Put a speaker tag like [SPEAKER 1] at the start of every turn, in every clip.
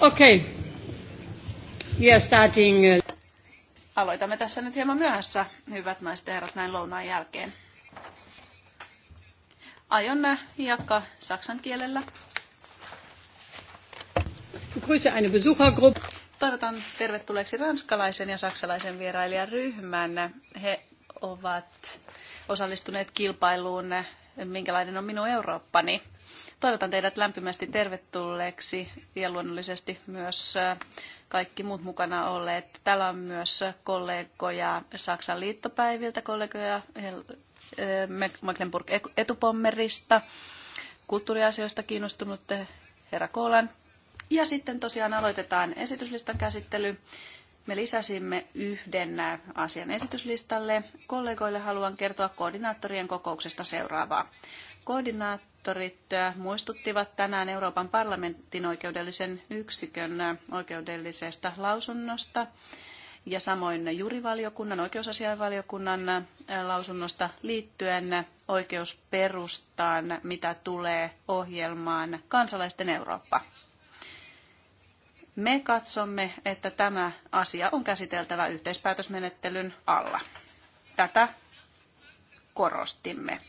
[SPEAKER 1] Okei. Okay. We are starting. Uh,
[SPEAKER 2] Aloitamme tässä nyt hieman myöhässä, hyvät naiset ja herrat, näin lounaan jälkeen. Aion äh, jatkaa saksan kielellä.
[SPEAKER 3] eine Besuchergruppe.
[SPEAKER 2] Toivotan tervetulleeksi ranskalaisen ja saksalaisen vierailijaryhmän. He ovat osallistuneet kilpailuun äh, Minkälainen on minun Eurooppani Toivotan teidät lämpimästi tervetulleeksi ja luonnollisesti myös kaikki muut mukana olleet. Täällä on myös kollegoja Saksan liittopäiviltä, kollegoja Mecklenburg etupommerista, kulttuuriasioista kiinnostunut eh, herra Koolan. Ja sitten tosiaan aloitetaan esityslistan käsittely. Me lisäsimme yhden asian esityslistalle. Kollegoille haluan kertoa koordinaattorien kokouksesta seuraavaa. Koordinaattorit muistuttivat tänään Euroopan parlamentin oikeudellisen yksikön oikeudellisesta lausunnosta ja samoin jurivaliokunnan, oikeusasiainvaliokunnan lausunnosta liittyen oikeusperustaan, mitä tulee ohjelmaan Kansalaisten Eurooppa. Me katsomme, että tämä asia on käsiteltävä yhteispäätösmenettelyn alla. Tätä korostimme.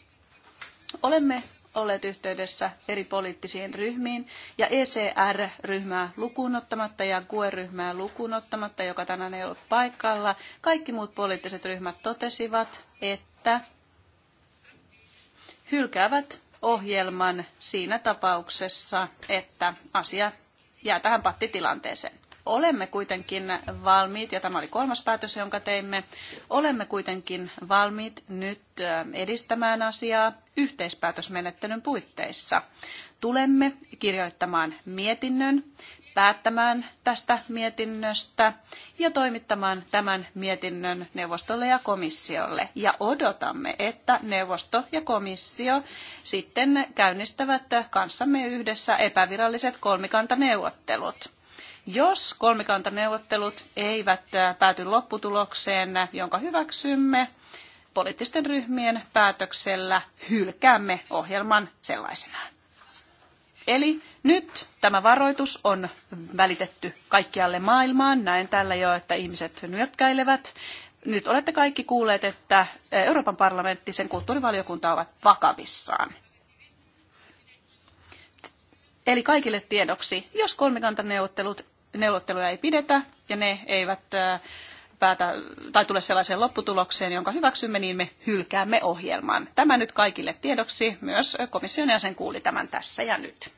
[SPEAKER 2] Olemme olleet yhteydessä eri poliittisiin ryhmiin ja ECR-ryhmää lukuun ottamatta ja GUE-ryhmää lukuun ottamatta, joka tänään ei ollut paikalla. Kaikki muut poliittiset ryhmät totesivat, että hylkäävät ohjelman siinä tapauksessa, että asia jää tähän pattitilanteeseen olemme kuitenkin valmiit, ja tämä oli kolmas päätös, jonka teimme, olemme kuitenkin valmiit nyt edistämään asiaa yhteispäätösmenettelyn puitteissa. Tulemme kirjoittamaan mietinnön, päättämään tästä mietinnöstä ja toimittamaan tämän mietinnön neuvostolle ja komissiolle. Ja odotamme, että neuvosto ja komissio sitten käynnistävät kanssamme yhdessä epäviralliset kolmikantaneuvottelut. Jos kolmikantaneuvottelut eivät äh, pääty lopputulokseen, jonka hyväksymme, poliittisten ryhmien päätöksellä hylkäämme ohjelman sellaisenaan. Eli nyt tämä varoitus on välitetty kaikkialle maailmaan. Näen tällä jo, että ihmiset nyökkäilevät. Nyt olette kaikki kuulleet, että äh, Euroopan parlamentti, sen kulttuurivaliokunta ovat vakavissaan. Eli kaikille tiedoksi, jos kolmikantaneuvottelut neuvotteluja ei pidetä ja ne eivät äh, päätä, tai tule sellaiseen lopputulokseen, jonka hyväksymme, niin me hylkäämme ohjelman. Tämä nyt kaikille tiedoksi. Myös komission jäsen kuuli tämän tässä ja nyt.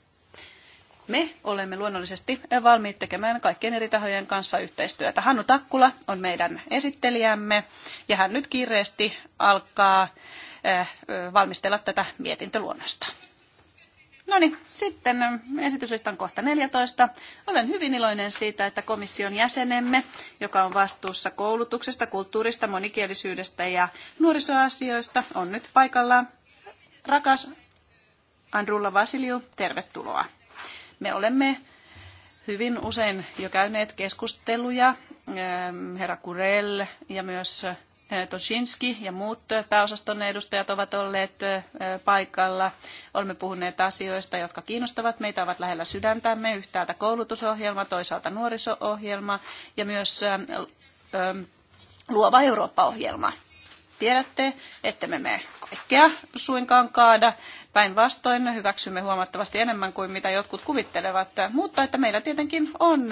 [SPEAKER 2] Me olemme luonnollisesti valmiit tekemään kaikkien eri tahojen kanssa yhteistyötä. Hannu Takkula on meidän esittelijämme ja hän nyt kiireesti alkaa äh, valmistella tätä mietintöluonnosta. No niin, sitten ähm, esityslistan kohta 14. Olen hyvin iloinen siitä, että komission jäsenemme, joka on vastuussa koulutuksesta, kulttuurista, monikielisyydestä ja nuorisoasioista, on nyt paikalla. Rakas Andrulla Vasiliu, tervetuloa. Me olemme hyvin usein jo käyneet keskusteluja ähm, herra Kurel ja myös Toshinski ja muut pääosaston edustajat ovat olleet paikalla. Olemme puhuneet asioista, jotka kiinnostavat meitä, ovat lähellä sydäntämme. Yhtäältä koulutusohjelma, toisaalta nuoriso-ohjelma ja myös luova Eurooppa-ohjelma. Tiedätte, että me me kaikkea suinkaan kaada. Päinvastoin hyväksymme huomattavasti enemmän kuin mitä jotkut kuvittelevat, mutta että meillä tietenkin on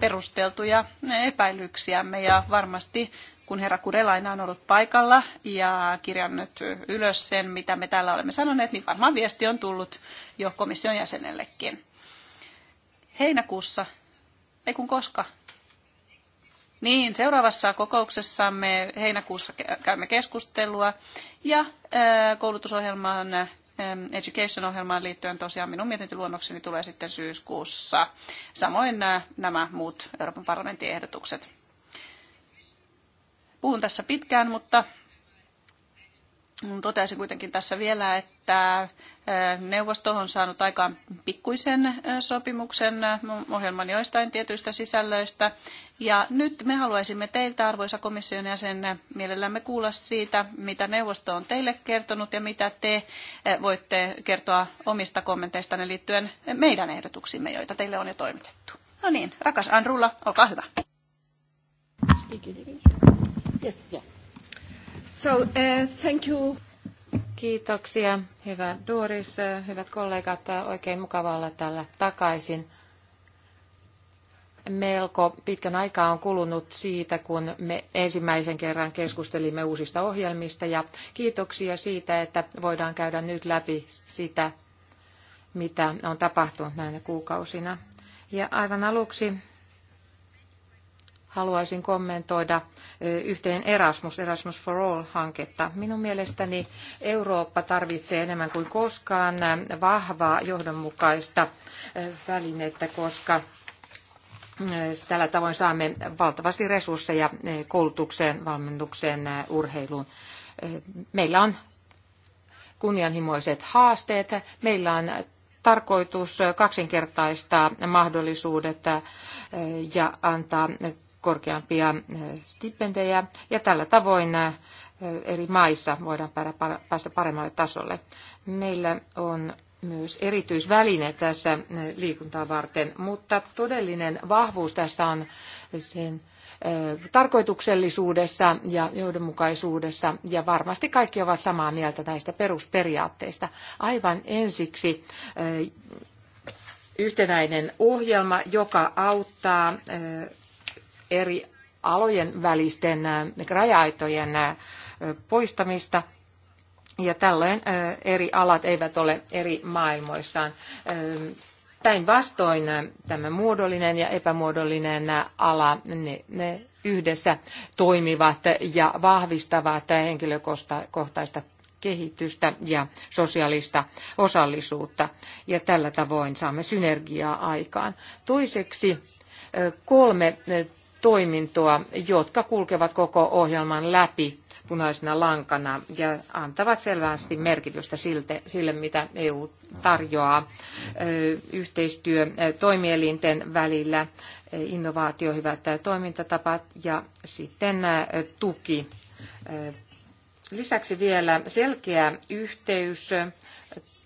[SPEAKER 2] perusteltuja epäilyksiämme ja varmasti kun herra Kurelaina on ollut paikalla ja kirjannut ylös sen, mitä me täällä olemme sanoneet, niin varmaan viesti on tullut jo komission jäsenellekin. Heinäkuussa, ei kun koska, niin, seuraavassa kokouksessamme heinäkuussa käymme keskustelua ja koulutusohjelmaan, education-ohjelmaan liittyen tosiaan minun mietintöluonnokseni tulee sitten syyskuussa. Samoin nämä muut Euroopan parlamentin ehdotukset. Puhun tässä pitkään, mutta Toteaisin kuitenkin tässä vielä, että neuvosto on saanut aikaan pikkuisen sopimuksen ohjelman joistain tietyistä sisällöistä. Ja nyt me haluaisimme teiltä, arvoisa komission jäsen, mielellämme kuulla siitä, mitä neuvosto on teille kertonut ja mitä te voitte kertoa omista kommenteistanne liittyen meidän ehdotuksimme, joita teille on jo toimitettu. No niin, rakas Anrulla, olkaa hyvä.
[SPEAKER 1] Kiitos. Yes, yeah. So, uh, thank you. Kiitoksia, hyvä Doris, hyvät kollegat, oikein mukava olla täällä takaisin. Melko pitkän aikaa on kulunut siitä, kun me ensimmäisen kerran keskustelimme uusista ohjelmista ja kiitoksia siitä, että voidaan käydä nyt läpi sitä, mitä on tapahtunut näinä kuukausina. Ja aivan aluksi haluaisin kommentoida yhteen Erasmus, Erasmus for All-hanketta. Minun mielestäni Eurooppa tarvitsee enemmän kuin koskaan vahvaa johdonmukaista välinettä, koska tällä tavoin saamme valtavasti resursseja koulutukseen, valmennukseen, urheiluun. Meillä on kunnianhimoiset haasteet, meillä on tarkoitus kaksinkertaistaa mahdollisuudet ja antaa korkeampia eh, stipendejä ja tällä tavoin eh, eri maissa voidaan päästä paremmalle tasolle. Meillä on myös erityisväline tässä eh, liikuntaa varten, mutta todellinen vahvuus tässä on sen tarkoituksellisuudessa ja johdonmukaisuudessa, ja varmasti kaikki ovat samaa mieltä näistä perusperiaatteista. Aivan ensiksi yhtenäinen ohjelma, joka auttaa eri alojen välisten äh, rajaitojen äh, poistamista. Ja tällöin äh, eri alat eivät ole eri maailmoissaan. Päinvastoin tämä muodollinen ja epämuodollinen ala, ne, ne yhdessä toimivat ja vahvistavat henkilökohtaista kehitystä ja sosiaalista osallisuutta. Ja tällä tavoin saamme synergiaa aikaan. Toiseksi kolme toimintoa, jotka kulkevat koko ohjelman läpi punaisena lankana ja antavat selvästi merkitystä sille, mitä EU tarjoaa yhteistyö toimielinten välillä, innovaatio, hyvät toimintatapat ja sitten tuki. Lisäksi vielä selkeä yhteys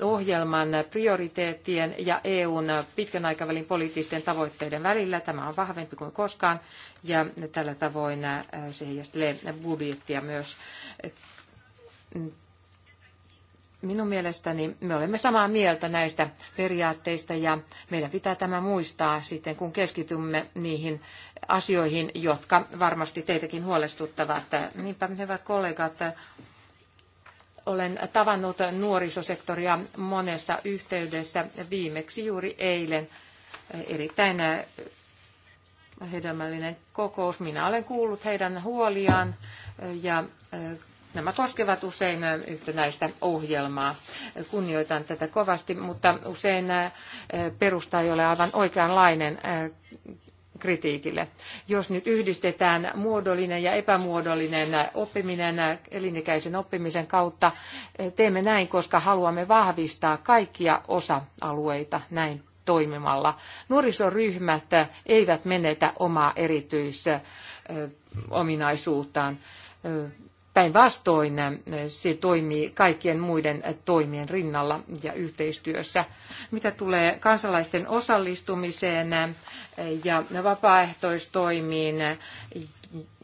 [SPEAKER 1] ohjelman prioriteettien ja EUn pitkän aikavälin poliittisten tavoitteiden välillä. Tämä on vahvempi kuin koskaan ja tällä tavoin äh, se heijastelee budjettia myös. Minun mielestäni me olemme samaa mieltä näistä periaatteista ja meidän pitää tämä muistaa sitten, kun keskitymme niihin asioihin, jotka varmasti teitäkin huolestuttavat. Niinpä, hyvät kollegat, olen tavannut nuorisosektoria monessa yhteydessä, viimeksi juuri eilen. Erittäin äh, hedelmällinen kokous. Minä olen kuullut heidän huoliaan äh, ja äh, Nämä koskevat usein yhtenäistä ohjelmaa. Kunnioitan tätä kovasti, mutta usein perusta ei ole aivan oikeanlainen kritiikille. Jos nyt yhdistetään muodollinen ja epämuodollinen oppiminen elinikäisen oppimisen kautta, eh, teemme näin, koska haluamme vahvistaa kaikkia osa-alueita näin toimimalla. Nuorisoryhmät eh, eivät menetä omaa erityisominaisuuttaan eh, Päinvastoin eh, se toimii kaikkien muiden toimien rinnalla ja yhteistyössä. Mitä tulee kansalaisten osallistumiseen eh, ja vapaaehtoistoimiin,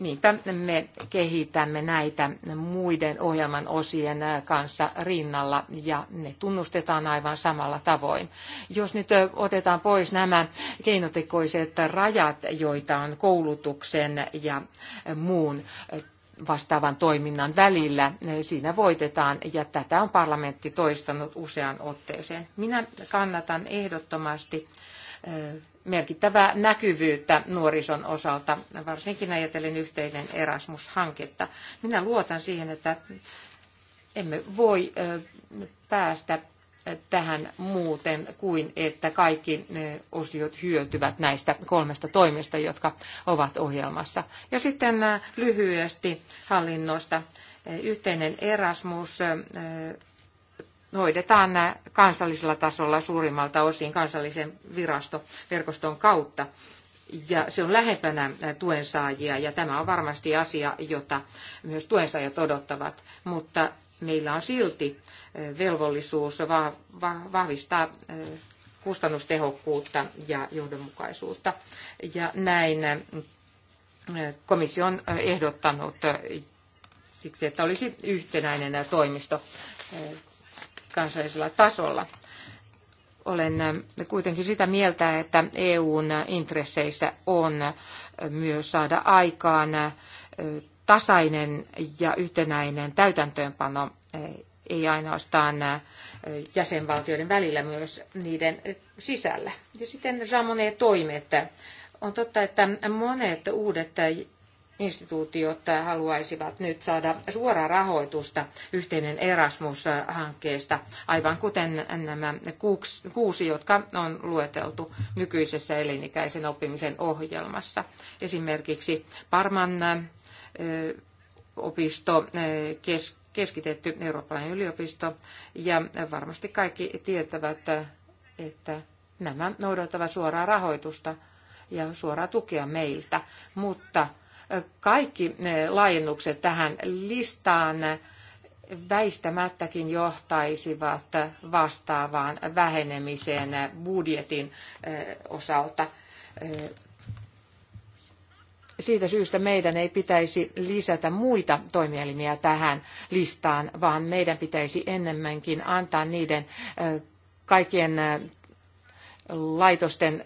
[SPEAKER 1] niinpä me kehitämme näitä muiden ohjelman osien eh, kanssa rinnalla ja ne tunnustetaan aivan samalla tavoin. Jos nyt otetaan pois nämä keinotekoiset rajat, joita on koulutuksen ja muun vastaavan toiminnan välillä. Siinä voitetaan ja tätä on parlamentti toistanut useaan otteeseen. Minä kannatan ehdottomasti merkittävää näkyvyyttä nuorison osalta, varsinkin ajatellen yhteinen Erasmus-hanketta. Minä luotan siihen, että emme voi päästä tähän muuten kuin, että kaikki eh, osiot hyötyvät näistä kolmesta toimesta, jotka ovat ohjelmassa. Ja sitten eh, lyhyesti hallinnosta. Eh, yhteinen Erasmus hoidetaan kansallisella tasolla suurimmalta osin kansallisen virastoverkoston kautta. Ja se on lähempänä tuensaajia ja tämä on varmasti asia, jota myös tuensaajat odottavat, mutta meillä on silti velvollisuus vahvistaa kustannustehokkuutta ja johdonmukaisuutta. Ja näin komissio on ehdottanut siksi, että olisi yhtenäinen toimisto kansallisella tasolla. Olen kuitenkin sitä mieltä, että EUn intresseissä on myös saada aikaan tasainen ja yhtenäinen täytäntöönpano eh, ei ainoastaan eh, jäsenvaltioiden välillä, myös niiden sisällä. Ja sitten Ramonet toimet. On totta, että monet uudet instituutiot haluaisivat nyt saada suoraa rahoitusta yhteinen Erasmus-hankkeesta, aivan kuten nämä kuusi, jotka on lueteltu nykyisessä elinikäisen oppimisen ohjelmassa. Esimerkiksi Parman opisto, keskitetty eurooppalainen yliopisto, ja varmasti kaikki tietävät, että nämä noudattavat suoraa rahoitusta ja suoraa tukea meiltä, mutta kaikki laajennukset tähän listaan väistämättäkin johtaisivat vastaavaan vähenemiseen budjetin osalta siitä syystä meidän ei pitäisi lisätä muita toimielimiä tähän listaan, vaan meidän pitäisi enemmänkin antaa niiden kaikkien laitosten,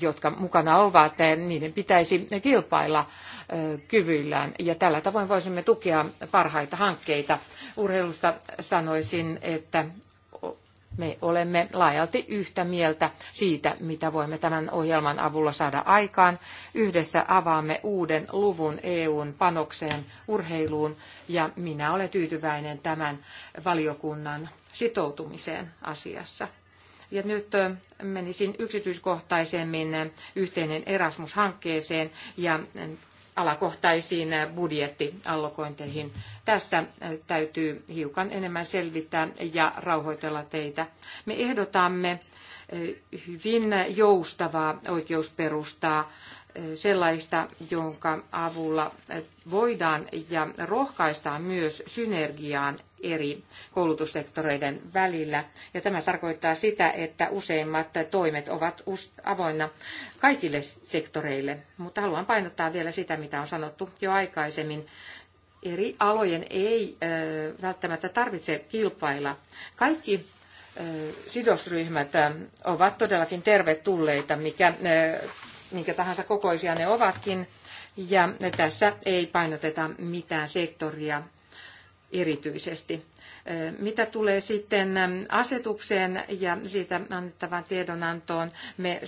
[SPEAKER 1] jotka mukana ovat, niiden pitäisi kilpailla kyvyillään. Ja tällä tavoin voisimme tukea parhaita hankkeita. Urheilusta sanoisin, että me olemme laajalti yhtä mieltä siitä, mitä voimme tämän ohjelman avulla saada aikaan. Yhdessä avaamme uuden luvun EUn panokseen urheiluun ja minä olen tyytyväinen tämän valiokunnan sitoutumiseen asiassa. Ja nyt menisin yksityiskohtaisemmin yhteinen Erasmus-hankkeeseen ja alakohtaisiin budjettiallokointeihin. Tässä täytyy hiukan enemmän selvittää ja rauhoitella teitä. Me ehdotamme eh, hyvin joustavaa oikeusperustaa, eh, sellaista, jonka avulla eh, voidaan ja rohkaistaan myös synergiaan eri koulutussektoreiden välillä. Ja tämä tarkoittaa sitä, että useimmat toimet ovat avoinna kaikille sektoreille. Mutta haluan painottaa vielä sitä, mitä on sanottu jo aikaisemmin. Eri alojen ei välttämättä tarvitse kilpailla. Kaikki sidosryhmät ovat todellakin tervetulleita, mikä, minkä tahansa kokoisia ne ovatkin. Ja tässä ei painoteta mitään sektoria erityisesti. Mitä tulee sitten asetukseen ja siitä annettavaan tiedonantoon, me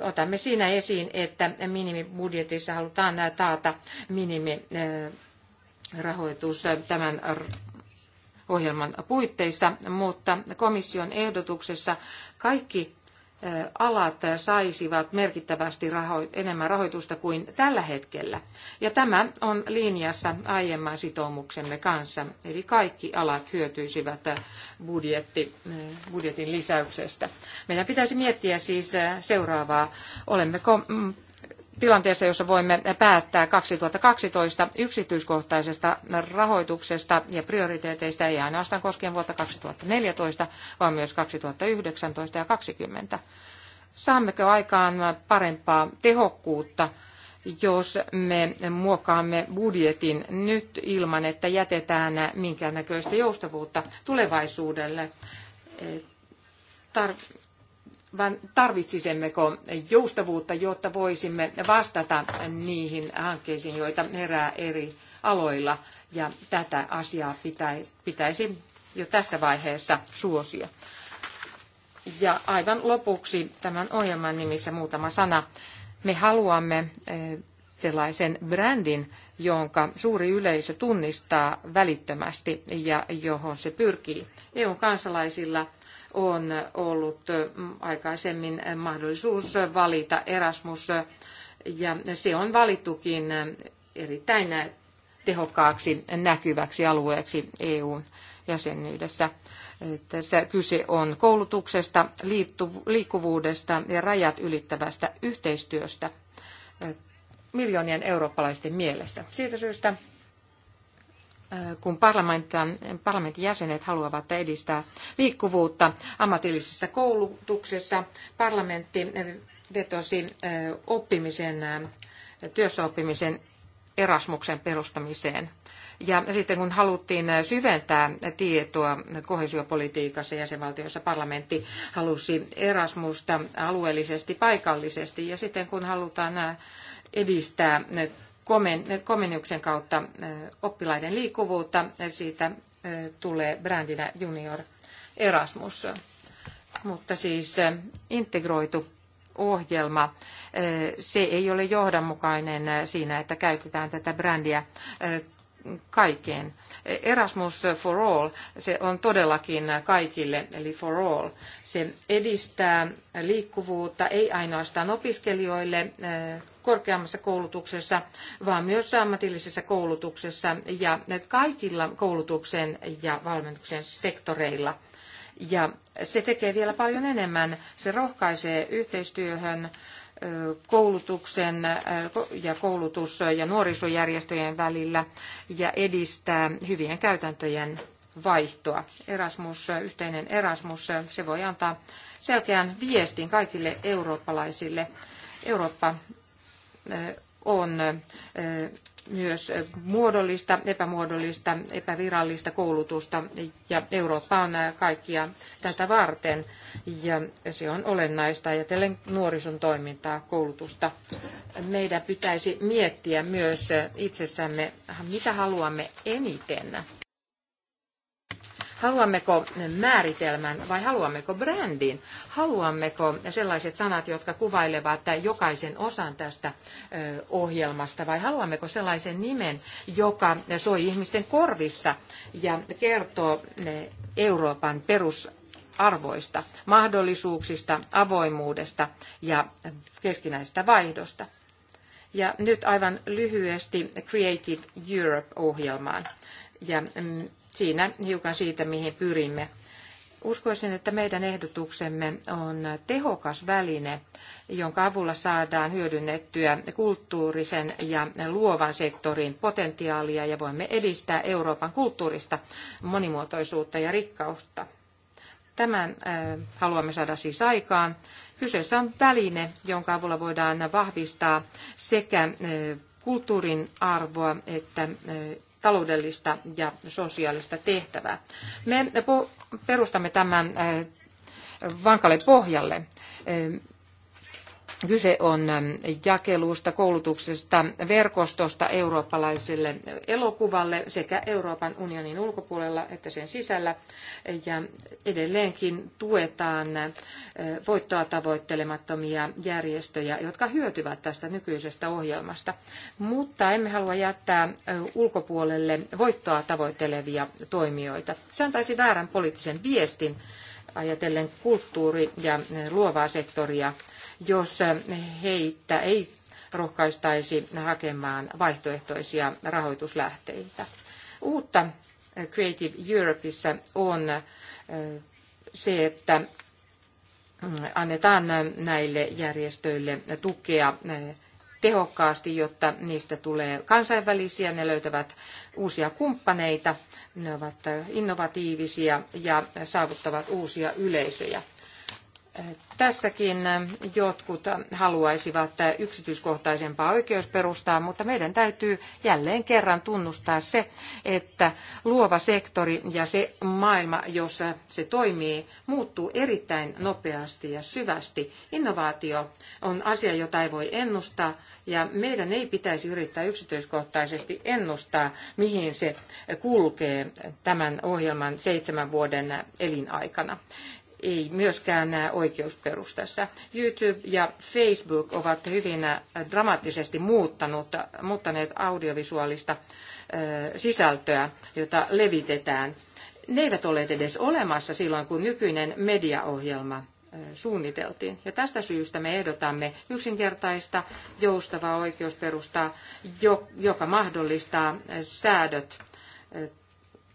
[SPEAKER 1] otamme siinä esiin, että minimibudjetissa halutaan taata minimirahoitus tämän ohjelman puitteissa, mutta komission ehdotuksessa kaikki alat saisivat merkittävästi enemmän rahoitusta kuin tällä hetkellä. Ja tämä on linjassa aiemman sitoumuksemme kanssa, eli kaikki alat hyötyisivät budjetti, budjetin lisäyksestä. Meidän pitäisi miettiä siis seuraavaa, olemmeko mm, tilanteessa, jossa voimme päättää 2012 yksityiskohtaisesta rahoituksesta ja prioriteeteista, ei ainoastaan koskien vuotta 2014, vaan myös 2019 ja 2020. Saammeko aikaan parempaa tehokkuutta, jos me muokkaamme budjetin nyt ilman, että jätetään minkäännäköistä joustavuutta tulevaisuudelle? Eh, tar- vaan tarvitsisimmeko joustavuutta, jotta voisimme vastata niihin hankkeisiin, joita herää eri aloilla. Ja tätä asiaa pitäisi jo tässä vaiheessa suosia. Ja aivan lopuksi tämän ohjelman nimissä muutama sana. Me haluamme eh, sellaisen brändin, jonka suuri yleisö tunnistaa välittömästi ja johon se pyrkii. EUn kansalaisilla on ollut mm, aikaisemmin mahdollisuus valita Erasmus, ja se on valittukin erittäin tehokkaaksi näkyväksi alueeksi EUn jäsenyydessä. Tässä kyse on koulutuksesta, liikkuvuudesta ja rajat ylittävästä yhteistyöstä miljoonien eurooppalaisten mielessä. Siitä syystä kun parlamentin jäsenet haluavat edistää liikkuvuutta ammatillisessa koulutuksessa. Parlamentti vetosi oppimisen, työssäoppimisen Erasmuksen perustamiseen. Ja sitten kun haluttiin syventää tietoa kohesiopolitiikassa jäsenvaltioissa, parlamentti halusi Erasmusta alueellisesti, paikallisesti. Ja sitten kun halutaan edistää komennuksen kautta oppilaiden liikkuvuutta. Siitä tulee brändinä Junior Erasmus. Mutta siis integroitu ohjelma, se ei ole johdonmukainen siinä, että käytetään tätä brändiä kaikkeen. Erasmus for all, se on todellakin kaikille, eli for all. Se edistää liikkuvuutta ei ainoastaan opiskelijoille, korkeammassa koulutuksessa, vaan myös ammatillisessa koulutuksessa ja kaikilla koulutuksen ja valmennuksen sektoreilla. Ja se tekee vielä paljon enemmän. Se rohkaisee yhteistyöhön koulutuksen ja koulutus- ja nuorisojärjestöjen välillä ja edistää hyvien käytäntöjen vaihtoa. Erasmus, yhteinen Erasmus, se voi antaa selkeän viestin kaikille eurooppalaisille. Eurooppa on myös muodollista, epämuodollista, epävirallista koulutusta ja Eurooppa on kaikkia tätä varten ja se on olennaista ajatellen nuorison toimintaa, koulutusta. Meidän pitäisi miettiä myös itsessämme, mitä haluamme eniten Haluammeko määritelmän vai haluammeko brändin? Haluammeko sellaiset sanat, jotka kuvailevat jokaisen osan tästä ohjelmasta vai haluammeko sellaisen nimen, joka soi ihmisten korvissa ja kertoo Euroopan perusarvoista, mahdollisuuksista, avoimuudesta ja keskinäisestä vaihdosta. Ja nyt aivan lyhyesti Creative Europe-ohjelmaan ja mm, Siinä hiukan siitä, mihin pyrimme. Uskoisin, että meidän ehdotuksemme on tehokas väline, jonka avulla saadaan hyödynnettyä kulttuurisen ja luovan sektorin potentiaalia ja voimme edistää Euroopan kulttuurista monimuotoisuutta ja rikkautta. Tämän äh, haluamme saada siis aikaan. Kyseessä on väline, jonka avulla voidaan vahvistaa sekä äh, kulttuurin arvoa että äh, taloudellista ja sosiaalista tehtävää. Me perustamme tämän äh, vankalle pohjalle. Äh, Kyse on jakelusta, koulutuksesta, verkostosta eurooppalaiselle elokuvalle sekä Euroopan unionin ulkopuolella että sen sisällä. Ja edelleenkin tuetaan voittoa tavoittelemattomia järjestöjä, jotka hyötyvät tästä nykyisestä ohjelmasta. Mutta emme halua jättää ulkopuolelle voittoa tavoittelevia toimijoita. Se antaisi väärän poliittisen viestin ajatellen kulttuuri- ja luovaa sektoria jos heitä ei rohkaistaisi hakemaan vaihtoehtoisia rahoituslähteitä. Uutta Creative Europeissa on se, että mm, annetaan näille järjestöille tukea tehokkaasti, jotta niistä tulee kansainvälisiä, ne löytävät uusia kumppaneita, ne ovat innovatiivisia ja saavuttavat uusia yleisöjä. Tässäkin jotkut haluaisivat yksityiskohtaisempaa oikeusperustaa, mutta meidän täytyy jälleen kerran tunnustaa se, että luova sektori ja se maailma, jossa se toimii, muuttuu erittäin nopeasti ja syvästi. Innovaatio on asia, jota ei voi ennustaa, ja meidän ei pitäisi yrittää yksityiskohtaisesti ennustaa, mihin se kulkee tämän ohjelman seitsemän vuoden elinaikana ei myöskään oikeusperustassa. YouTube ja Facebook ovat hyvin äh, dramaattisesti muuttanut, muuttaneet audiovisuaalista äh, sisältöä, jota levitetään. Ne eivät ole edes olemassa silloin, kun nykyinen mediaohjelma äh, suunniteltiin. Ja tästä syystä me ehdotamme yksinkertaista, joustavaa oikeusperustaa, joka mahdollistaa säädöt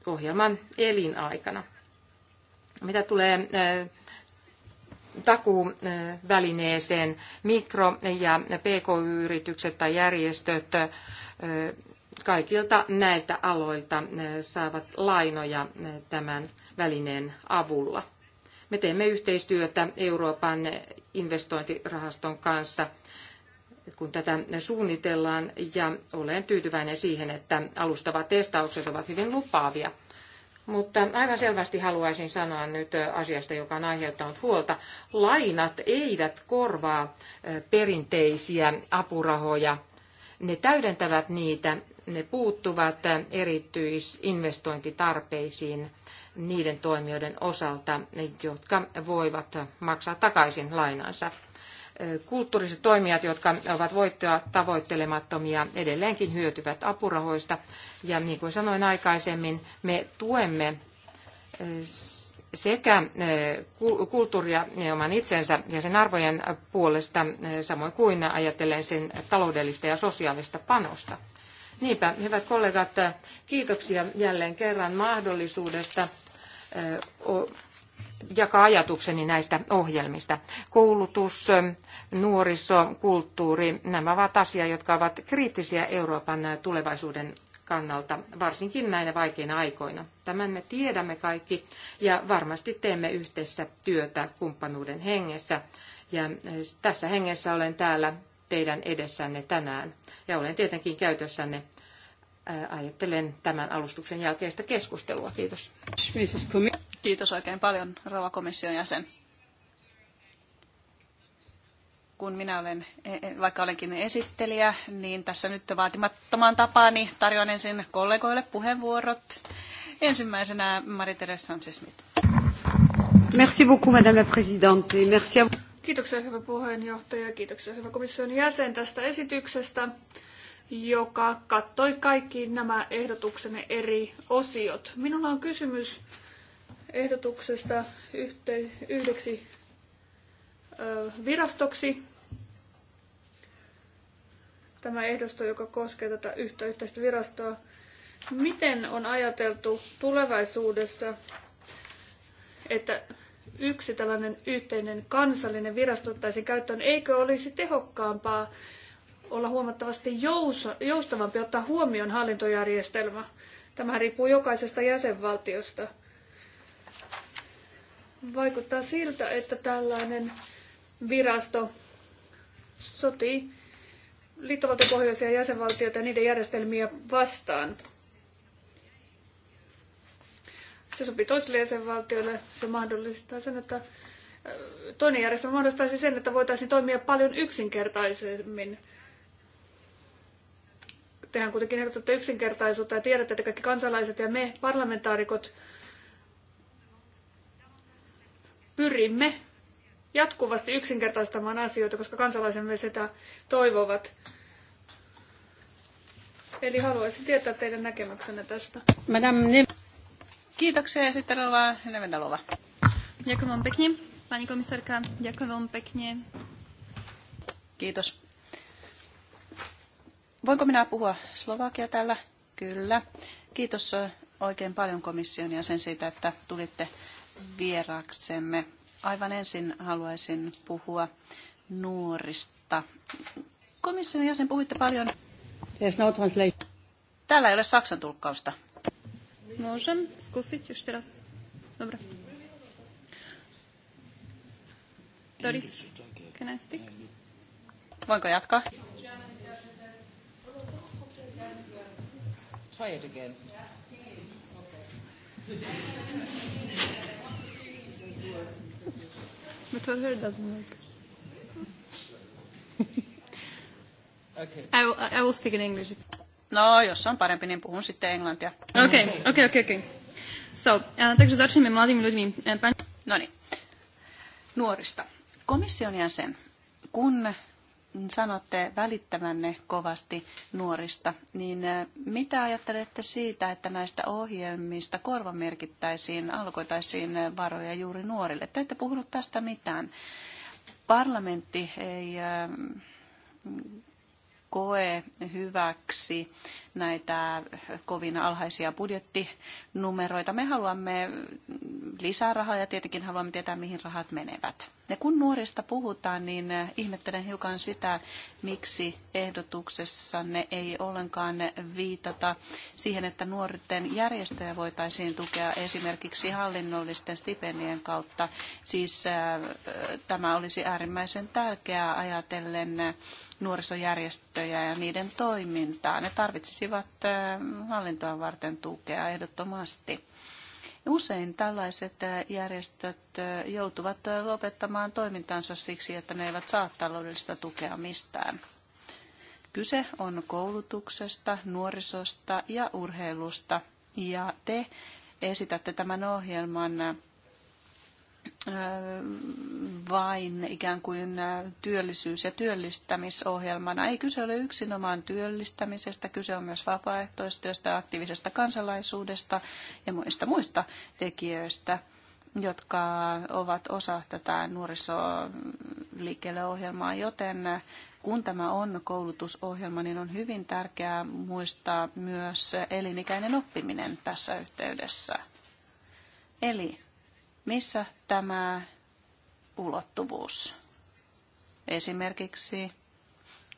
[SPEAKER 1] ohjelman elinaikana. Mitä tulee e, takuvälineeseen, mikro- ja pk-yritykset tai järjestöt e, kaikilta näiltä aloilta e, saavat lainoja tämän välineen avulla. Me teemme yhteistyötä Euroopan investointirahaston kanssa, kun tätä suunnitellaan, ja olen tyytyväinen siihen, että alustavat testaukset ovat hyvin lupaavia – mutta aivan selvästi haluaisin sanoa nyt asiasta, joka on aiheuttanut huolta. Lainat eivät korvaa perinteisiä apurahoja. Ne täydentävät niitä, ne puuttuvat erityisinvestointitarpeisiin niiden toimijoiden osalta, jotka voivat maksaa takaisin lainansa. Kulttuuriset toimijat, jotka ovat voittoa tavoittelemattomia, edelleenkin hyötyvät apurahoista. Ja niin kuin sanoin aikaisemmin, me tuemme eh, sekä eh, kulttuuria oman itsensä ja sen arvojen puolesta, eh, samoin kuin ajatellen sen taloudellista ja sosiaalista panosta. Niinpä, hyvät kollegat, kiitoksia jälleen kerran mahdollisuudesta jakaa ajatukseni näistä ohjelmista. Koulutus, nuoriso, kulttuuri, nämä ovat asia, jotka ovat kriittisiä Euroopan tulevaisuuden kannalta, varsinkin näinä vaikeina aikoina. Tämän me tiedämme kaikki ja varmasti teemme yhdessä työtä kumppanuuden hengessä. Ja eh, tässä hengessä olen täällä teidän edessänne tänään ja olen tietenkin käytössänne eh, ajattelen tämän alustuksen jälkeistä keskustelua. Kiitos. Kiitos oikein paljon, rouva komission jäsen.
[SPEAKER 2] Kun minä olen, e, e, vaikka olenkin esittelijä, niin tässä nyt vaatimattomaan tapaani tarjoan ensin kollegoille puheenvuorot. Ensimmäisenä Marie-Therese Sanchez-Smith.
[SPEAKER 3] Merci beaucoup, madame la présidente. merci à... Kiitoksia hyvä puheenjohtaja, kiitoksia hyvä komission jäsen tästä esityksestä, joka kattoi kaikki nämä ehdotuksenne eri osiot. Minulla on kysymys ehdotuksesta yhte, yhdeksi ö, virastoksi. Tämä ehdosto, joka koskee tätä yhtä yhteistä virastoa. Miten on ajateltu tulevaisuudessa, että yksi tällainen yhteinen kansallinen virasto ottaisi käyttöön, eikö olisi tehokkaampaa olla huomattavasti joustavampi ottaa huomioon hallintojärjestelmä? Tämä riippuu jokaisesta jäsenvaltiosta vaikuttaa siltä, että tällainen virasto sotii liittovaltiopohjaisia jäsenvaltioita ja niiden järjestelmiä vastaan. Se sopii toisille jäsenvaltioille, se mahdollistaa sen, että toinen järjestelmä mahdollistaisi sen, että voitaisiin toimia paljon yksinkertaisemmin. Tehän kuitenkin ehdotatte yksinkertaisuutta ja tiedätte, että kaikki kansalaiset ja me parlamentaarikot pyrimme jatkuvasti yksinkertaistamaan asioita, koska kansalaisemme sitä toivovat. Eli haluaisin tietää teidän näkemyksenne tästä. Madame Kiitoksia ja sitten Rova Nevendalova. Ďakujem pekni, pani komisárka. Ďakujem
[SPEAKER 2] Kiitos. Voinko minä puhua slovakia täällä? Kyllä. Kiitos oikein paljon komission ja sen siitä, että tulitte vieraksemme. Aivan ensin haluaisin puhua nuorista. Komission jäsen, puhuitte paljon.
[SPEAKER 3] There's no translation.
[SPEAKER 2] Täällä ei ole saksan tulkkausta.
[SPEAKER 3] Можем скусить еще раз. Добре. Doris, can
[SPEAKER 2] I speak? Voinko jatkaa?
[SPEAKER 3] Try it again. But for her it doesn't work. okay. I, I will speak in English.
[SPEAKER 2] No, jos on parempi, niin puhun sitten englantia. Okei, okay,
[SPEAKER 3] okei, okay, Okay. So, uh, takže začneme
[SPEAKER 2] mladými ľuďmi. Eh, pani... No niin. Nuorista. Komission jäsen, kun sanotte välittävänne kovasti nuorista, niin äh, mitä ajattelette siitä, että näistä ohjelmista korvamerkittäisiin, alkoitaisiin äh, varoja juuri nuorille? Te ette puhunut tästä mitään. Parlamentti ei ähm, koe hyväksi näitä kovin alhaisia budjettinumeroita. Me haluamme lisää rahaa ja tietenkin haluamme tietää, mihin rahat menevät. Ja kun nuorista puhutaan, niin ihmettelen hiukan sitä, miksi ehdotuksessanne ei ollenkaan viitata siihen, että nuorten järjestöjä voitaisiin tukea esimerkiksi hallinnollisten stipendien kautta. Siis tämä olisi äärimmäisen tärkeää ajatellen nuorisojärjestöjä ja niiden toimintaa. Ne tarvitsisivat tarvitsevat hallintoa varten tukea ehdottomasti. Usein tällaiset järjestöt joutuvat lopettamaan toimintansa siksi, että ne eivät saa taloudellista tukea mistään. Kyse on koulutuksesta, nuorisosta ja urheilusta. Ja te esitätte tämän ohjelman vain ikään kuin työllisyys- ja työllistämisohjelmana. Ei kyse ole yksinomaan työllistämisestä, kyse on myös vapaaehtoistyöstä, aktiivisesta kansalaisuudesta ja muista muista tekijöistä, jotka ovat osa tätä nuorisoliikkeelle ohjelmaa, joten kun tämä on koulutusohjelma, niin on hyvin tärkeää muistaa myös elinikäinen oppiminen tässä yhteydessä. Eli missä tämä ulottuvuus? Esimerkiksi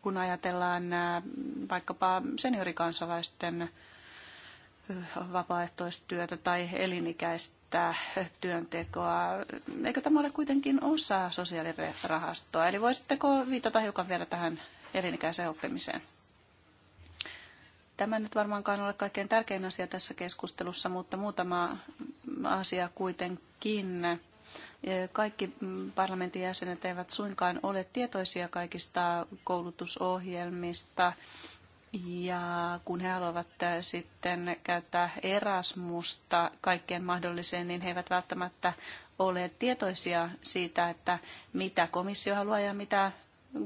[SPEAKER 2] kun ajatellaan äh, vaikkapa seniorikansalaisten äh, vapaaehtoistyötä tai elinikäistä äh, työntekoa. Eikö tämä ole kuitenkin osa sosiaalirahastoa? Eli voisitteko viitata hiukan vielä tähän elinikäiseen oppimiseen? Tämä nyt varmaankaan ole kaikkein tärkein asia tässä keskustelussa, mutta muutama asia kuitenkin. Kaikki parlamentin jäsenet eivät suinkaan ole tietoisia kaikista koulutusohjelmista. Ja kun he haluavat äh, sitten käyttää Erasmusta kaikkeen mahdolliseen, niin he eivät välttämättä ole tietoisia siitä, että mitä komissio haluaa ja mitä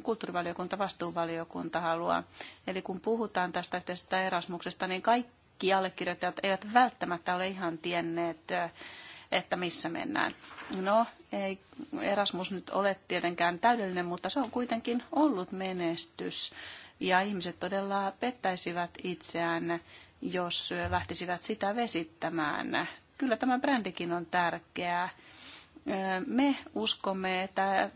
[SPEAKER 2] kulttuurivaliokunta, vastuuvaliokunta haluaa. Eli kun puhutaan tästä yhteisestä Erasmuksesta, niin kaikki kaikki allekirjoittajat eivät välttämättä ole ihan tienneet, että missä mennään. No, ei Erasmus nyt ole tietenkään täydellinen, mutta se on kuitenkin ollut menestys. Ja ihmiset todella pettäisivät itseään, jos lähtisivät sitä vesittämään. Kyllä tämä brändikin on tärkeää. Me uskomme, että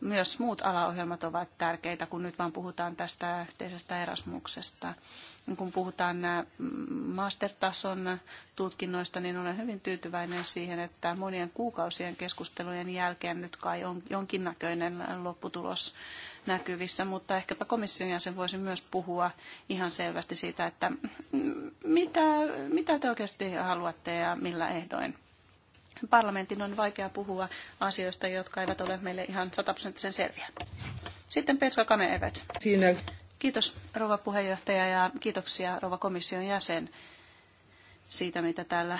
[SPEAKER 2] myös muut alaohjelmat ovat tärkeitä, kun nyt vaan puhutaan tästä yhteisestä Erasmuksesta kun puhutaan äh, mastertason tutkinnoista, niin olen hyvin tyytyväinen siihen, että monien kuukausien keskustelujen jälkeen nyt kai on jonkinnäköinen lopputulos näkyvissä, mutta ehkäpä komission jäsen voisi myös puhua ihan selvästi siitä, että mitä, mitä te oikeasti haluatte ja millä ehdoin. Parlamentin on vaikea puhua asioista, jotka eivät ole meille ihan sataprosenttisen selviä. Sitten Petra Kame-Evet. Kiitos rouva puheenjohtaja ja kiitoksia rouva komission jäsen siitä, mitä täällä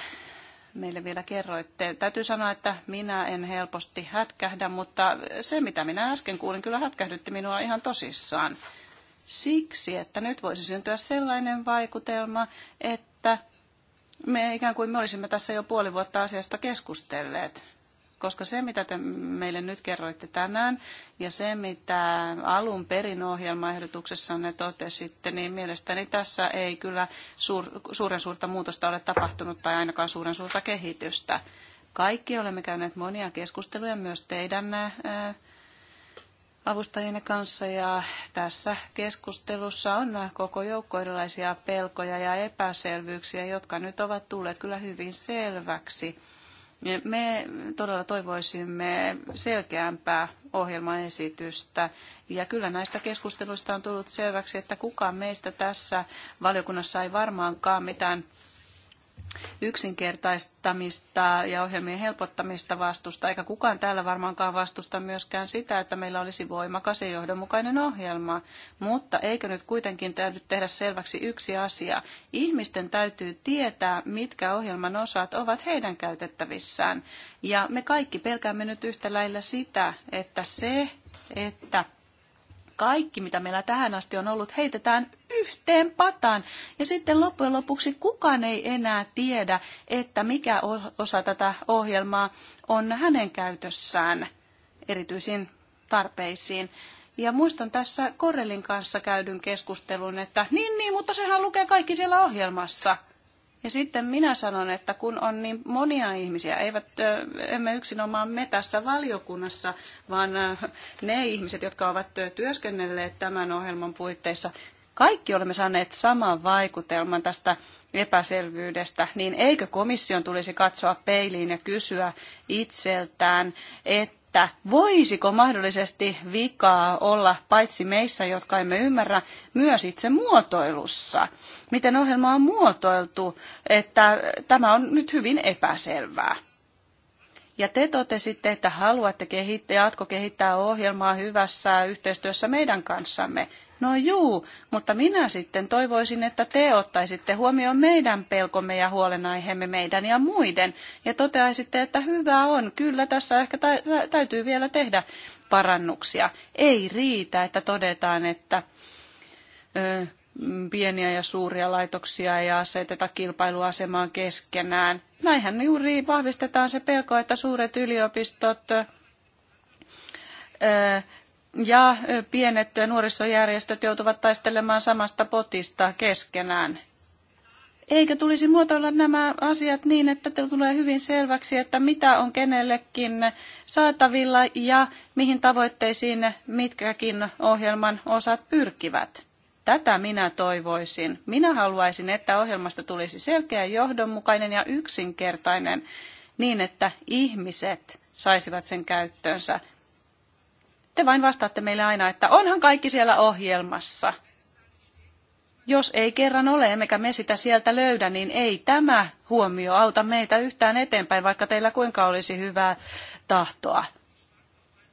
[SPEAKER 2] meille vielä kerroitte. Täytyy sanoa, että minä en helposti hätkähdä, mutta se mitä minä äsken kuulin kyllä hätkähdytti minua ihan tosissaan. Siksi, että nyt voisi syntyä sellainen vaikutelma, että me ikään kuin me olisimme tässä jo puoli vuotta asiasta keskustelleet koska se mitä te meille nyt kerroitte tänään ja se mitä alun perin ne totesitte, niin mielestäni tässä ei kyllä suur, suuren suurta muutosta ole tapahtunut tai ainakaan suuren suurta kehitystä. Kaikki olemme käyneet monia keskusteluja myös teidän ää, avustajien kanssa ja tässä keskustelussa on koko joukko erilaisia pelkoja ja epäselvyyksiä, jotka nyt ovat tulleet kyllä hyvin selväksi. Me todella toivoisimme selkeämpää ohjelmaesitystä. Ja kyllä näistä keskusteluista on tullut selväksi, että kukaan meistä tässä valiokunnassa ei varmaankaan mitään yksinkertaistamista ja ohjelmien helpottamista vastusta, eikä kukaan täällä varmaankaan vastusta myöskään sitä, että meillä olisi voimakas ja johdonmukainen ohjelma. Mutta eikö nyt kuitenkin täytyy tehdä selväksi yksi asia? Ihmisten täytyy tietää, mitkä ohjelman osat ovat heidän käytettävissään. Ja me kaikki pelkäämme nyt yhtä lailla sitä, että se, että kaikki, mitä meillä tähän asti on ollut, heitetään yhteen pataan. Ja sitten loppujen lopuksi kukaan ei enää tiedä, että mikä osa tätä ohjelmaa on hänen käytössään erityisiin tarpeisiin. Ja muistan tässä Korelin kanssa käydyn keskustelun, että niin, niin, mutta sehän lukee kaikki siellä ohjelmassa – ja sitten minä sanon, että kun on niin monia ihmisiä, eivät, emme yksinomaan me tässä valiokunnassa, vaan ne ihmiset, jotka ovat työskennelleet tämän ohjelman puitteissa, kaikki olemme saaneet saman vaikutelman tästä epäselvyydestä, niin eikö komission tulisi katsoa peiliin ja kysyä itseltään, että että voisiko mahdollisesti vikaa olla paitsi meissä, jotka emme ymmärrä, myös itse muotoilussa. Miten ohjelma on muotoiltu, että tämä on nyt hyvin epäselvää. Ja te totesitte, että haluatte kehittää, jatkokehittää ohjelmaa hyvässä yhteistyössä meidän kanssamme. No juu, mutta minä sitten toivoisin, että te ottaisitte huomioon meidän pelkomme ja huolenaiheemme meidän ja muiden. Ja toteaisitte, että hyvä on, kyllä tässä ehkä täytyy vielä tehdä parannuksia. Ei riitä, että todetaan, että ö, pieniä ja suuria laitoksia ei aseteta kilpailuasemaan keskenään. Näinhän juuri vahvistetaan se pelko, että suuret yliopistot ö, ja pienet nuorisojärjestöt joutuvat taistelemaan samasta potista keskenään. Eikö tulisi muotoilla nämä asiat niin, että te tulee hyvin selväksi, että mitä on kenellekin saatavilla ja mihin tavoitteisiin mitkäkin ohjelman osat pyrkivät? Tätä minä toivoisin. Minä haluaisin, että ohjelmasta tulisi selkeä, johdonmukainen ja yksinkertainen niin, että ihmiset saisivat sen käyttöönsä te vain vastaatte meille aina, että onhan kaikki siellä ohjelmassa. Jos ei kerran ole, emmekä me sitä sieltä löydä, niin ei tämä huomio auta meitä yhtään eteenpäin, vaikka teillä kuinka olisi hyvää tahtoa.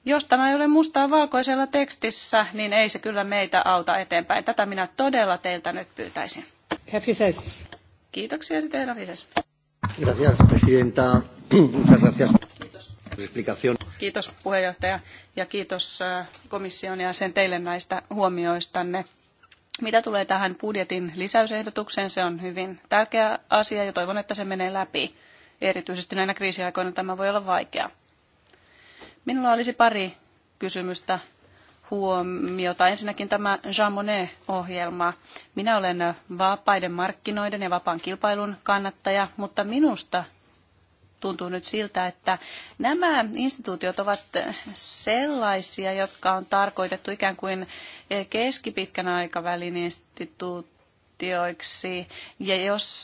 [SPEAKER 2] Jos tämä ei ole mustaa valkoisella tekstissä, niin ei se kyllä meitä auta eteenpäin. Tätä minä todella teiltä nyt pyytäisin. Kiitoksia sitten, herra Fises.
[SPEAKER 4] Gracias, presidenta. Muchas gracias.
[SPEAKER 2] Kiitos puheenjohtaja ja kiitos äh, komission ja sen teille näistä huomioistanne. Mitä tulee tähän budjetin lisäysehdotukseen, se on hyvin tärkeä asia ja toivon, että se menee läpi. Erityisesti näinä kriisiaikoina tämä voi olla vaikea. Minulla olisi pari kysymystä huomiota. Ensinnäkin tämä Jean Monnet-ohjelma. Minä olen vapaiden markkinoiden ja vapaan kilpailun kannattaja, mutta minusta tuntuu nyt siltä, että nämä instituutiot ovat sellaisia, jotka on tarkoitettu ikään kuin keskipitkän aikavälin instituutioiksi. Ja jos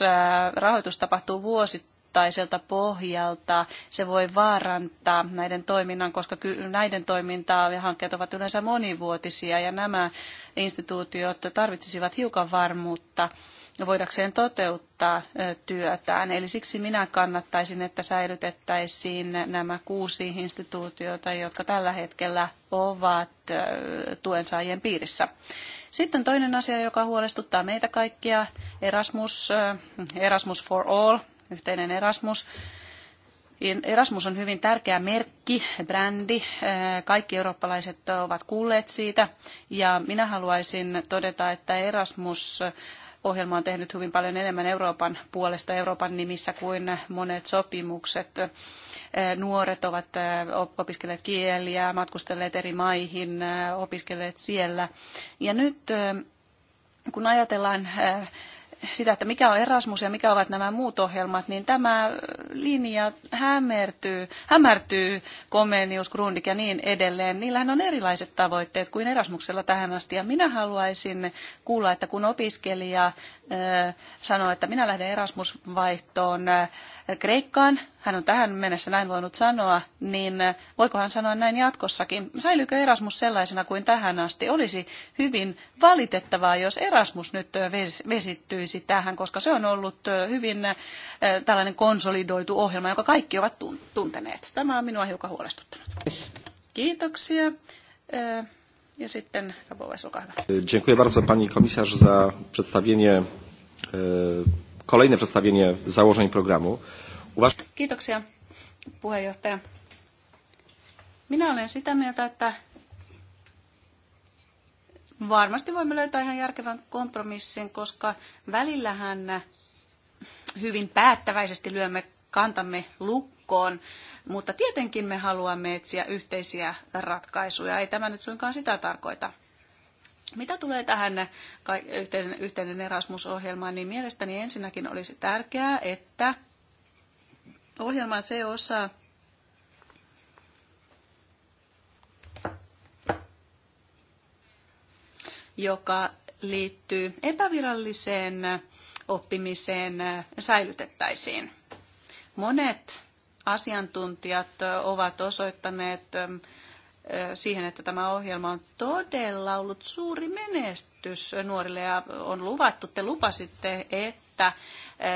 [SPEAKER 2] rahoitus tapahtuu vuosittaiselta pohjalta, se voi vaarantaa näiden toiminnan, koska näiden toimintaa ja hankkeet ovat yleensä monivuotisia ja nämä instituutiot tarvitsisivat hiukan varmuutta voidakseen toteuttaa työtään. Eli siksi minä kannattaisin, että säilytettäisiin nämä kuusi instituutiota, jotka tällä hetkellä ovat tuensaajien piirissä. Sitten toinen asia, joka huolestuttaa meitä kaikkia, Erasmus, Erasmus for All, yhteinen Erasmus. Erasmus on hyvin tärkeä merkki, brändi. Kaikki eurooppalaiset ovat kuulleet siitä. Ja minä haluaisin todeta, että Erasmus ohjelma on tehnyt hyvin paljon enemmän Euroopan puolesta, Euroopan nimissä kuin monet sopimukset. Eh, nuoret ovat eh, opiskelleet kieliä, matkustelleet eri maihin, eh, opiskelleet siellä. Ja nyt kun ajatellaan sitä, että mikä on Erasmus ja mikä ovat nämä muut ohjelmat, niin tämä linja hämärtyy, hämärtyy Komenius, Grundik ja niin edelleen. Niillähän on erilaiset tavoitteet kuin Erasmuksella tähän asti. Ja minä haluaisin kuulla, että kun opiskelija sanoa, että minä lähden Erasmus-vaihtoon Kreikkaan, hän on tähän mennessä näin voinut sanoa, niin voiko hän sanoa näin jatkossakin? Säilyykö Erasmus sellaisena kuin tähän asti? Olisi hyvin valitettavaa, jos Erasmus nyt vesittyisi tähän, koska se on ollut hyvin tällainen konsolidoitu ohjelma, joka kaikki ovat tunteneet. Tämä on minua hiukan huolestuttanut. Kiitoksia.
[SPEAKER 4] Dziękuję bardzo pani komisarz za przedstawienie, e, kolejne przedstawienie założeń programu. Uważ...
[SPEAKER 2] Kiitoksia puheenjohtaja. Minä olen sitä mieltä, että varmasti voimme löytää ihan järkevän kompromissin, koska välillähän hyvin päättäväisesti lyömme kantamme lukkoon mutta tietenkin me haluamme etsiä yhteisiä ratkaisuja. Ei tämä nyt suinkaan sitä tarkoita. Mitä tulee tähän yhteinen, yhteinen Erasmus-ohjelmaan, niin mielestäni ensinnäkin olisi tärkeää, että ohjelman se osa, joka liittyy epäviralliseen oppimiseen säilytettäisiin. Monet asiantuntijat ovat osoittaneet siihen, että tämä ohjelma on todella ollut suuri menestys nuorille ja on luvattu, te lupasitte, että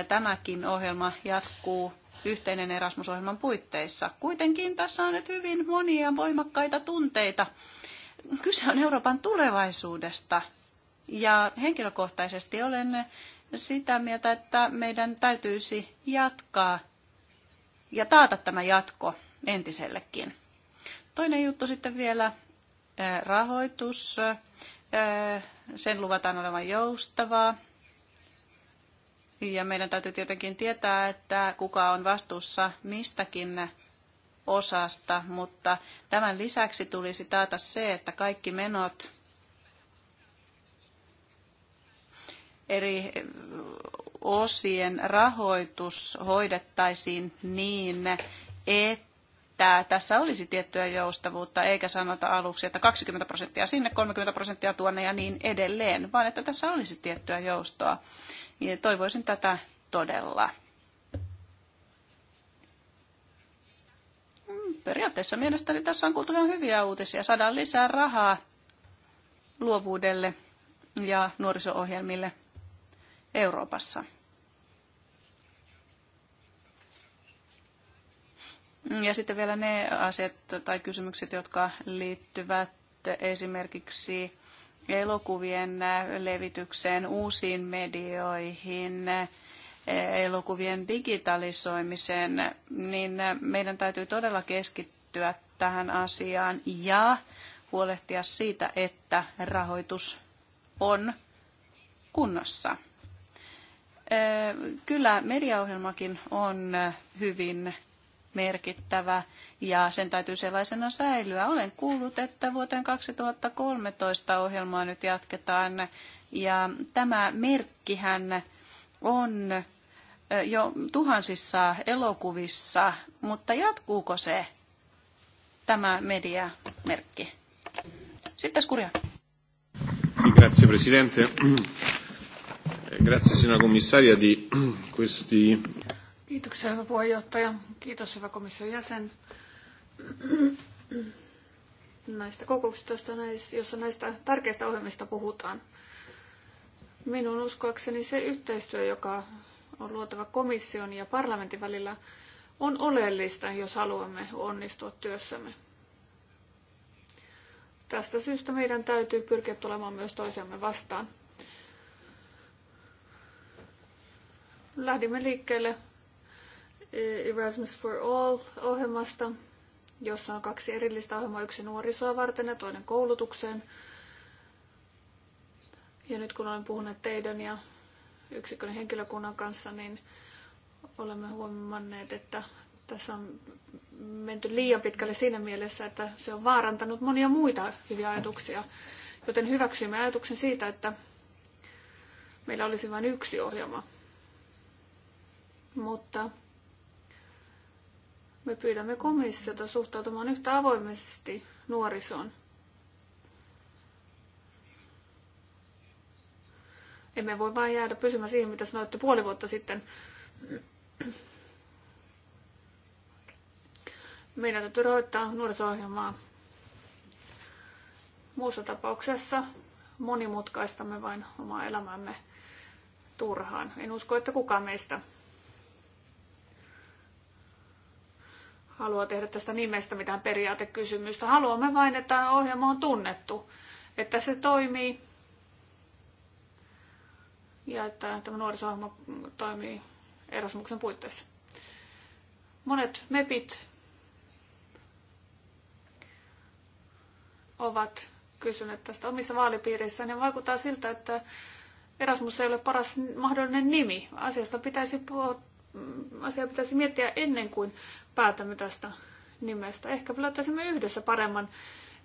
[SPEAKER 2] tämäkin ohjelma jatkuu yhteinen Erasmus-ohjelman puitteissa. Kuitenkin tässä on nyt hyvin monia voimakkaita tunteita. Kyse on Euroopan tulevaisuudesta ja henkilökohtaisesti olen sitä mieltä, että meidän täytyisi jatkaa ja taata tämä jatko entisellekin. Toinen juttu sitten vielä rahoitus. Sen luvataan olevan joustavaa. Ja meidän täytyy tietenkin tietää, että kuka on vastuussa mistäkin osasta, mutta tämän lisäksi tulisi taata se, että kaikki menot eri osien rahoitus hoidettaisiin niin, että tässä olisi tiettyä joustavuutta, eikä sanota aluksi, että 20 prosenttia sinne, 30 prosenttia tuonne ja niin edelleen, vaan että tässä olisi tiettyä joustoa. Ja toivoisin tätä todella. Mm, periaatteessa mielestäni tässä on kuultu ihan hyviä uutisia. Saadaan lisää rahaa luovuudelle ja nuoriso-ohjelmille Euroopassa. Ja sitten vielä ne asiat tai kysymykset, jotka liittyvät esimerkiksi elokuvien levitykseen uusiin medioihin, elokuvien digitalisoimiseen, niin meidän täytyy todella keskittyä tähän asiaan ja huolehtia siitä, että rahoitus on kunnossa. Kyllä mediaohjelmakin on hyvin merkittävä ja sen täytyy sellaisena säilyä. Olen kuullut, että vuoteen 2013 ohjelmaa nyt jatketaan ja tämä merkkihän on jo tuhansissa elokuvissa, mutta jatkuuko se tämä mediamerkki? Sitten Skuria.
[SPEAKER 4] Grazie Presidente. Grazie signora commissaria di questi...
[SPEAKER 3] Kiitoksia hyvä puheenjohtaja. Kiitos hyvä komission jäsen näistä kokouksista, jossa näistä tärkeistä ohjelmista puhutaan. Minun uskoakseni se yhteistyö, joka on luotava komission ja parlamentin välillä, on oleellista, jos haluamme onnistua työssämme. Tästä syystä meidän täytyy pyrkiä tulemaan myös toisiamme vastaan. lähdimme liikkeelle Erasmus for All-ohjelmasta, jossa on kaksi erillistä ohjelmaa, yksi nuorisoa varten ja toinen koulutukseen. Ja nyt kun olen puhunut teidän ja yksikön henkilökunnan kanssa, niin olemme huomanneet, että tässä on menty liian pitkälle siinä mielessä, että se on vaarantanut monia muita hyviä ajatuksia. Joten hyväksymme ajatuksen siitä, että meillä olisi vain yksi ohjelma mutta me pyydämme komissiota suhtautumaan yhtä avoimesti nuorisoon. Emme voi vain jäädä pysymään siihen, mitä sanoitte puoli vuotta sitten. Meidän täytyy rahoittaa nuoriso-ohjelmaa. Muussa tapauksessa monimutkaistamme vain omaa elämämme turhaan. En usko, että kukaan meistä halua tehdä tästä nimestä mitään periaatekysymystä. Haluamme vain, että ohjelma on tunnettu, että se toimii ja että tämä nuorisohjelma toimii erosmuksen puitteissa. Monet MEPit ovat kysyneet tästä omissa vaalipiireissä, niin vaikuttaa siltä, että Erasmus ei ole paras mahdollinen nimi. Asiasta pitäisi puhua, asia pitäisi miettiä ennen kuin päätämme tästä nimestä. Ehkä löytäisimme yhdessä paremman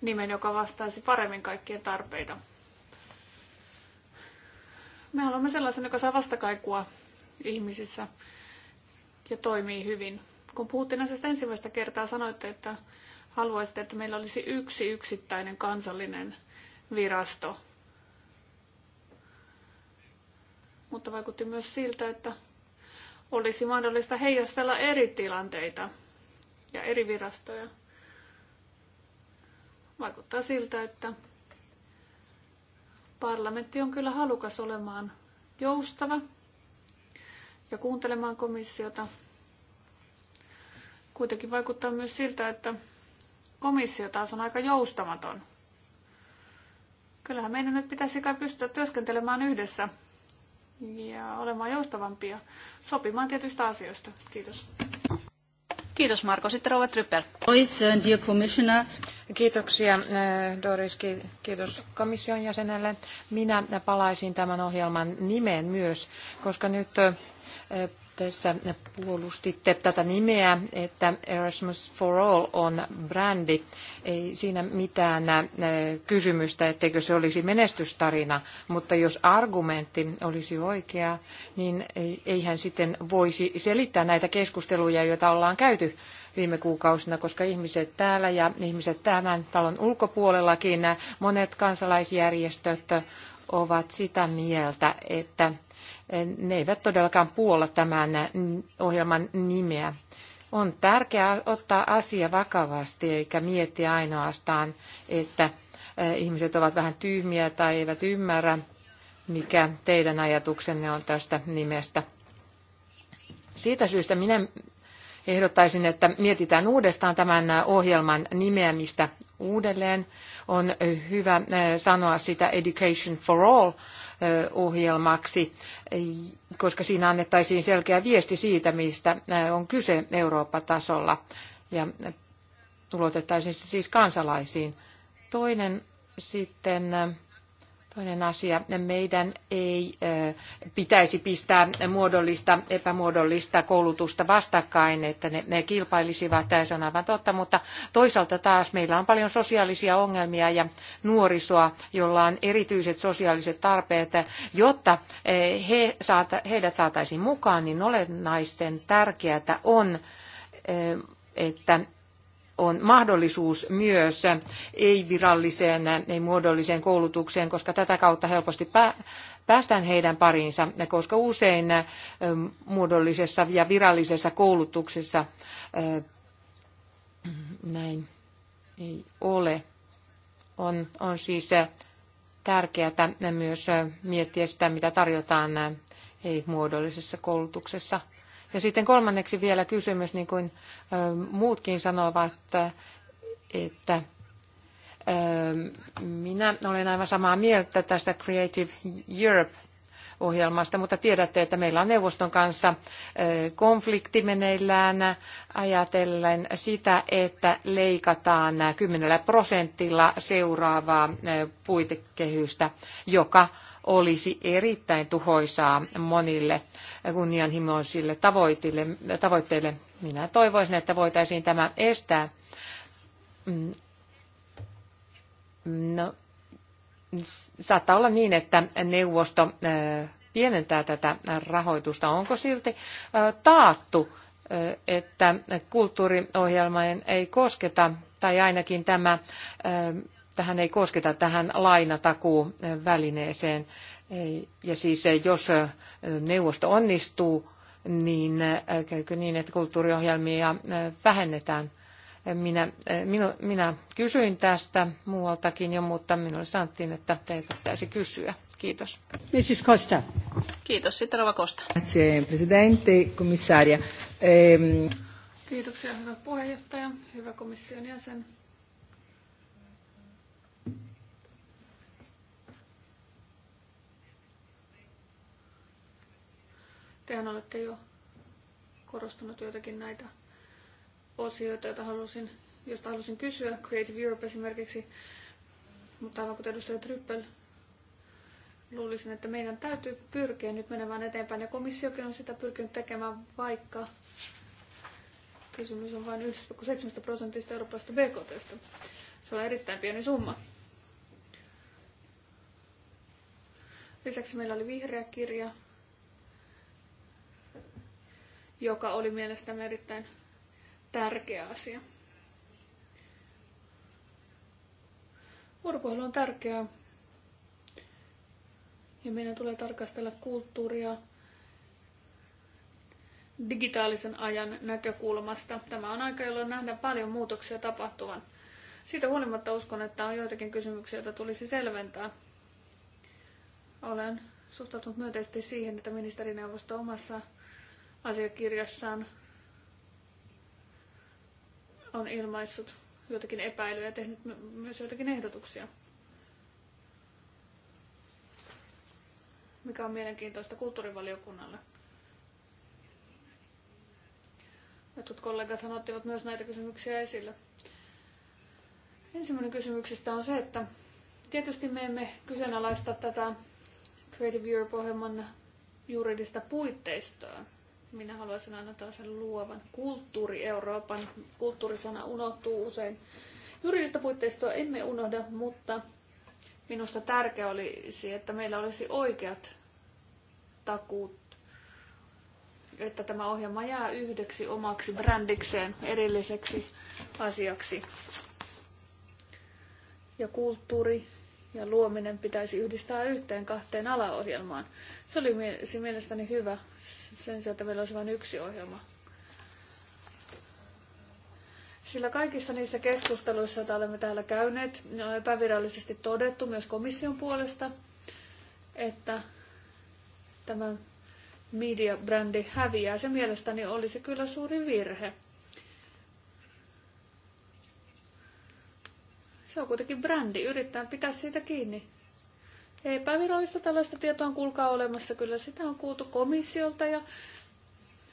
[SPEAKER 3] nimen, joka vastaisi paremmin kaikkien tarpeita. Me haluamme sellaisen, joka saa vastakaikua ihmisissä ja toimii hyvin. Kun puhuttiin asiasta ensimmäistä kertaa, sanoitte, että haluaisitte, että meillä olisi yksi yksittäinen kansallinen virasto. Mutta vaikutti myös siltä, että olisi mahdollista heijastella eri tilanteita ja eri virastoja. Vaikuttaa siltä, että parlamentti on kyllä halukas olemaan joustava ja kuuntelemaan komissiota. Kuitenkin vaikuttaa myös siltä, että komissio taas on aika joustamaton. Kyllähän meidän nyt pitäisi kai pystyä työskentelemään yhdessä ja olemaan joustavampia sopimaan tietyistä asioista. Kiitos. Kiitos Marko. Sitten
[SPEAKER 1] Rova Trypper. Uh, Kiitoksia uh, Doris, kiitos komission jäsenelle. Minä palaisin tämän ohjelman nimeen myös, koska nyt uh, tässä puolustitte tätä nimeä, että Erasmus for All on brändi. Ei siinä mitään äh, kysymystä, etteikö se olisi menestystarina, mutta jos argumentti olisi oikea, niin eihän sitten voisi selittää näitä keskusteluja, joita ollaan käyty viime kuukausina, koska ihmiset täällä ja ihmiset tämän talon ulkopuolellakin, monet kansalaisjärjestöt ovat sitä mieltä, että ne eivät todellakaan puolla tämän ohjelman nimeä. On tärkeää ottaa asia vakavasti eikä miettiä ainoastaan, että ihmiset ovat vähän tyhmiä tai eivät ymmärrä, mikä teidän ajatuksenne on tästä nimestä. Siitä syystä minä ehdottaisin, että mietitään uudestaan tämän ohjelman nimeämistä uudelleen. On hyvä eh, sanoa sitä Education for All eh, ohjelmaksi, eh, koska siinä annettaisiin selkeä viesti siitä, mistä on kyse Eurooppa-tasolla ja ulotettaisiin se siis kansalaisiin. Toinen sitten Toinen asia, meidän ei pitäisi pistää muodollista, epämuodollista koulutusta vastakkain, että ne, ne kilpailisivat, se on aivan totta, mutta toisaalta taas meillä on paljon sosiaalisia ongelmia ja nuorisoa, jolla on erityiset sosiaaliset tarpeet, jotta he saata, heidät saataisiin mukaan, niin olennaisten tärkeää on, että on mahdollisuus myös ei-viralliseen, ei-muodolliseen koulutukseen, koska tätä kautta helposti päästään heidän pariinsa, koska usein muodollisessa ja virallisessa koulutuksessa näin ei ole. On, on siis tärkeää myös miettiä sitä, mitä tarjotaan ei-muodollisessa koulutuksessa – ja sitten kolmanneksi vielä kysymys, niin kuin muutkin sanovat, että minä olen aivan samaa mieltä tästä Creative Europe ohjelmasta, mutta tiedätte, että meillä on neuvoston kanssa konflikti meneillään ajatellen sitä, että leikataan 10 prosentilla seuraavaa puitekehystä, joka olisi erittäin tuhoisaa monille kunnianhimoisille tavoitteille. Minä toivoisin, että voitaisiin tämä estää. Mm, no, saattaa olla niin, että neuvosto pienentää tätä rahoitusta. Onko silti taattu, että kulttuuriohjelmaan ei kosketa, tai ainakin tämä tähän ei kosketa tähän lainatakuuvälineeseen. Ja siis jos neuvosto onnistuu, niin käykö niin, että kulttuuriohjelmia vähennetään? Minä, minu, minä kysyin tästä muualtakin jo, mutta minulle sanottiin, että teiltä pitäisi kysyä. Kiitos. Mrs. Costa. Kiitos. Sitten Rova Costa. Grazie, presidente, komissaria. Ehm... Kiitoksia, hyvä puheenjohtaja,
[SPEAKER 3] hyvä komission jäsen. Tehän olette jo korostanut joitakin näitä osioita, joita halusin, joista halusin kysyä, Creative Europe esimerkiksi, mutta aivan kuten edustaja Tryppel, luulisin, että meidän täytyy pyrkiä nyt menemään eteenpäin, ja komissiokin on sitä pyrkinyt tekemään, vaikka kysymys on vain 1,7 prosentista eurooppalaisesta BKTstä. Se on erittäin pieni summa. Lisäksi meillä oli vihreä kirja, joka oli mielestäni erittäin tärkeä asia. Vuoropuhelu on tärkeää ja meidän tulee tarkastella kulttuuria digitaalisen ajan näkökulmasta. Tämä on aika, jolloin nähdään paljon muutoksia tapahtuvan. Siitä huolimatta uskon, että on joitakin kysymyksiä, joita tulisi selventää. Olen suhtautunut myönteisesti siihen, että ministerineuvosto omassa asiakirjassaan on ilmaissut joitakin epäilyjä ja tehnyt myös joitakin ehdotuksia. Mikä on mielenkiintoista kulttuurivaliokunnalle. Jotkut kollegat ottivat myös näitä kysymyksiä esille. Ensimmäinen kysymyksistä on se, että tietysti me emme kyseenalaista tätä Creative Europe-ohjelman juridista puitteistoa. Minä haluaisin aina tällaisen luovan kulttuuri Euroopan. Kulttuurisana unohtuu usein. Juridista puitteistoa emme unohda, mutta minusta tärkeää olisi, että meillä olisi oikeat takuut, että tämä ohjelma jää yhdeksi omaksi brändikseen, erilliseksi asiaksi. Ja kulttuuri ja luominen pitäisi yhdistää yhteen kahteen alaohjelmaan. Se oli mielestäni hyvä sen sijaan, että meillä olisi vain yksi ohjelma. Sillä kaikissa niissä keskusteluissa, joita olemme täällä käyneet, on epävirallisesti todettu myös komission puolesta, että tämä media-brändi häviää. Se mielestäni olisi kyllä suuri virhe. Se on kuitenkin brändi, yrittää pitää siitä kiinni. Epävirallista tällaista tietoa on kuulkaa olemassa, kyllä sitä on kuultu komissiolta ja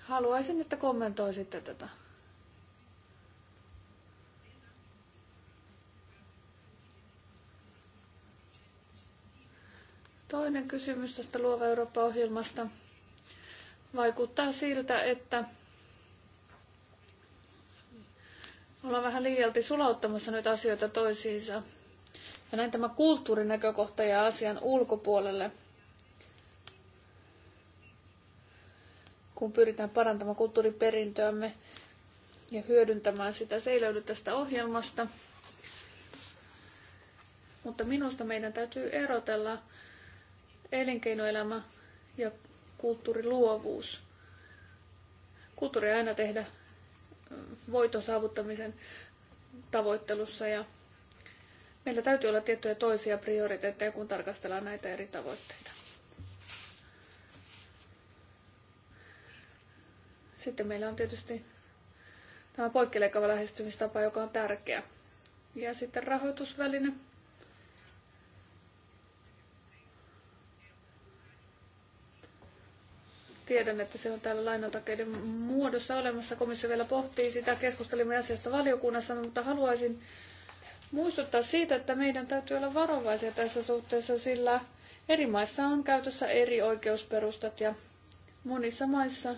[SPEAKER 3] haluaisin, että kommentoisitte tätä. Toinen kysymys tästä Luova Eurooppa-ohjelmasta. Vaikuttaa siltä, että ollaan vähän liialti sulauttamassa nyt asioita toisiinsa. Ja näin tämä kulttuurinäkökohta ja asian ulkopuolelle, kun pyritään parantamaan kulttuuriperintöämme ja hyödyntämään sitä. Se ei löydy tästä ohjelmasta. Mutta minusta meidän täytyy erotella elinkeinoelämä ja kulttuuriluovuus. Kulttuuri aina tehdä voiton saavuttamisen tavoittelussa ja meillä täytyy olla tiettyjä toisia prioriteetteja, kun tarkastellaan näitä eri tavoitteita. Sitten meillä on tietysti tämä poikkileikava lähestymistapa, joka on tärkeä. Ja sitten rahoitusväline. Tiedän, että se on täällä lainatakeiden muodossa olemassa. Komissio vielä pohtii sitä. Keskustelimme asiasta valiokunnassa, mutta haluaisin muistuttaa siitä, että meidän täytyy olla varovaisia tässä suhteessa, sillä eri maissa on käytössä eri oikeusperustat ja monissa maissa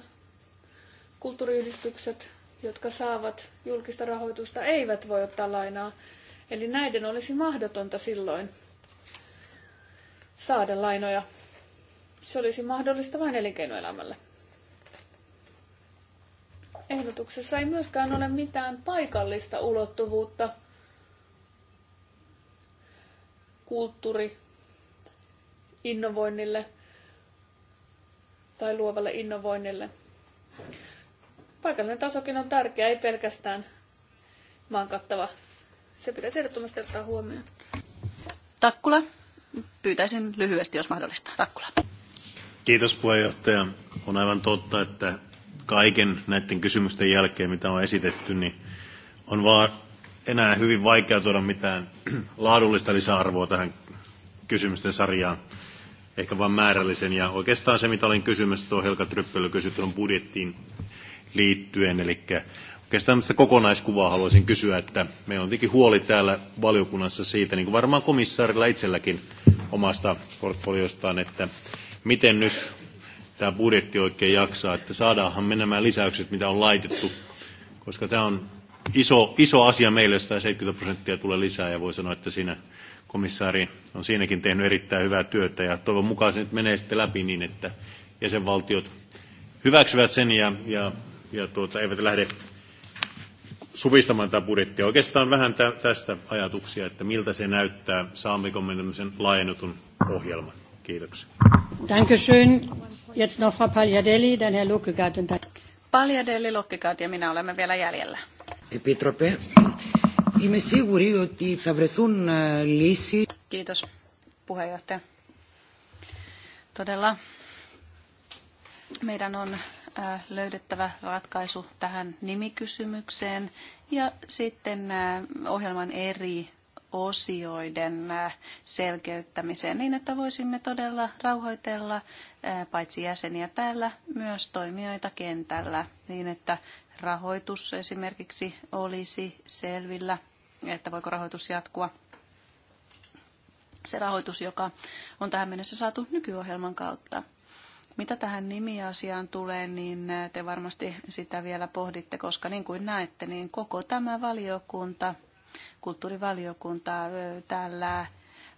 [SPEAKER 3] kulttuuriyhdistykset, jotka saavat julkista rahoitusta, eivät voi ottaa lainaa. Eli näiden olisi mahdotonta silloin saada lainoja se olisi mahdollista vain elinkeinoelämälle. Ehdotuksessa ei myöskään ole mitään paikallista ulottuvuutta. Kulttuuri innovoinnille tai luovalle innovoinnille. Paikallinen tasokin on tärkeä, ei pelkästään maan kattava. Se pitäisi ehdottomasti ottaa huomioon. Takkula,
[SPEAKER 2] pyytäisin lyhyesti, jos mahdollista. Takkula.
[SPEAKER 4] Kiitos puheenjohtaja. On aivan totta, että kaiken näiden kysymysten jälkeen, mitä on esitetty, niin on vaan enää hyvin vaikea tuoda mitään laadullista lisäarvoa tähän kysymysten sarjaan, ehkä vain määrällisen. Ja oikeastaan se, mitä olin kysymässä tuo Helka Tryppölö kysyi budjettiin liittyen, eli oikeastaan tämmöistä kokonaiskuvaa haluaisin kysyä, että meillä on tietenkin huoli täällä valiokunnassa siitä, niin kuin varmaan komissaarilla itselläkin omasta portfoliostaan, että miten nyt tämä budjetti oikein jaksaa, että saadaanhan me nämä lisäykset, mitä on laitettu, koska tämä on iso, iso asia meille, jos tämä 70 prosenttia tulee lisää, ja voi sanoa, että siinä komissaari on siinäkin tehnyt erittäin hyvää työtä, ja toivon mukaan se nyt menee sitten läpi niin, että jäsenvaltiot hyväksyvät sen ja, ja, ja tuota, eivät lähde supistamaan tätä budjetti. Oikeastaan vähän tästä ajatuksia, että miltä se näyttää, saammeko me tämmöisen laajennetun ohjelman. Kiitoksia.
[SPEAKER 1] Dankeschön. Jetzt noch Frau Pagliadelli, dann Herr Lukkegaard.
[SPEAKER 2] Pagliadelli, Lukkegaard ja minä olemme vielä jäljellä. Επίτροπε, είμαι σίγουρη ότι θα βρεθούν λύσεις. Kiitos, puheenjohtaja. Todella meidän on löydettävä ratkaisu tähän nimikysymykseen ja sitten ohjelman eri osioiden äh, selkeyttämiseen niin, että voisimme todella rauhoitella äh, paitsi jäseniä täällä, myös toimijoita kentällä niin, että rahoitus esimerkiksi olisi selvillä, että voiko rahoitus jatkua. Se rahoitus, joka on tähän mennessä saatu nykyohjelman kautta. Mitä tähän nimiasiaan tulee, niin äh, te varmasti sitä vielä pohditte, koska niin kuin näette, niin koko tämä valiokunta kulttuurivaliokunta täällä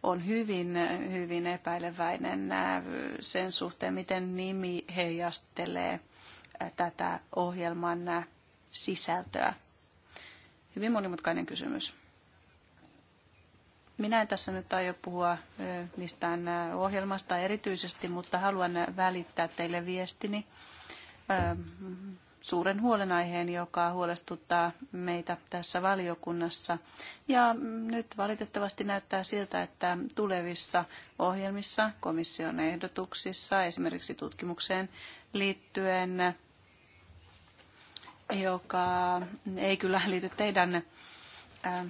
[SPEAKER 2] on hyvin, hyvin epäileväinen sen suhteen, miten nimi heijastelee tätä ohjelman sisältöä. Hyvin monimutkainen kysymys. Minä en tässä nyt aio puhua mistään ohjelmasta erityisesti, mutta haluan välittää teille viestini suuren huolenaiheen, joka huolestuttaa meitä tässä valiokunnassa. Ja nyt valitettavasti näyttää siltä, että tulevissa ohjelmissa, komission ehdotuksissa, esimerkiksi tutkimukseen liittyen, joka ei kyllä liity teidän äh,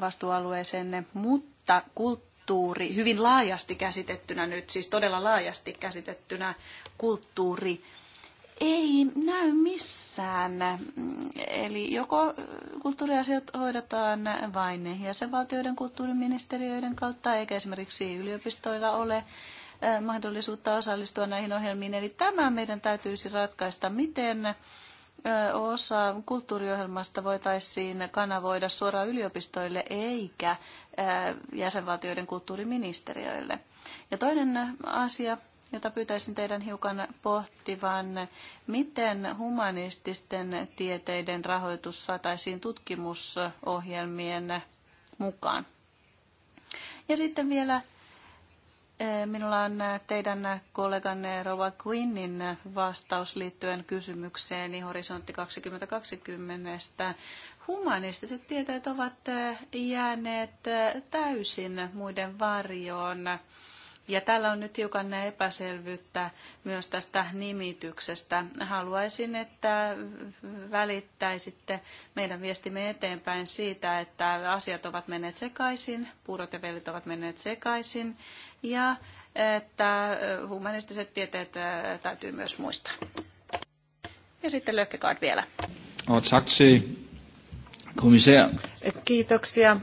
[SPEAKER 2] vastuualueeseenne, mutta kulttuuri, hyvin laajasti käsitettynä nyt, siis todella laajasti käsitettynä kulttuuri, ei näy missään. Mm, eli joko äh, kulttuuriasiat hoidetaan vain jäsenvaltioiden kulttuuriministeriöiden kautta, eikä esimerkiksi yliopistoilla ole äh, mahdollisuutta osallistua näihin ohjelmiin. Eli tämä meidän täytyisi ratkaista, miten äh, osa kulttuuriohjelmasta voitaisiin kanavoida suoraan yliopistoille eikä jäsenvaltioiden kulttuuriministeriöille. Ja toinen asia, jota pyytäisin teidän hiukan pohtivan. Miten humanististen tieteiden rahoitus saataisiin tutkimusohjelmien mukaan? Ja sitten vielä eh, Minulla on teidän kolleganne Rova Quinnin vastaus liittyen kysymykseeni Horisontti 2020. Humanistiset tieteet ovat eh, jääneet eh, täysin muiden varjoon. Ja täällä on nyt hiukan epäselvyyttä myös tästä nimityksestä. Haluaisin, että välittäisitte meidän viestimme eteenpäin siitä, että asiat ovat menneet sekaisin, puurot ja velit ovat menneet sekaisin ja että humanistiset tieteet täytyy myös
[SPEAKER 1] muistaa. Ja sitten Lökkekaard vielä. No, Kiitoksia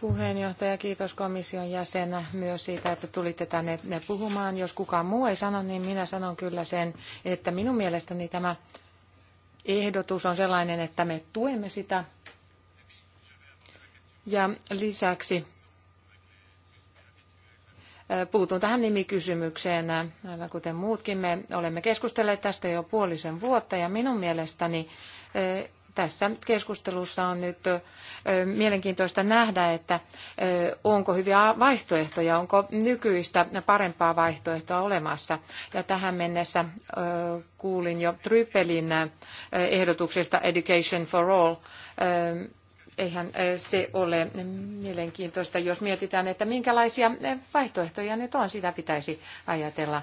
[SPEAKER 1] puheenjohtaja, kiitos komission jäsenä myös siitä, että tulitte tänne puhumaan. Jos kukaan muu ei sano, niin minä sanon kyllä sen, että minun mielestäni tämä ehdotus on sellainen, että me tuemme sitä. Ja lisäksi puutun tähän nimikysymykseen, aivan kuten muutkin. Me olemme keskustelleet tästä jo puolisen vuotta ja minun mielestäni tässä keskustelussa on nyt mielenkiintoista nähdä, että onko hyviä vaihtoehtoja, onko nykyistä parempaa vaihtoehtoa olemassa. Ja tähän mennessä kuulin jo Trypelin ehdotuksesta Education for All eihän se ole mielenkiintoista, jos mietitään, että minkälaisia vaihtoehtoja nyt on. Sitä pitäisi ajatella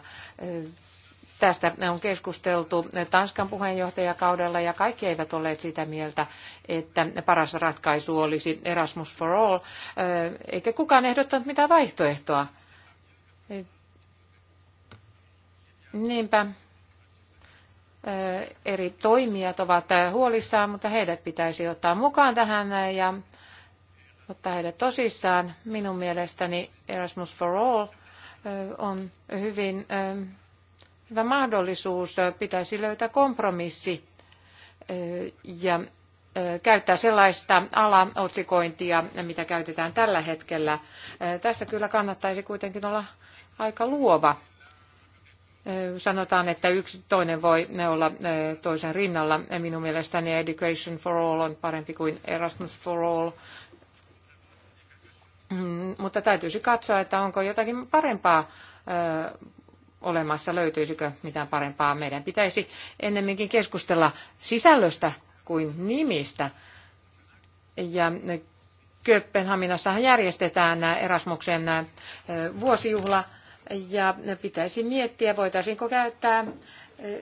[SPEAKER 1] Tästä on keskusteltu Tanskan puheenjohtajakaudella ja kaikki eivät olleet sitä mieltä, että paras ratkaisu olisi Erasmus for All, eikä kukaan ehdottanut mitään vaihtoehtoa. Niinpä eri toimijat ovat huolissaan, mutta heidät pitäisi ottaa mukaan tähän ja ottaa heidät tosissaan. Minun mielestäni Erasmus for All on hyvin hyvä mahdollisuus. Pitäisi löytää kompromissi ja käyttää sellaista alaotsikointia, mitä käytetään tällä hetkellä. Tässä kyllä kannattaisi kuitenkin olla aika luova. Sanotaan, että yksi toinen voi olla toisen rinnalla. Minun mielestäni Education for All on parempi kuin Erasmus for All. Mm, mutta täytyisi katsoa, että onko jotakin parempaa olemassa, löytyisikö mitään parempaa. Meidän pitäisi ennemminkin keskustella sisällöstä kuin nimistä. Ja Kööpenhaminassahan järjestetään Erasmuksen äh, vuosijuhla ja pitäisi miettiä, voitaisiinko käyttää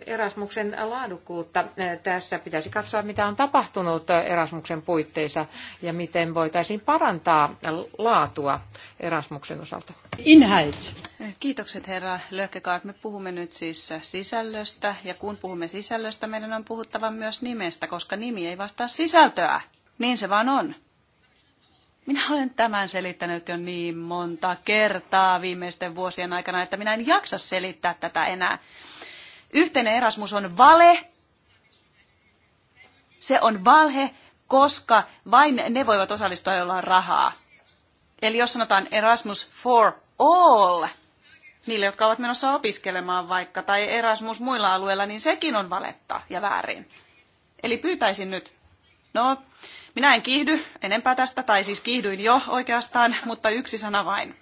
[SPEAKER 1] Erasmuksen laadukkuutta. Tässä pitäisi katsoa, mitä on tapahtunut Erasmuksen puitteissa ja miten voitaisiin parantaa laatua Erasmuksen osalta. Inhalt.
[SPEAKER 2] Kiitokset herra Löhkekaart. Me puhumme nyt siis sisällöstä ja kun puhumme sisällöstä, meidän on puhuttava myös nimestä, koska nimi ei vastaa sisältöä. Niin se vaan on. Minä olen tämän selittänyt jo niin monta kertaa viimeisten vuosien aikana, että minä en jaksa selittää tätä enää. Yhteinen Erasmus on vale. Se on valhe, koska vain ne voivat osallistua, joilla on rahaa. Eli jos sanotaan Erasmus for all, niille, jotka ovat menossa opiskelemaan vaikka, tai Erasmus muilla alueilla, niin sekin on valetta ja väärin. Eli pyytäisin nyt, no minä en kiihdy enempää tästä, tai siis kiihdyin jo oikeastaan, mutta yksi sana vain.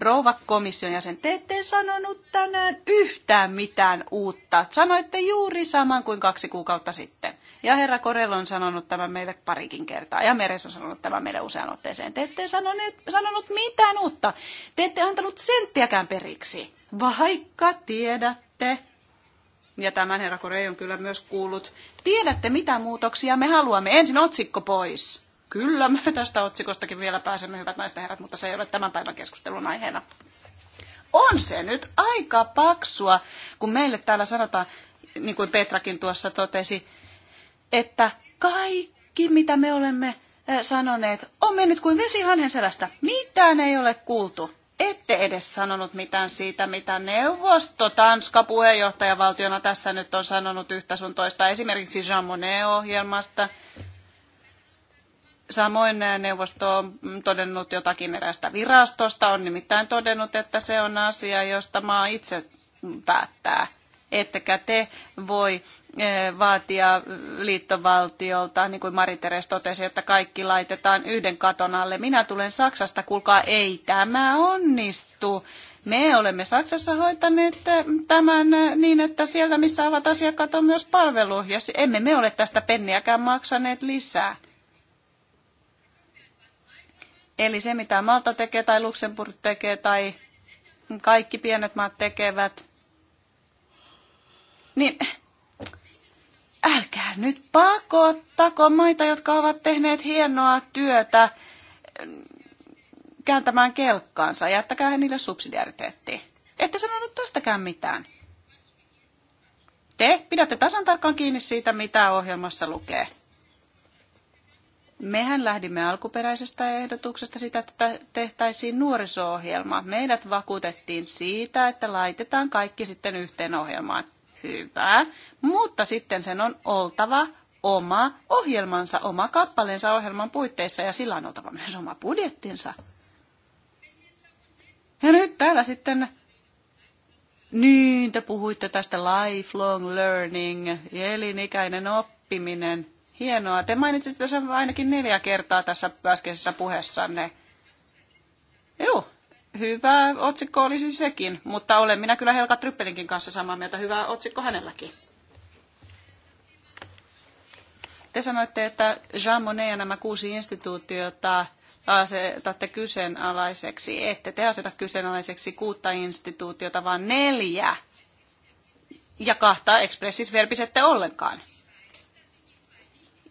[SPEAKER 2] Rouva komission jäsen, te ette sanonut tänään yhtään mitään uutta. Sanoitte juuri saman kuin kaksi kuukautta sitten. Ja herra Korel on sanonut tämän meille parikin kertaa. Ja Meres on sanonut tämän meille usean otteeseen. Te ette sanoneet, sanonut mitään uutta. Te ette antanut senttiäkään periksi. Vaikka tiedätte, ja tämän herra Korei on kyllä myös kuullut, tiedätte mitä muutoksia me haluamme. Ensin otsikko pois Kyllä me tästä otsikostakin vielä pääsemme, hyvät naiset ja herrat, mutta se ei ole tämän päivän keskustelun aiheena. On se nyt aika paksua, kun meille täällä sanotaan, niin kuin Petrakin tuossa totesi, että kaikki mitä me olemme eh, sanoneet on mennyt kuin vesi hanhen selästä. Mitään ei ole kuultu. Ette edes sanonut mitään siitä, mitä neuvosto Tanska puheenjohtajavaltiona tässä nyt on sanonut yhtä sun toista. Esimerkiksi Jean Monnet-ohjelmasta, Samoin eh, neuvosto on todennut jotakin erästä virastosta, on nimittäin todennut, että se on asia, josta maa itse päättää. Ettekä te voi eh, vaatia liittovaltiolta, niin kuin Mariteres totesi, että kaikki laitetaan yhden katon alle. Minä tulen Saksasta, kuulkaa, ei tämä onnistu. Me olemme Saksassa hoitaneet eh, tämän niin, että siellä missä ovat asiakkaat on myös palvelu, ja emme me ole tästä penniäkään maksaneet lisää. Eli se, mitä Malta tekee tai Luxemburg tekee tai kaikki pienet maat tekevät, niin älkää nyt pakottako maita, jotka ovat tehneet hienoa työtä kääntämään kelkkaansa. Jättäkää he niille subsidiariteetti. Ette sano nyt tästäkään mitään. Te pidätte tasan tarkkaan kiinni siitä, mitä ohjelmassa lukee. Mehän lähdimme alkuperäisestä ehdotuksesta sitä, että tehtäisiin nuoriso-ohjelma. Meidät vakuutettiin siitä, että laitetaan kaikki sitten yhteen ohjelmaan. Hyvä, mutta sitten sen on oltava oma ohjelmansa, oma kappaleensa ohjelman puitteissa ja sillä on oltava myös oma budjettinsa. Ja nyt täällä sitten, niin te puhuitte tästä lifelong learning, elinikäinen oppiminen – Hienoa. Te mainitsitte tässä ainakin neljä kertaa tässä äskeisessä puheessanne. Joo, hyvä otsikko olisi sekin, mutta olen minä kyllä Helka Tryppelinkin kanssa samaa mieltä. Hyvä otsikko hänelläkin. Te sanoitte, että Jean Monnet ja nämä kuusi instituutiota asetatte kyseenalaiseksi. Ette te aseta kyseenalaiseksi kuutta instituutiota, vaan neljä. Ja kahta expressis verbis ette ollenkaan.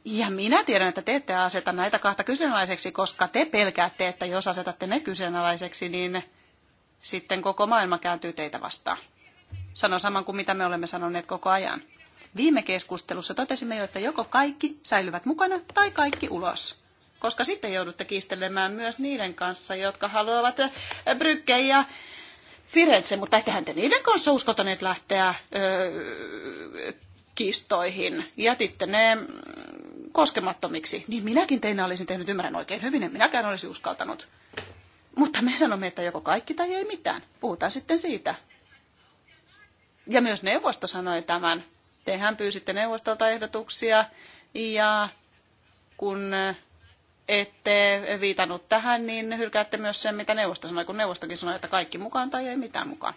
[SPEAKER 2] Ja minä tiedän, että te ette aseta näitä kahta kyseenalaiseksi, koska te pelkäätte, että jos asetatte ne kyseenalaiseksi, niin sitten koko maailma kääntyy teitä vastaan. Sano saman kuin mitä me olemme sanoneet koko ajan. Viime keskustelussa totesimme jo, että joko kaikki säilyvät mukana tai kaikki ulos. Koska sitten joudutte kiistelemään myös niiden kanssa, jotka haluavat brykkejä. ja Firenze, mutta ettehän te niiden kanssa uskotaneet lähteä öö, kistoihin. Jätitte ne mm, koskemattomiksi, niin minäkin teinä olisin tehnyt ymmärrän oikein hyvin, en minäkään olisi uskaltanut. Mutta me sanomme, että joko kaikki tai ei mitään. Puhutaan sitten siitä. Ja myös neuvosto sanoi tämän. Tehän pyysitte neuvostolta ehdotuksia ja kun ette viitannut tähän, niin hylkäätte myös sen, mitä neuvosto sanoi, kun neuvostokin sanoi, että kaikki mukaan tai ei mitään mukaan.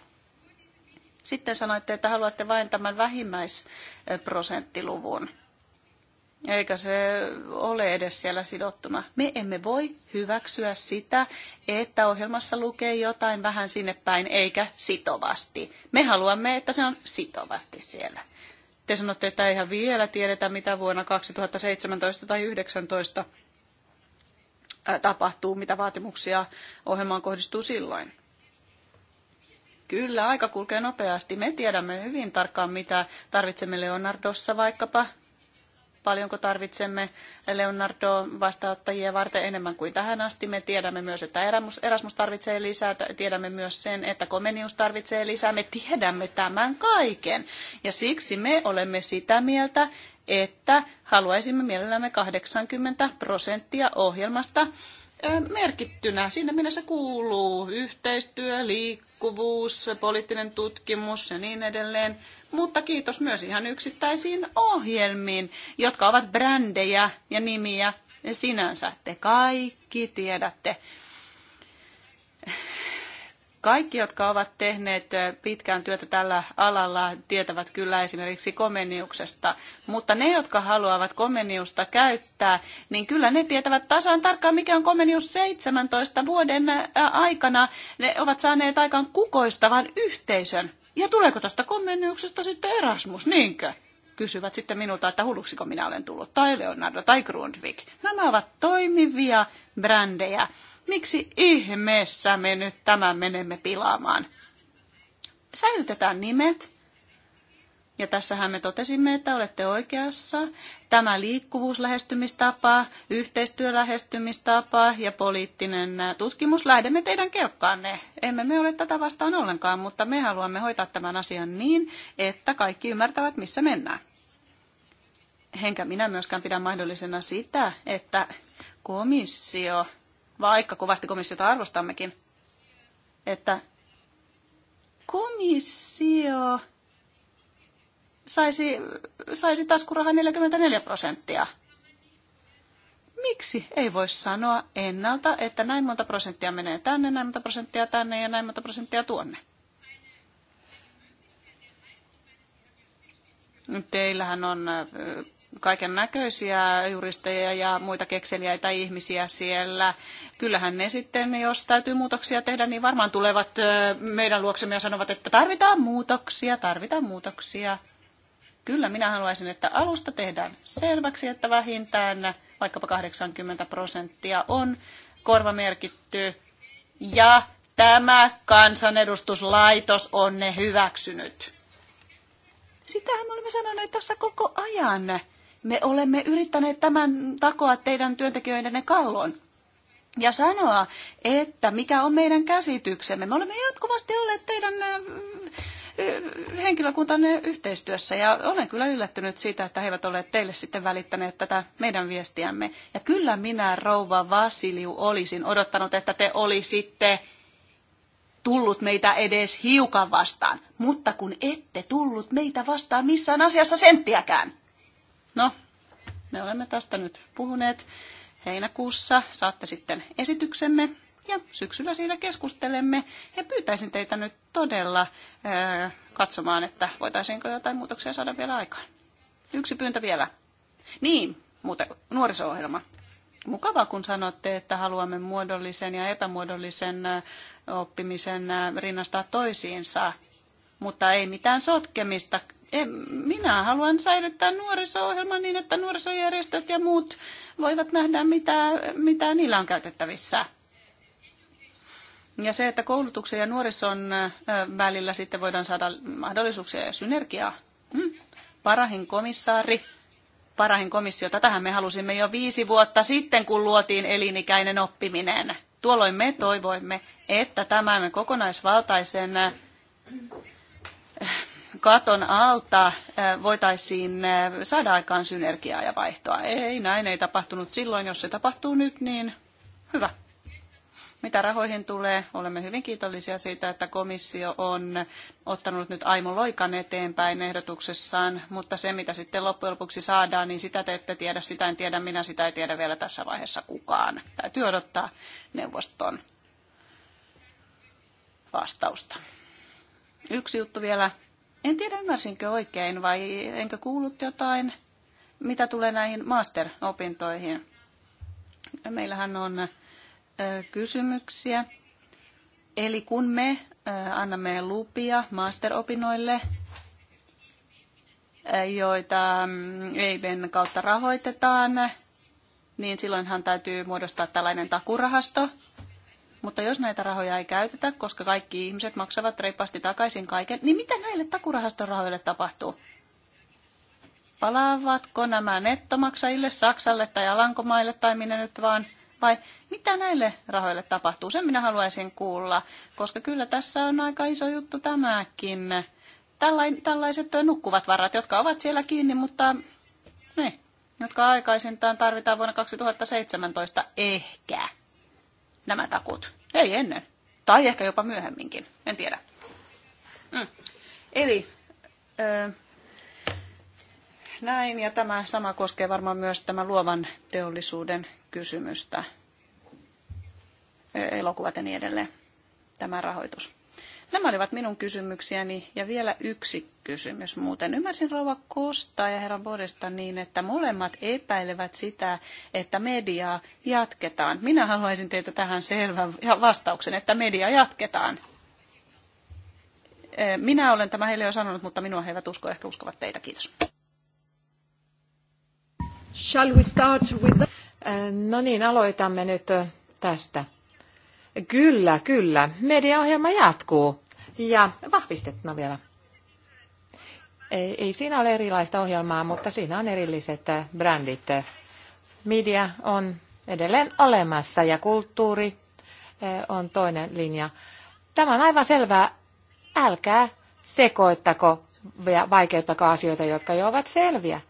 [SPEAKER 2] Sitten sanoitte, että haluatte vain tämän vähimmäisprosenttiluvun eikä se ole edes siellä sidottuna. Me emme voi hyväksyä sitä, että ohjelmassa lukee jotain vähän sinne päin, eikä sitovasti. Me haluamme, että se on sitovasti siellä. Te sanotte, että eihän vielä tiedetä, mitä vuonna 2017 tai 2019 tapahtuu, mitä vaatimuksia ohjelmaan kohdistuu silloin. Kyllä, aika kulkee nopeasti. Me tiedämme hyvin tarkkaan, mitä tarvitsemme Leonardossa vaikkapa paljonko tarvitsemme Leonardo-vastaanottajia varten enemmän kuin tähän asti. Me tiedämme myös, että Erasmus tarvitsee lisää, tiedämme myös sen, että Komenius tarvitsee lisää. Me tiedämme tämän kaiken. Ja siksi me olemme sitä mieltä, että haluaisimme mielellämme 80 prosenttia ohjelmasta merkittynä. Sinne minne se kuuluu. Yhteistyö, liikkuvuus, poliittinen tutkimus ja niin edelleen. Mutta kiitos myös ihan yksittäisiin ohjelmiin, jotka ovat brändejä ja nimiä sinänsä. Te kaikki tiedätte kaikki, jotka ovat tehneet pitkään työtä tällä alalla, tietävät kyllä esimerkiksi komeniuksesta. Mutta ne, jotka haluavat komeniusta käyttää, niin kyllä ne tietävät tasan tarkkaan, mikä on komenius 17 vuoden aikana. Ne ovat saaneet aikaan kukoistavan yhteisön. Ja tuleeko tuosta komeniuksesta sitten Erasmus, niinkö? kysyvät sitten minulta, että hulluksiko minä olen tullut, tai Leonardo, tai Grundvik. Nämä ovat toimivia brändejä. Miksi ihmeessä me nyt tämän menemme pilaamaan? Säilytetään nimet. Ja tässähän me totesimme, että olette oikeassa. Tämä liikkuvuuslähestymistapa, yhteistyölähestymistapa ja poliittinen äh, tutkimus, lähdemme teidän kelkkaanne. Emme me ole tätä vastaan ollenkaan, mutta me haluamme hoitaa tämän asian niin, että kaikki ymmärtävät, missä mennään. Henkä minä myöskään pidän mahdollisena sitä, että komissio vaikka kovasti komissiota arvostammekin, että komissio saisi, saisi taskurahaa 44 prosenttia. Miksi ei voi sanoa ennalta, että näin monta prosenttia menee tänne, näin monta prosenttia tänne ja näin monta prosenttia tuonne? Teillähän on kaiken näköisiä juristeja ja muita kekseliäitä ihmisiä siellä. Kyllähän ne sitten, jos täytyy muutoksia tehdä, niin varmaan tulevat meidän luoksemme ja sanovat, että tarvitaan muutoksia, tarvitaan muutoksia. Kyllä minä haluaisin, että alusta tehdään selväksi, että vähintään vaikkapa 80 prosenttia on korvamerkitty ja tämä kansanedustuslaitos on ne hyväksynyt. Sitähän me olemme sanoneet tässä koko ajan. Me olemme yrittäneet tämän takoa teidän työntekijöidenne kallon ja sanoa, että mikä on meidän käsityksemme. Me olemme jatkuvasti olleet teidän henkilökuntanne yhteistyössä ja olen kyllä yllättynyt siitä, että he eivät ole teille sitten välittäneet tätä meidän viestiämme. Ja kyllä minä, rouva Vasiliu, olisin odottanut, että te olisitte tullut meitä edes hiukan vastaan, mutta kun ette tullut meitä vastaan missään asiassa senttiäkään. No, me olemme tästä nyt puhuneet. Heinäkuussa saatte sitten esityksemme ja syksyllä siitä keskustelemme. Ja pyytäisin teitä nyt todella ää, katsomaan, että voitaisiinko jotain muutoksia saada vielä aikaan. Yksi pyyntö vielä. Niin, muuten nuoriso-ohjelma. Mukavaa, kun sanotte, että haluamme muodollisen ja epämuodollisen oppimisen rinnastaa toisiinsa, mutta ei mitään sotkemista minä haluan säilyttää nuoriso-ohjelman niin, että nuorisojärjestöt ja muut voivat nähdä, mitä, mitä niillä on käytettävissä. Ja se, että koulutuksen ja nuorison välillä sitten voidaan saada mahdollisuuksia ja synergiaa. Hmm? Parahin komissaari, parahin komissio, tätähän me halusimme jo viisi vuotta sitten, kun luotiin elinikäinen oppiminen. Tuolloin me toivoimme, että tämän kokonaisvaltaisen katon alta äh, voitaisiin äh, saada aikaan synergiaa ja vaihtoa. Ei, näin ei tapahtunut silloin. Jos se tapahtuu nyt, niin hyvä. Mitä rahoihin tulee, olemme hyvin kiitollisia siitä, että komissio on ottanut nyt Aimo Loikan eteenpäin ehdotuksessaan, mutta se mitä sitten loppujen lopuksi saadaan, niin sitä te ette tiedä, sitä en tiedä, minä sitä ei tiedä vielä tässä vaiheessa kukaan. Täytyy odottaa neuvoston vastausta. Yksi juttu vielä en tiedä, ymmärsinkö oikein vai enkö kuullut jotain, mitä tulee näihin master-opintoihin. Meillähän on kysymyksiä. Eli kun me annamme lupia master-opinnoille, joita mm, EIBEN kautta rahoitetaan, niin silloinhan täytyy muodostaa tällainen takurahasto, mutta jos näitä rahoja ei käytetä, koska kaikki ihmiset maksavat reippaasti takaisin kaiken, niin mitä näille takurahaston rahoille tapahtuu? Palaavatko nämä nettomaksajille Saksalle tai Alankomaille tai minne nyt vaan? Vai mitä näille rahoille tapahtuu? Sen minä haluaisin kuulla, koska kyllä tässä on aika iso juttu tämäkin. Tällaiset nukkuvat varat, jotka ovat siellä kiinni, mutta ne, jotka aikaisintaan tarvitaan vuonna 2017 ehkä nämä takut. Ei ennen. Tai ehkä jopa myöhemminkin. En tiedä. Mm. Eli ö, näin, ja tämä sama koskee varmaan myös tämän luovan teollisuuden kysymystä, e, elokuvat ja niin edelleen, tämä rahoitus. Nämä olivat minun kysymyksiäni ja vielä yksi kysymys muuten. Ymmärsin rouva Kosta ja herra Bodesta niin, että molemmat epäilevät sitä, että mediaa jatketaan. Minä haluaisin teiltä tähän selvän vastauksen, että media jatketaan. Eh, minä olen tämä heille jo sanonut, mutta minua he eivät usko,
[SPEAKER 1] ehkä uskovat teitä. Kiitos. Shall we start with the... Eh, no niin, aloitamme nyt tästä. Kyllä, kyllä. Mediaohjelma jatkuu ja vahvistettuna vielä. Ei, ei siinä ole erilaista ohjelmaa, mutta siinä on erilliset brändit. Media on edelleen olemassa ja kulttuuri eh, on toinen linja. Tämä on aivan selvää. Älkää sekoittako ja vaikeuttako asioita, jotka jo ovat selviä.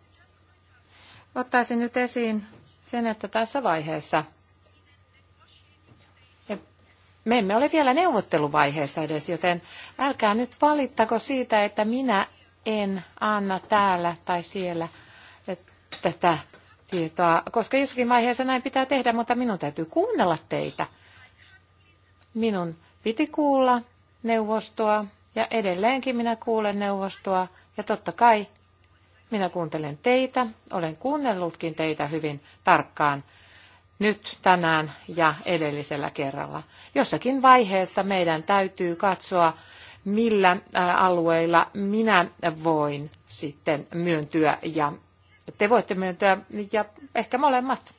[SPEAKER 1] Ottaisin nyt esiin sen, että tässä vaiheessa – me emme ole vielä neuvotteluvaiheessa edes, joten älkää nyt valittako siitä, että minä en anna täällä tai siellä eh, tätä tietoa, koska jossakin vaiheessa näin pitää tehdä, mutta minun täytyy kuunnella teitä. Minun piti kuulla neuvostoa ja edelleenkin minä kuulen neuvostoa ja totta kai minä kuuntelen teitä, olen kuunnellutkin teitä hyvin tarkkaan nyt, tänään ja edellisellä kerralla. Jossakin vaiheessa meidän täytyy katsoa, millä alueilla minä voin sitten myöntyä ja te voitte myöntyä ja ehkä molemmat.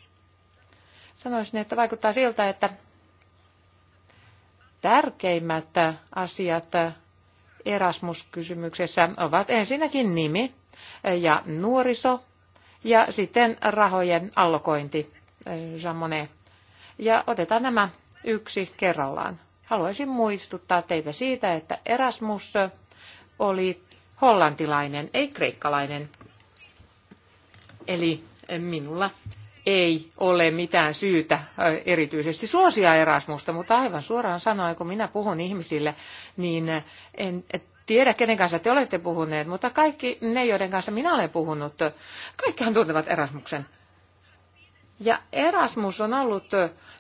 [SPEAKER 1] Sanoisin, että vaikuttaa siltä, että tärkeimmät asiat Erasmus-kysymyksessä ovat ensinnäkin nimi ja nuoriso ja sitten rahojen allokointi. Jean Monnet. Ja otetaan nämä yksi kerrallaan. Haluaisin muistuttaa teitä siitä, että Erasmus oli hollantilainen, ei kreikkalainen. Eli minulla ei ole mitään syytä erityisesti suosia Erasmusta, mutta aivan suoraan sanoen, kun minä puhun ihmisille, niin en tiedä, kenen kanssa te olette puhuneet, mutta kaikki ne, joiden kanssa minä olen puhunut, kaikkihan tuntevat Erasmuksen. Ja Erasmus on ollut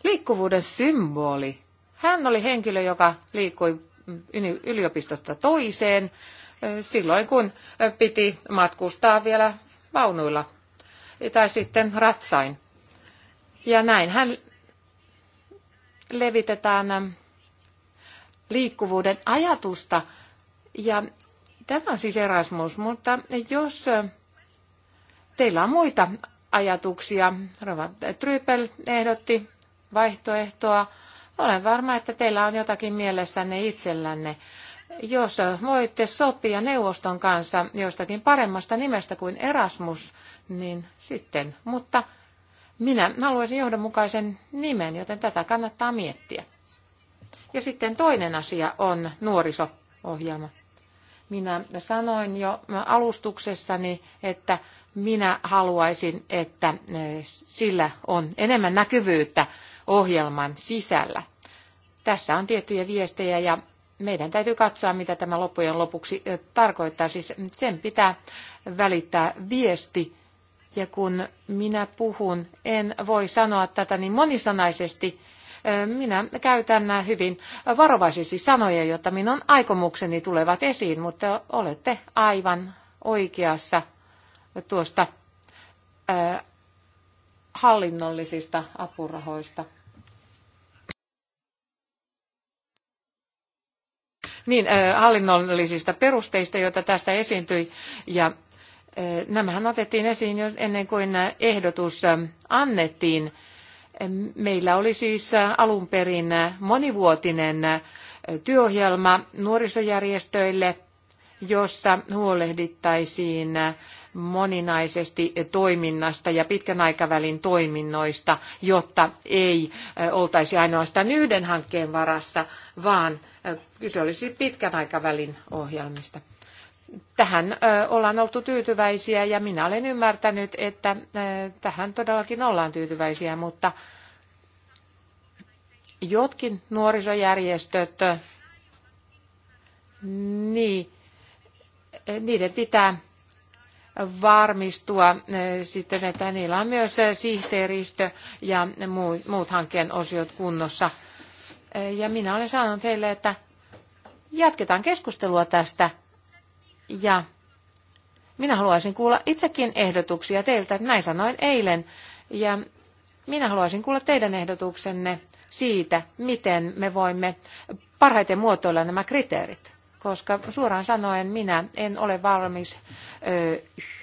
[SPEAKER 1] liikkuvuuden symboli. Hän oli henkilö, joka liikkui mm, yliopistosta toiseen silloin, kun piti matkustaa vielä vaunuilla tai sitten ratsain. Ja näin hän levitetään liikkuvuuden ajatusta. Ja tämä on siis Erasmus, mutta jos teillä on muita ajatuksia. Rova Trypel ehdotti vaihtoehtoa. Olen varma, että teillä on jotakin mielessänne itsellänne. Jos voitte sopia neuvoston kanssa jostakin paremmasta nimestä kuin Erasmus, niin sitten. Mutta minä haluaisin johdonmukaisen nimen, joten tätä kannattaa miettiä. Ja sitten toinen asia on nuoriso-ohjelma. Minä sanoin jo alustuksessani, että minä haluaisin, että eh, sillä on enemmän näkyvyyttä ohjelman sisällä. Tässä on tiettyjä viestejä ja meidän täytyy katsoa, mitä tämä loppujen lopuksi eh, tarkoittaa. Siis sen pitää välittää viesti. Ja kun minä puhun, en voi sanoa tätä niin monisanaisesti. Eh, minä käytän hyvin varovaisesti sanoja, jotta minun aikomukseni tulevat esiin, mutta olette aivan oikeassa tuosta hallinnollisista apurahoista. Niin, hallinnollisista perusteista, joita tässä esiintyi. Ja nämähän otettiin esiin jo ennen kuin ehdotus annettiin. Meillä oli siis alun perin monivuotinen työohjelma nuorisojärjestöille, jossa huolehdittaisiin moninaisesti toiminnasta ja pitkän aikavälin toiminnoista, jotta ei oltaisi ainoastaan yhden hankkeen varassa, vaan kyse olisi pitkän aikavälin ohjelmista. Tähän ollaan oltu tyytyväisiä ja minä olen ymmärtänyt, että tähän todellakin ollaan tyytyväisiä, mutta jotkin nuorisojärjestöt, niin, niiden pitää varmistua eh, sitten, että niillä on myös eh, sihteeristö ja muut hankkeen osiot kunnossa. Eh, ja minä olen sanonut heille, että jatketaan keskustelua tästä ja minä haluaisin kuulla itsekin ehdotuksia teiltä. Näin sanoin eilen. Ja minä haluaisin kuulla teidän ehdotuksenne siitä, miten me voimme parhaiten muotoilla nämä kriteerit koska suoraan sanoen minä en ole valmis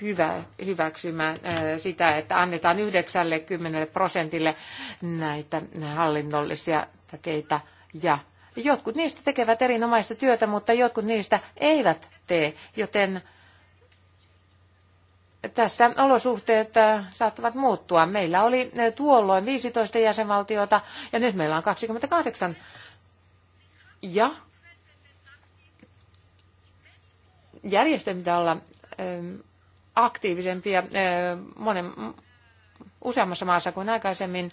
[SPEAKER 1] hyvä, hyväksymään sitä, että annetaan 90 prosentille näitä hallinnollisia takeita ja jotkut niistä tekevät erinomaista työtä, mutta jotkut niistä eivät tee, joten tässä olosuhteet saattavat muuttua. Meillä oli tuolloin 15 jäsenvaltiota ja nyt meillä on 28. Ja järjestöjen pitää olla ähm, aktiivisempia äh, monen, useammassa maassa kuin aikaisemmin.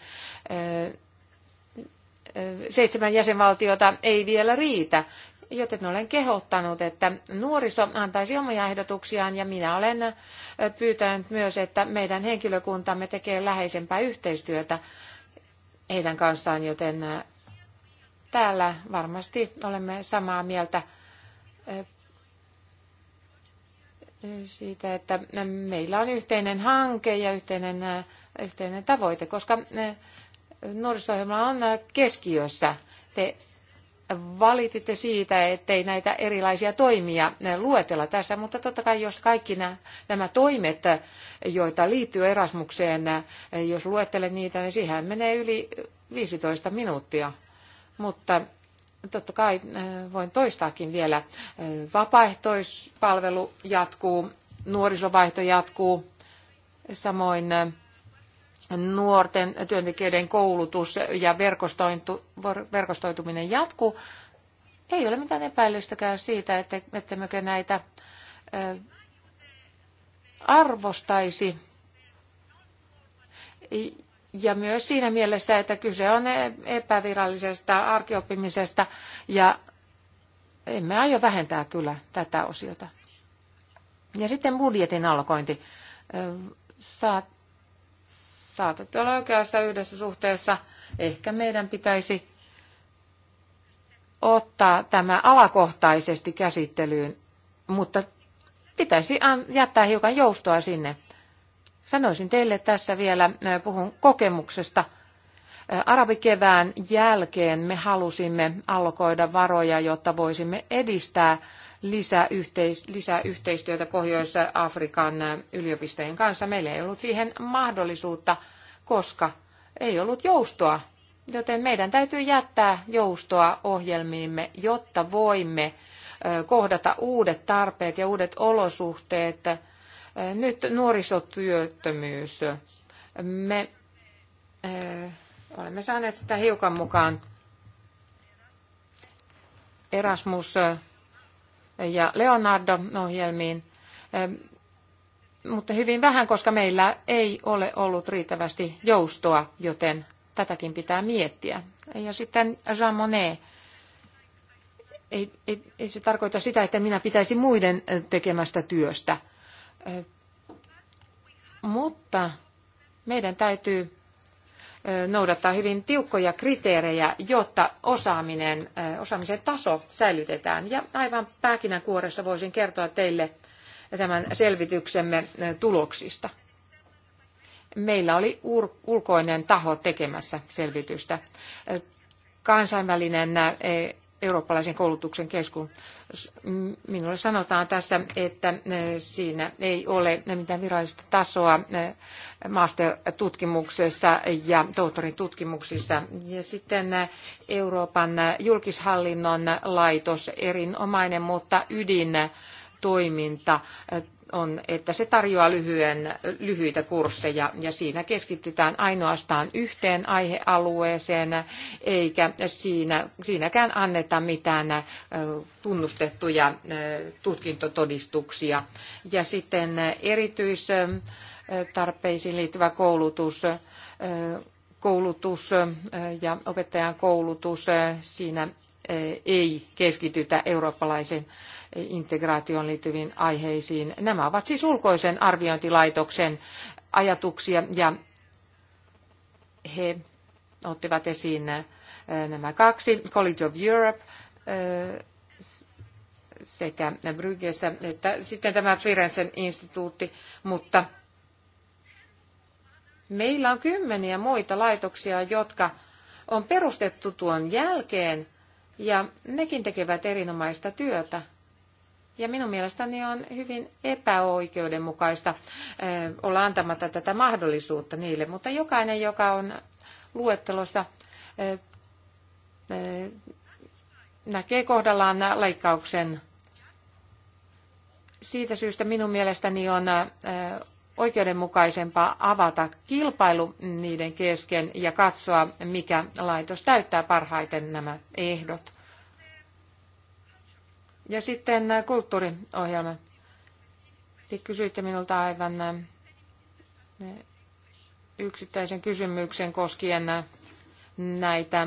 [SPEAKER 1] Äh, äh, seitsemän jäsenvaltiota ei vielä riitä, joten olen kehottanut, että nuoriso antaisi omia ehdotuksiaan ja minä olen pyytänyt myös, että meidän henkilökuntamme tekee läheisempää yhteistyötä heidän kanssaan, joten täällä varmasti olemme samaa mieltä siitä, että meillä on yhteinen hanke ja yhteinen, yhteinen tavoite, koska eh, nuorisohjelma on keskiössä. Te valititte siitä, ettei näitä erilaisia toimia eh, luetella tässä, mutta totta kai jos kaikki nämä toimet, eh, joita liittyy Erasmukseen, jos luettelen niitä, niin siihen menee yli 15 minuuttia. Mutta totta kai äh, voin toistaakin vielä, äh, vapaaehtoispalvelu jatkuu, nuorisovaihto jatkuu, samoin äh, nuorten työntekijöiden koulutus ja verkostoituminen jatkuu. Ei ole mitään epäilystäkään siitä, että, ettemmekö näitä arvostaisi ja myös siinä mielessä, että kyse on epävirallisesta arkioppimisesta ja emme aio vähentää kyllä tätä osiota. Ja sitten budjetin allokointi. Saat, saatatte olla oikeassa yhdessä suhteessa. Ehkä meidän pitäisi ottaa tämä alakohtaisesti käsittelyyn, mutta pitäisi jättää hiukan joustoa sinne Sanoisin teille tässä vielä, puhun kokemuksesta. Arabikevään jälkeen me halusimme allokoida varoja, jotta voisimme edistää lisäyhteis- lisäyhteistyötä Pohjois-Afrikan yliopistojen kanssa. Meillä ei ollut siihen mahdollisuutta, koska ei ollut joustoa. Joten meidän täytyy jättää joustoa ohjelmiimme, jotta voimme kohdata uudet tarpeet ja uudet olosuhteet – nyt nuorisotyöttömyys. Me eh, olemme saaneet sitä hiukan mukaan Erasmus eh, ja Leonardo-ohjelmiin, eh, mutta hyvin vähän, koska meillä ei ole ollut riittävästi joustoa, joten tätäkin pitää miettiä. Ja sitten Jean Monnet. Ei, ei, ei se tarkoita sitä, että minä pitäisi muiden tekemästä työstä. Mutta meidän täytyy noudattaa hyvin tiukkoja kriteerejä, jotta osaaminen, osaamisen taso säilytetään. Ja aivan pähkinänkuoressa voisin kertoa teille tämän selvityksemme tuloksista. Meillä oli ulkoinen taho tekemässä selvitystä. Kansainvälinen eurooppalaisen koulutuksen keskun. Minulle sanotaan tässä, että eh, siinä ei ole mitään virallista tasoa eh, master-tutkimuksessa ja tohtorin tutkimuksissa. Ja sitten eh, Euroopan julkishallinnon laitos, erinomainen, mutta ydintoiminta on, että se tarjoaa lyhyen, lyhyitä kursseja ja siinä keskitytään ainoastaan yhteen aihealueeseen, eikä siinä, siinäkään anneta mitään tunnustettuja tutkintotodistuksia. Ja sitten erityistarpeisiin liittyvä koulutus koulutus ja opettajan koulutus, siinä ei keskitytä eurooppalaisen integraatioon liittyviin aiheisiin. Nämä ovat siis ulkoisen arviointilaitoksen ajatuksia ja he ottivat esiin äh, nämä kaksi, College of Europe äh, sekä Bryggessä että sitten tämä Firenzen instituutti, mutta meillä on kymmeniä muita laitoksia, jotka on perustettu tuon jälkeen ja nekin tekevät erinomaista työtä. Ja minun mielestäni on hyvin epäoikeudenmukaista olla antamatta tätä mahdollisuutta niille, mutta jokainen, joka on luettelossa, näkee kohdallaan leikkauksen. Siitä syystä minun mielestäni on oikeudenmukaisempaa avata kilpailu niiden kesken ja katsoa, mikä laitos täyttää parhaiten nämä ehdot. Ja sitten äh, kulttuuriohjelma. Te kysyitte minulta aivan äh, yksittäisen kysymyksen koskien äh, näitä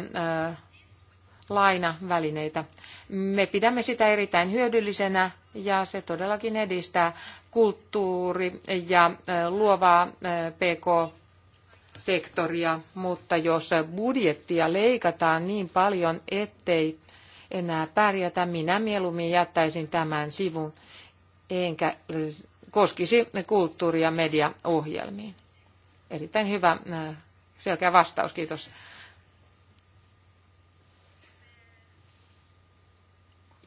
[SPEAKER 1] lainavälineitä. Me pidämme sitä erittäin hyödyllisenä ja se todellakin edistää kulttuuri- ja luovaa PK-sektoria, mutta jos budjettia leikataan niin paljon, ettei enää pärjätä. Minä mieluummin jättäisin tämän sivun, enkä koskisi kulttuuri- ja mediaohjelmiin. Erittäin hyvä äh, selkeä vastaus, kiitos.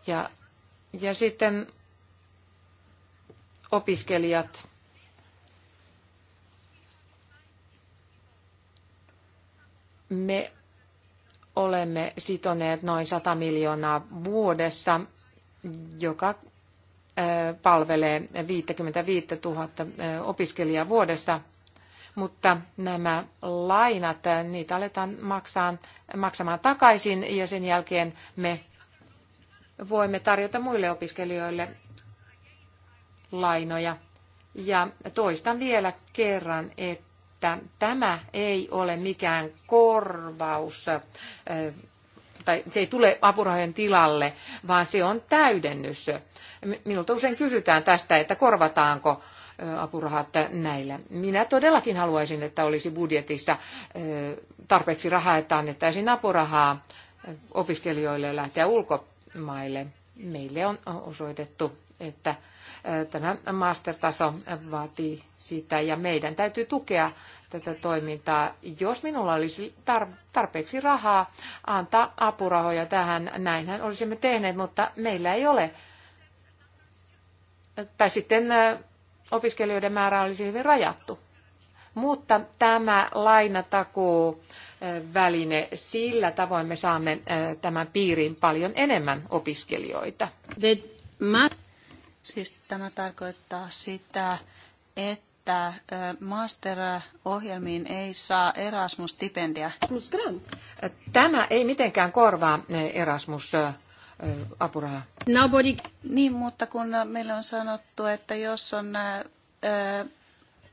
[SPEAKER 1] Ja, ja sitten opiskelijat. Me olemme sitoneet noin 100 miljoonaa vuodessa, joka palvelee 55 000 opiskelijaa vuodessa, mutta nämä lainat, niitä aletaan maksaa, maksamaan takaisin ja sen jälkeen me voimme tarjota muille opiskelijoille lainoja. Ja toistan vielä kerran, että että tämä ei ole mikään korvaus tai se ei tule apurahojen tilalle, vaan se on täydennys. Minulta usein kysytään tästä, että korvataanko apurahat näillä. Minä todellakin haluaisin, että olisi budjetissa tarpeeksi rahaa, että annettaisiin apurahaa opiskelijoille lähteä ulkomaille. Meille on osoitettu, että Tämä mastertaso vaatii sitä ja meidän täytyy tukea tätä toimintaa. Jos minulla olisi tarpeeksi rahaa antaa apurahoja tähän, näinhän olisimme tehneet, mutta meillä ei ole. Tai sitten opiskelijoiden määrä olisi hyvin rajattu. Mutta tämä lainatakuu väline, sillä tavoin me saamme tämän piiriin paljon enemmän opiskelijoita. Siis tämä tarkoittaa
[SPEAKER 2] sitä, että master-ohjelmiin ei saa
[SPEAKER 1] Erasmus-stipendiä. Tämä ei mitenkään korvaa Erasmus apuraha. Nobody.
[SPEAKER 2] Niin, mutta kun meillä on sanottu, että jos on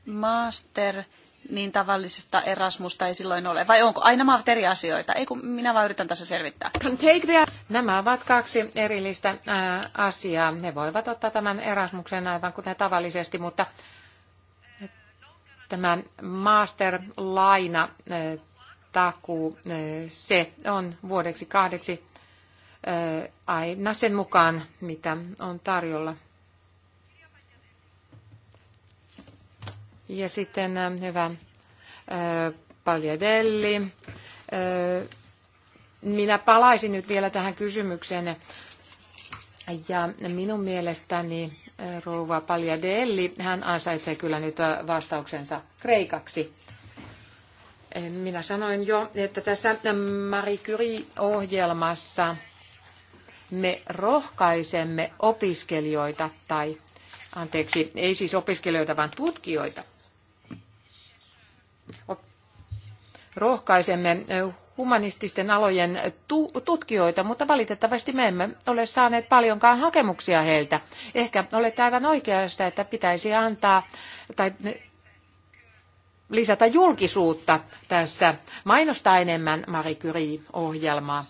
[SPEAKER 2] master niin tavallisesta Erasmusta ei silloin
[SPEAKER 1] ole. Vai onko? Aina nämä eri asioita. Ei kun minä vaan yritän tässä selvittää. Nämä ovat kaksi erillistä ää, asiaa. Ne voivat ottaa tämän Erasmuksen aivan kuten tavallisesti, mutta tämä laina takuu, se on vuodeksi kahdeksi aina sen mukaan, mitä on tarjolla. Ja sitten äh, hyvä äh, Paljadelli. Äh, minä palaisin nyt vielä tähän kysymykseen. Ja minun mielestäni rouva Paljadelli, hän ansaitsee kyllä nyt vastauksensa kreikaksi. Minä sanoin jo, että tässä Marie Curie-ohjelmassa me rohkaisemme opiskelijoita tai, anteeksi, ei siis opiskelijoita, vaan tutkijoita rohkaisemme humanististen alojen tutkijoita, mutta valitettavasti me emme ole saaneet paljonkaan hakemuksia heiltä. Ehkä olet aivan oikeassa, että pitäisi antaa tai lisätä julkisuutta tässä, mainostaa enemmän Marie Curie-ohjelmaa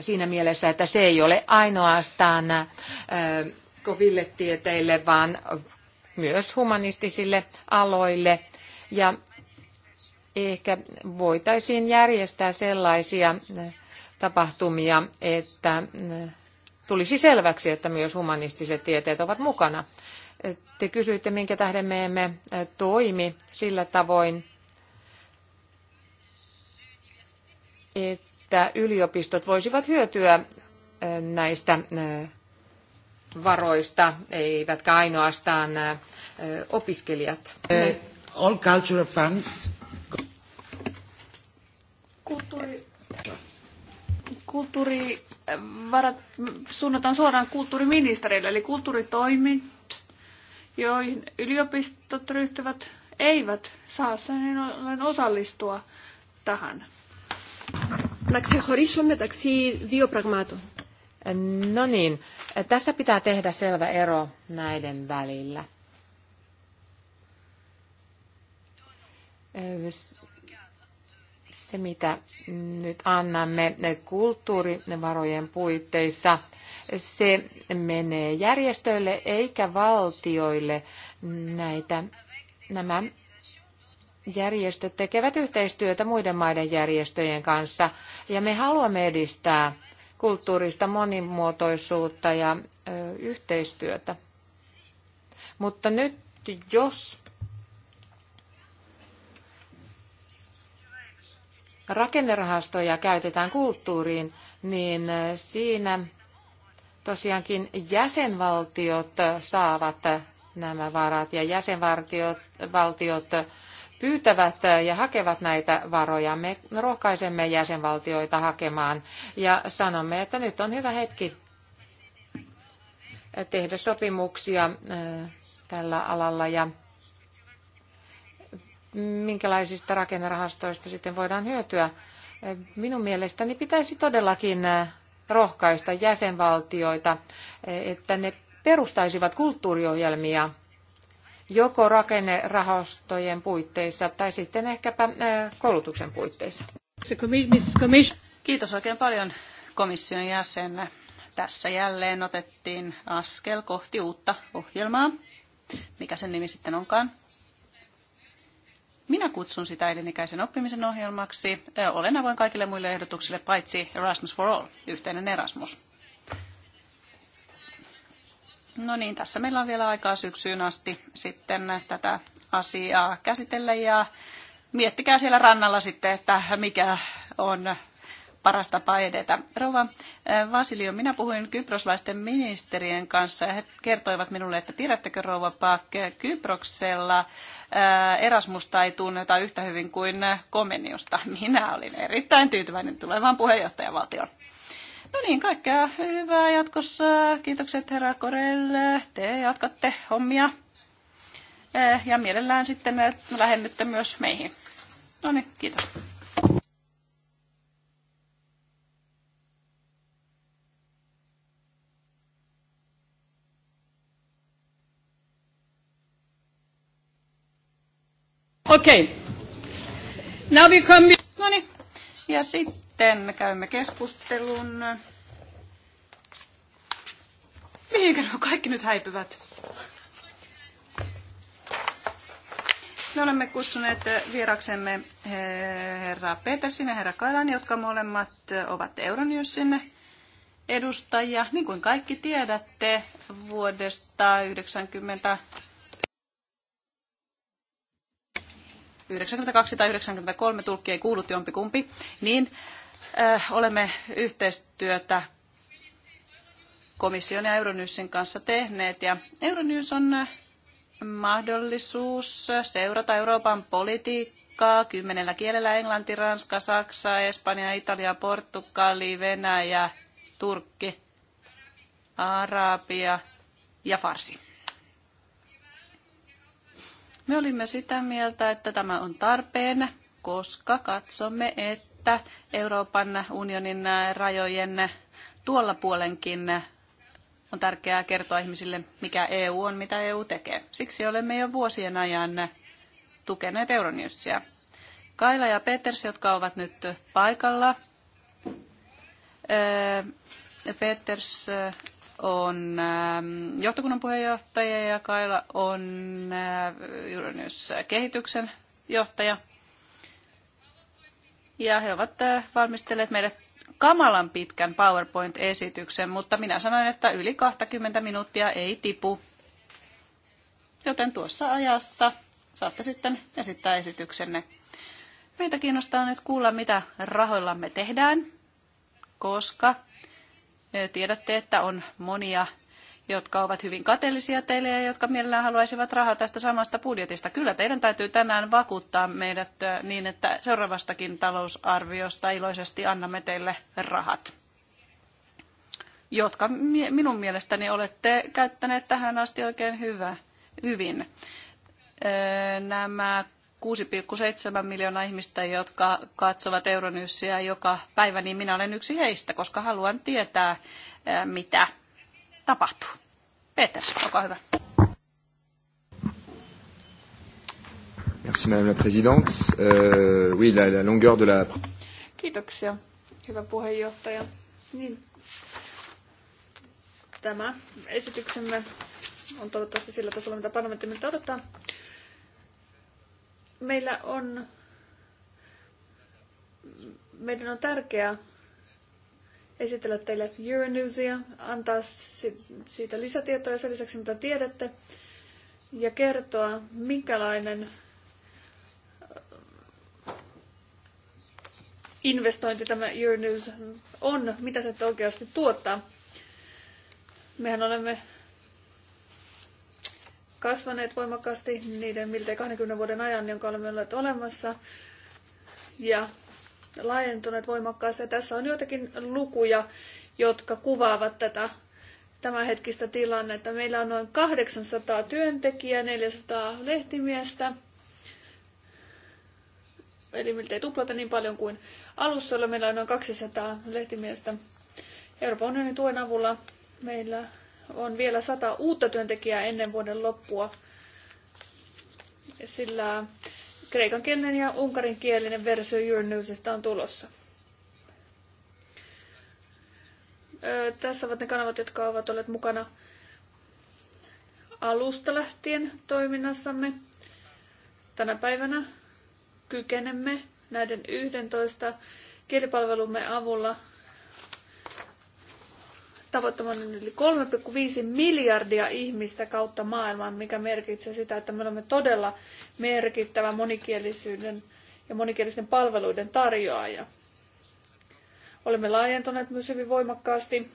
[SPEAKER 1] siinä mielessä, että se ei ole ainoastaan koville tieteille, vaan myös humanistisille aloille – ja ehkä voitaisiin järjestää sellaisia eh, tapahtumia, että eh, tulisi selväksi, että myös humanistiset tieteet ovat mukana. Eh, te kysyitte, minkä tähden me emme toimi sillä tavoin, että yliopistot voisivat hyötyä näistä varoista, eivätkä ainoastaan opiskelijat all cultural funds.
[SPEAKER 3] Kulttuuri, kulttuurivarat suunnataan suoraan kulttuuriministerille, eli kulttuuritoimi, joihin yliopistot ryhtyvät, eivät saa sen ollen osallistua
[SPEAKER 1] tähän. Να ξεχωρίσω μεταξύ δύο πραγμάτων. No niin, tässä pitää tehdä selvä ero näiden välillä. se, mitä nyt annamme kulttuurivarojen puitteissa, se menee järjestöille eikä valtioille näitä. Nämä järjestöt tekevät yhteistyötä muiden maiden järjestöjen kanssa ja me haluamme edistää kulttuurista monimuotoisuutta ja yhteistyötä. Mutta nyt jos rakennerahastoja käytetään kulttuuriin, niin siinä tosiaankin jäsenvaltiot saavat nämä varat ja jäsenvaltiot valtiot pyytävät ja hakevat näitä varoja. Me rohkaisemme jäsenvaltioita hakemaan ja sanomme, että nyt on hyvä hetki tehdä sopimuksia tällä alalla ja minkälaisista rakennerahastoista sitten voidaan hyötyä. Minun mielestäni pitäisi todellakin rohkaista jäsenvaltioita, että ne perustaisivat kulttuuriohjelmia joko rakennerahastojen puitteissa tai sitten ehkäpä koulutuksen puitteissa. Kiitos oikein paljon komission jäsen.
[SPEAKER 2] Tässä jälleen otettiin askel kohti uutta ohjelmaa, mikä sen nimi sitten onkaan. Minä kutsun sitä elinikäisen oppimisen ohjelmaksi. Olen avoin kaikille muille ehdotuksille, paitsi Erasmus for All, yhteinen Erasmus. No niin, tässä meillä on vielä aikaa syksyyn asti sitten tätä asiaa käsitellä ja miettikää siellä rannalla sitten, että mikä on paras tapa edetä. Rouva Vasilio, minä puhuin kyproslaisten ministerien kanssa ja he kertoivat minulle, että tiedättekö rouva Paak, Kyproksella Erasmusta ei tunneta yhtä hyvin kuin Komeniusta. Minä olin erittäin tyytyväinen tulevaan puheenjohtajavaltioon. No niin, kaikkea hyvää jatkossa. Kiitokset herra Korelle. Te jatkatte hommia. Ja mielellään sitten lähennytte myös meihin. No niin, kiitos.
[SPEAKER 3] Okei. Okay. Now
[SPEAKER 2] we come... No niin. Ja sitten me käymme keskustelun. Mihinkä nuo kaikki nyt häipyvät? Me olemme kutsuneet vieraksemme herra Petersin ja herra Kailan, jotka molemmat ovat Euronewsin edustajia. Niin kuin kaikki tiedätte, vuodesta 1990 92 tai 93 tulkki ei kuullut jompikumpi, niin äh, olemme yhteistyötä komission ja Euronewsin kanssa tehneet. Ja Euronews on äh, mahdollisuus seurata Euroopan politiikkaa kymmenellä kielellä englanti, ranska, saksa, espanja, italia, portugali, venäjä, turkki, arabia ja farsi. Me olimme sitä mieltä, että tämä on tarpeen, koska katsomme, että Euroopan unionin rajojen tuolla puolenkin on tärkeää kertoa ihmisille, mikä EU on, mitä EU tekee. Siksi olemme jo vuosien ajan tukeneet Euronewsia. Kaila ja Peters, jotka ovat nyt paikalla. Peters on ähm, johtokunnan puheenjohtaja ja Kaila on äh, Euronys kehityksen johtaja. Ja he ovat äh, valmistelleet meille kamalan pitkän PowerPoint-esityksen, mutta minä sanoin, että yli 20 minuuttia ei tipu. Joten tuossa ajassa saatte sitten esittää esityksenne. Meitä kiinnostaa nyt kuulla, mitä rahoillamme tehdään, koska Tiedätte, että on monia jotka ovat hyvin kateellisia teille ja jotka mielellään haluaisivat rahaa tästä samasta budjetista. Kyllä teidän täytyy tänään vakuuttaa meidät niin, että seuraavastakin talousarviosta iloisesti annamme teille rahat jotka minun mielestäni olette käyttäneet tähän asti oikein hyvä, hyvin. Nämä 6,7 miljoonaa ihmistä, jotka katsovat Euronyyssiä joka päivä, niin minä olen yksi heistä, koska haluan tietää, mitä tapahtuu. Peter, olkaa hyvä.
[SPEAKER 1] Merci Madame la Présidente. Euh, oui, la, la longueur de la...
[SPEAKER 3] Kiitoksia, hyvä puheenjohtaja. Niin. Tämä esityksemme on toivottavasti sillä tasolla, mitä parlamentti odottaa meillä on, meidän on tärkeää esitellä teille Euronewsia, antaa siitä lisätietoja sen lisäksi, mitä tiedätte, ja kertoa, minkälainen äh, investointi tämä Euronews on, mitä se oikeasti tuottaa. Mehän olemme kasvaneet voimakkaasti niiden miltei 20 vuoden ajan, jonka olemme olleet olemassa, ja laajentuneet voimakkaasti. Ja tässä on joitakin lukuja, jotka kuvaavat tätä tämänhetkistä tilannetta. Meillä on noin 800 työntekijää, 400 lehtimiestä, eli miltei tuplata niin paljon kuin alussa, meillä on noin 200 lehtimiestä. Euroopan unionin tuen avulla meillä on vielä sata uutta työntekijää ennen vuoden loppua, sillä kreikan kielinen ja unkarin kielinen versio Euronewsista on tulossa. Tässä ovat ne kanavat, jotka ovat olleet mukana alusta lähtien toiminnassamme. Tänä päivänä kykenemme näiden 11 kielipalvelumme avulla tavoittamaan yli 3,5 miljardia ihmistä kautta maailman, mikä merkitsee sitä, että me olemme todella merkittävä monikielisyyden ja monikielisten palveluiden tarjoaja. Olemme laajentuneet myös hyvin voimakkaasti,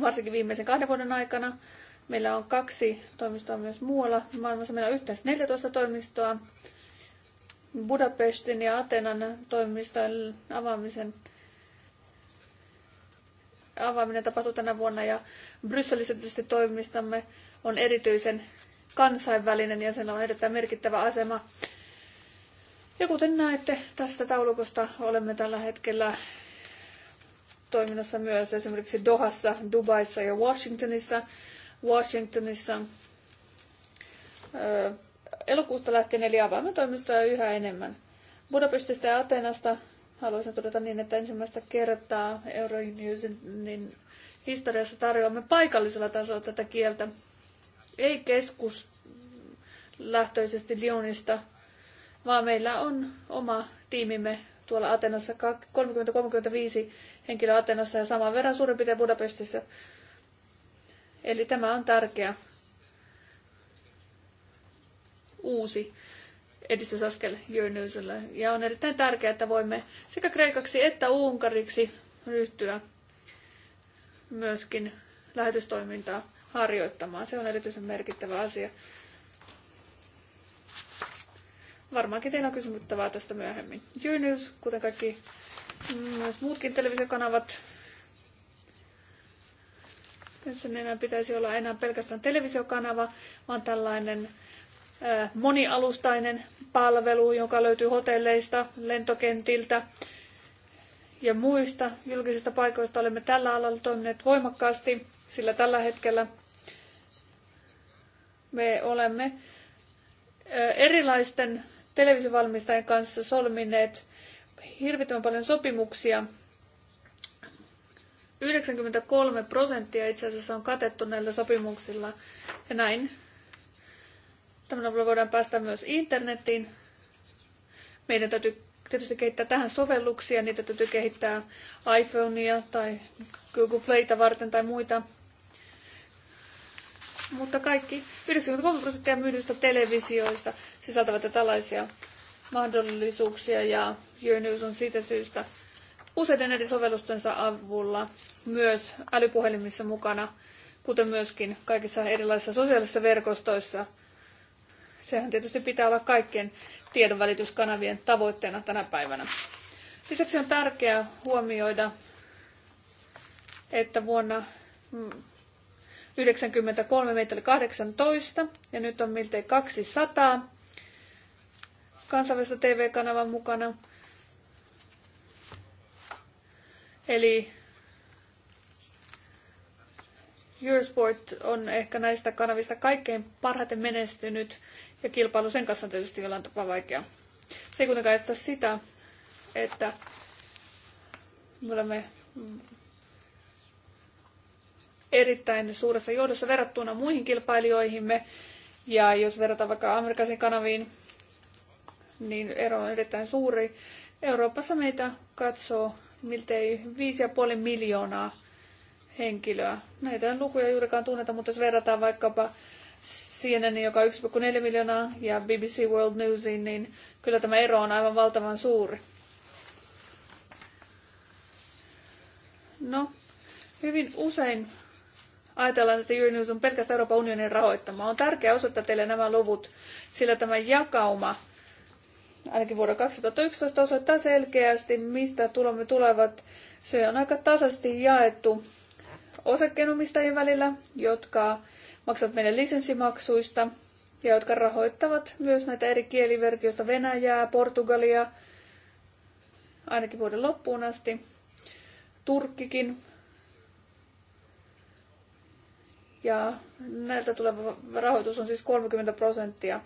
[SPEAKER 3] varsinkin viimeisen kahden vuoden aikana. Meillä on kaksi toimistoa myös muualla maailmassa. Meillä on yhteensä 14 toimistoa. Budapestin ja Atenan toimistojen avaamisen avaaminen tapahtui tänä vuonna ja Brysselissä tietysti toimistamme on erityisen kansainvälinen ja sillä on erittäin merkittävä asema. Ja kuten näette tästä taulukosta, olemme tällä hetkellä toiminnassa myös esimerkiksi Dohassa, Dubaissa ja Washingtonissa. Washingtonissa elokuusta lähtien eli avaamme toimistoja yhä enemmän. Budapestista ja Atenasta Haluaisin todeta niin, että ensimmäistä kertaa Euronewsin niin historiassa tarjoamme paikallisella tasolla tätä kieltä. Ei keskus lähtöisesti Lyonista, vaan meillä on oma tiimimme tuolla Atenassa, 30-35 henkilöä Atenassa ja saman verran suurin piirtein Budapestissa. Eli tämä on tärkeä uusi edistysaskel Euronewsille. Ja on erittäin tärkeää, että voimme sekä kreikaksi että unkariksi ryhtyä myöskin lähetystoimintaa harjoittamaan. Se on erityisen merkittävä asia. Varmaankin teillä on kysymyttävää tästä myöhemmin. Jynys, kuten kaikki myös muutkin televisiokanavat, sen enää pitäisi olla enää pelkästään televisiokanava, vaan tällainen monialustainen palvelu, joka löytyy hotelleista, lentokentiltä ja muista julkisista paikoista. Olemme tällä alalla toimineet voimakkaasti, sillä tällä hetkellä me olemme erilaisten televisiovalmistajien kanssa solmineet hirvittävän paljon sopimuksia. 93 prosenttia itse asiassa on katettu näillä sopimuksilla ja näin Tämän avulla voidaan päästä myös internetiin. Meidän täytyy tietysti kehittää tähän sovelluksia, niitä täytyy kehittää iPhonea tai Google Playta varten tai muita. Mutta kaikki 93 prosenttia myydyistä televisioista sisältävät jo tällaisia mahdollisuuksia ja Euronews on siitä syystä useiden eri sovellustensa avulla myös älypuhelimissa mukana, kuten myöskin kaikissa erilaisissa sosiaalisissa verkostoissa – Sehän tietysti pitää olla kaikkien tiedonvälityskanavien tavoitteena tänä päivänä. Lisäksi on tärkeää huomioida, että vuonna 1993 mm, meitä oli 18 ja nyt on miltei 200 kansainvälistä TV-kanavan mukana. Eli Eurosport on ehkä näistä kanavista kaikkein parhaiten menestynyt ja kilpailu sen kanssa on tietysti jollain tapaa vaikea. Se ei kuitenkaan estä sitä, että me olemme erittäin suuressa johdossa verrattuna muihin kilpailijoihimme. Ja jos verrataan vaikka Amerikan kanaviin, niin ero on erittäin suuri. Euroopassa meitä katsoo miltei 5,5 miljoonaa henkilöä. Näitä lukuja juurikaan tunneta, mutta jos verrataan vaikkapa CNN, joka on 1,4 miljoonaa, ja BBC World Newsiin, niin kyllä tämä ero on aivan valtavan suuri. No, hyvin usein ajatellaan, että Euronews on pelkästään Euroopan unionin rahoittama. On tärkeää osoittaa teille nämä luvut, sillä tämä jakauma ainakin vuoden 2011 osoittaa selkeästi, mistä tulomme tulevat. Se on aika tasaisesti jaettu osakkeenomistajien välillä, jotka maksavat meidän lisenssimaksuista ja jotka rahoittavat myös näitä eri kieliverkioista Venäjää, Portugalia, ainakin vuoden loppuun asti, Turkkikin. Ja näiltä tuleva rahoitus on siis 30 prosenttia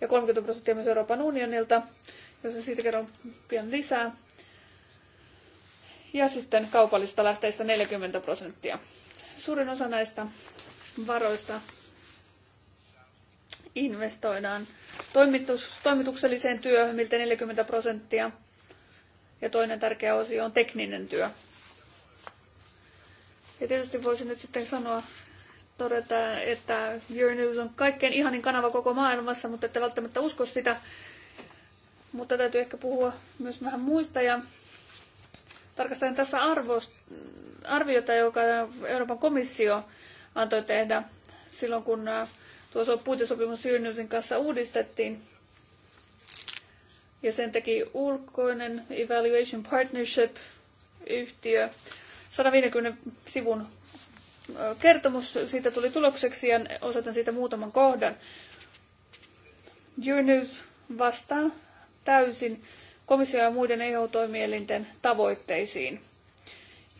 [SPEAKER 3] ja 30 prosenttia myös Euroopan unionilta, jos siitä kerron pian lisää ja sitten kaupallisista lähteistä 40 prosenttia. Suurin osa näistä varoista investoidaan toimitus, toimitukselliseen työhön, miltä 40 prosenttia. Ja toinen tärkeä osio on tekninen työ. Ja tietysti voisin nyt sitten sanoa, todeta, että News on kaikkein ihanin kanava koko maailmassa, mutta ette välttämättä usko sitä. Mutta täytyy ehkä puhua myös vähän muista ja Tarkastelen tässä arvost, arviota, joka Euroopan komissio antoi tehdä silloin, kun äh, tuo puitesopimus Syynnysin kanssa uudistettiin. Ja sen teki ulkoinen Evaluation Partnership-yhtiö. 150 sivun kertomus siitä tuli tulokseksi ja osoitan siitä muutaman kohdan. Euronews vastaa täysin komission ja muiden EU-toimielinten tavoitteisiin.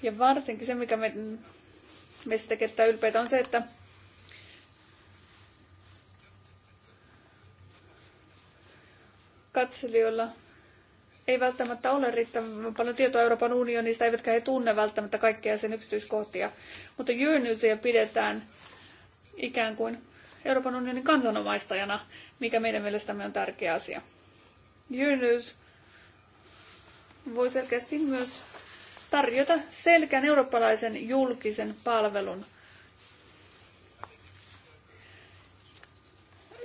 [SPEAKER 3] Ja varsinkin se, mikä me, meistä tekee ylpeitä, on se, että katselijoilla ei välttämättä ole riittävän paljon tietoa Euroopan unionista, eivätkä he tunne välttämättä kaikkia sen yksityiskohtia. Mutta Euronewsia pidetään ikään kuin Euroopan unionin kansanomaistajana, mikä meidän mielestämme on tärkeä asia. Euronews voi selkeästi myös tarjota selkeän eurooppalaisen julkisen palvelun.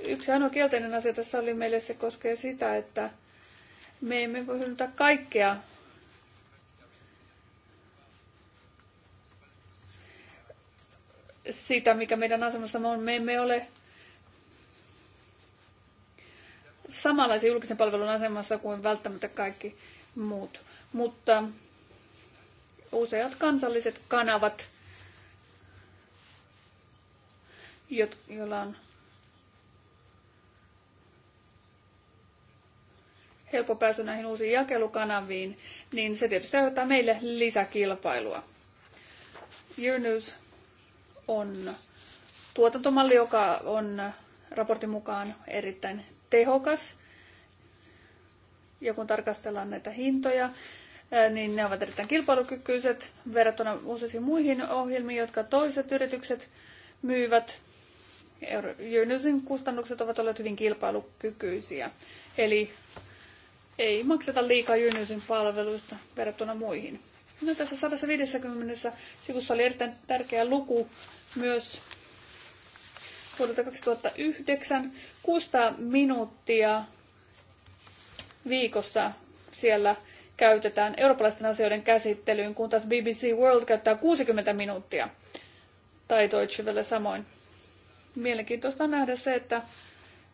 [SPEAKER 3] Yksi ainoa kielteinen asia tässä oli meille, se koskee sitä, että me emme voi hyödyntää kaikkea sitä, mikä meidän asemassa on. Me emme ole samanlaisen julkisen palvelun asemassa kuin välttämättä kaikki muut. Mutta useat kansalliset kanavat, joilla on helppo pääsy näihin uusiin jakelukanaviin, niin se tietysti aiheuttaa meille lisäkilpailua. Yrnys on tuotantomalli, joka on raportin mukaan erittäin tehokas ja kun tarkastellaan näitä hintoja, niin ne ovat erittäin kilpailukykyiset verrattuna useisiin muihin ohjelmiin, jotka toiset yritykset myyvät. Unison kustannukset ovat olleet hyvin kilpailukykyisiä. Eli ei makseta liikaa Unison palveluista verrattuna muihin. No, tässä 150 sivussa oli erittäin tärkeä luku myös vuodelta 2009. 600 minuuttia viikossa siellä käytetään eurooppalaisten asioiden käsittelyyn, kun taas BBC World käyttää 60 minuuttia. Tai Deutsche Welle samoin. Mielenkiintoista on nähdä se, että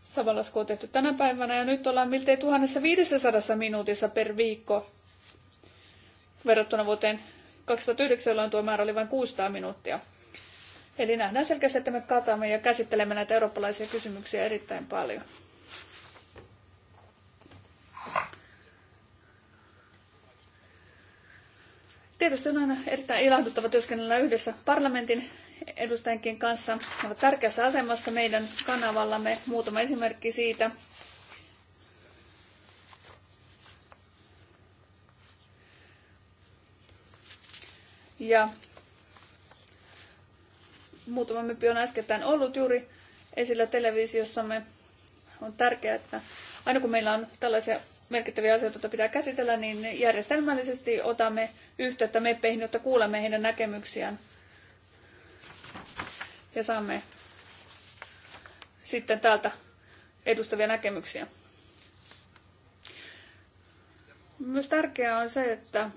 [SPEAKER 3] samanlasku on tehty tänä päivänä ja nyt ollaan miltei 1500 minuutissa per viikko verrattuna vuoteen 2009, jolloin tuo määrä oli vain 600 minuuttia. Eli nähdään selkeästi, että me katamme ja käsittelemme näitä eurooppalaisia kysymyksiä erittäin paljon. Tietysti on aina erittäin ilahduttava työskennellä yhdessä parlamentin edustajienkin kanssa. He ovat tärkeässä asemassa meidän kanavallamme. Muutama esimerkki siitä. Ja muutama mepi on äskettäin ollut juuri esillä televisiossamme. On tärkeää, että aina kun meillä on tällaisia merkittäviä asioita, joita pitää käsitellä, niin järjestelmällisesti otamme yhteyttä meppeihin, jotta kuulemme heidän näkemyksiään. Ja saamme sitten täältä edustavia näkemyksiä. Myös tärkeää on se, että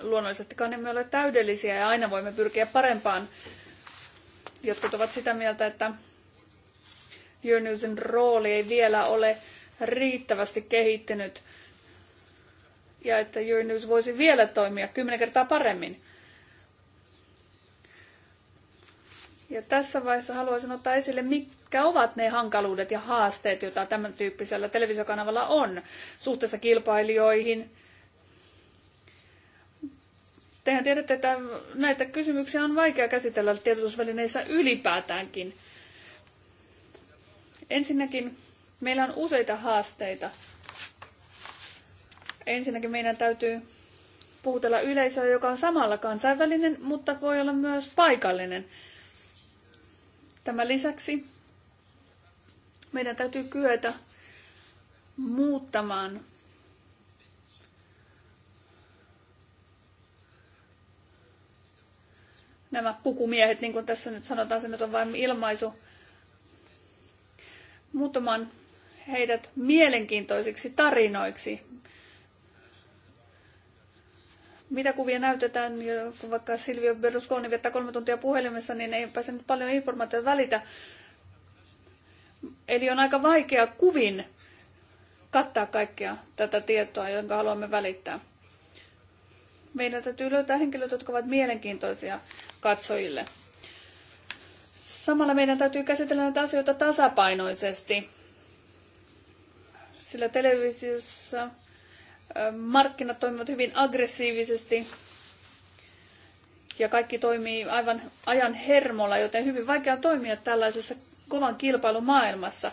[SPEAKER 3] luonnollisestikaan emme ole täydellisiä ja aina voimme pyrkiä parempaan. Jotkut ovat sitä mieltä, että Jörnysen rooli ei vielä ole riittävästi kehittynyt ja että Jyrnys voisi vielä toimia kymmenen kertaa paremmin. Ja tässä vaiheessa haluaisin ottaa esille, mitkä ovat ne hankaluudet ja haasteet, joita tämän tyyppisellä televisiokanavalla on suhteessa kilpailijoihin. Tehän tiedätte, että näitä kysymyksiä on vaikea käsitellä tiedotusvälineissä ylipäätäänkin. Ensinnäkin Meillä on useita haasteita. Ensinnäkin meidän täytyy puutella yleisöä, joka on samalla kansainvälinen, mutta voi olla myös paikallinen. Tämän lisäksi meidän täytyy kyetä muuttamaan nämä pukumiehet, niin kuin tässä nyt sanotaan, se nyt on vain ilmaisu, muutaman heidät mielenkiintoisiksi tarinoiksi. Mitä kuvia näytetään, kun vaikka Silvio Berlusconi viettää kolme tuntia puhelimessa, niin ei pääse nyt paljon informaatiota välitä. Eli on aika vaikea kuvin kattaa kaikkea tätä tietoa, jonka haluamme välittää. Meidän täytyy löytää henkilöt, jotka ovat mielenkiintoisia katsojille. Samalla meidän täytyy käsitellä näitä asioita tasapainoisesti sillä televisiossa markkinat toimivat hyvin aggressiivisesti ja kaikki toimii aivan ajan hermolla, joten hyvin vaikea toimia tällaisessa kovan kilpailun maailmassa.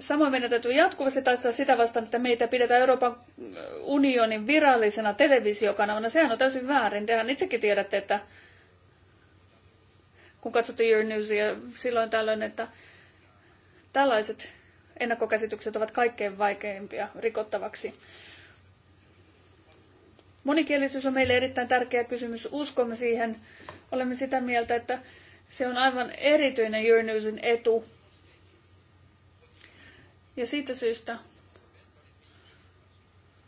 [SPEAKER 3] Samoin meidän täytyy jatkuvasti taistella sitä vastaan, että meitä pidetään Euroopan unionin virallisena televisiokanavana. Sehän on täysin väärin. Tehän itsekin tiedätte, että kun katsotte Newsia silloin tällöin, että Tällaiset ennakkokäsitykset ovat kaikkein vaikeimpia rikottavaksi. Monikielisyys on meille erittäin tärkeä kysymys. Uskomme siihen. Olemme sitä mieltä, että se on aivan erityinen Euronewsin etu. Ja siitä syystä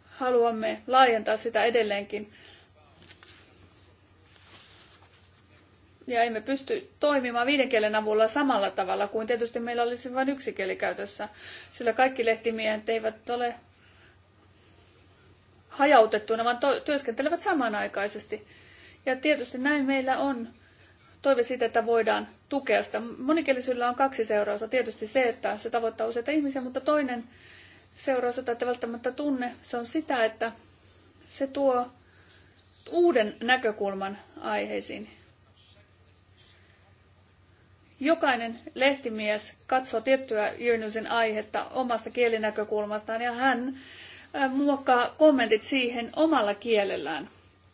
[SPEAKER 3] haluamme laajentaa sitä edelleenkin ja emme pysty toimimaan viiden kielen avulla samalla tavalla kuin tietysti meillä olisi vain yksi kieli käytössä, sillä kaikki lehtimiehet eivät ole hajautettuina, vaan to- työskentelevät samanaikaisesti. Ja tietysti näin meillä on toive siitä, että voidaan tukea sitä. Monikielisyydellä on kaksi seurausta. Tietysti se, että se tavoittaa useita ihmisiä, mutta toinen seuraus, jota ette välttämättä tunne, se on sitä, että se tuo uuden näkökulman aiheisiin. Jokainen lehtimies katsoo tiettyä Jyrnysen aihetta omasta kielinäkökulmastaan ja hän äh, muokkaa kommentit siihen omalla kielellään.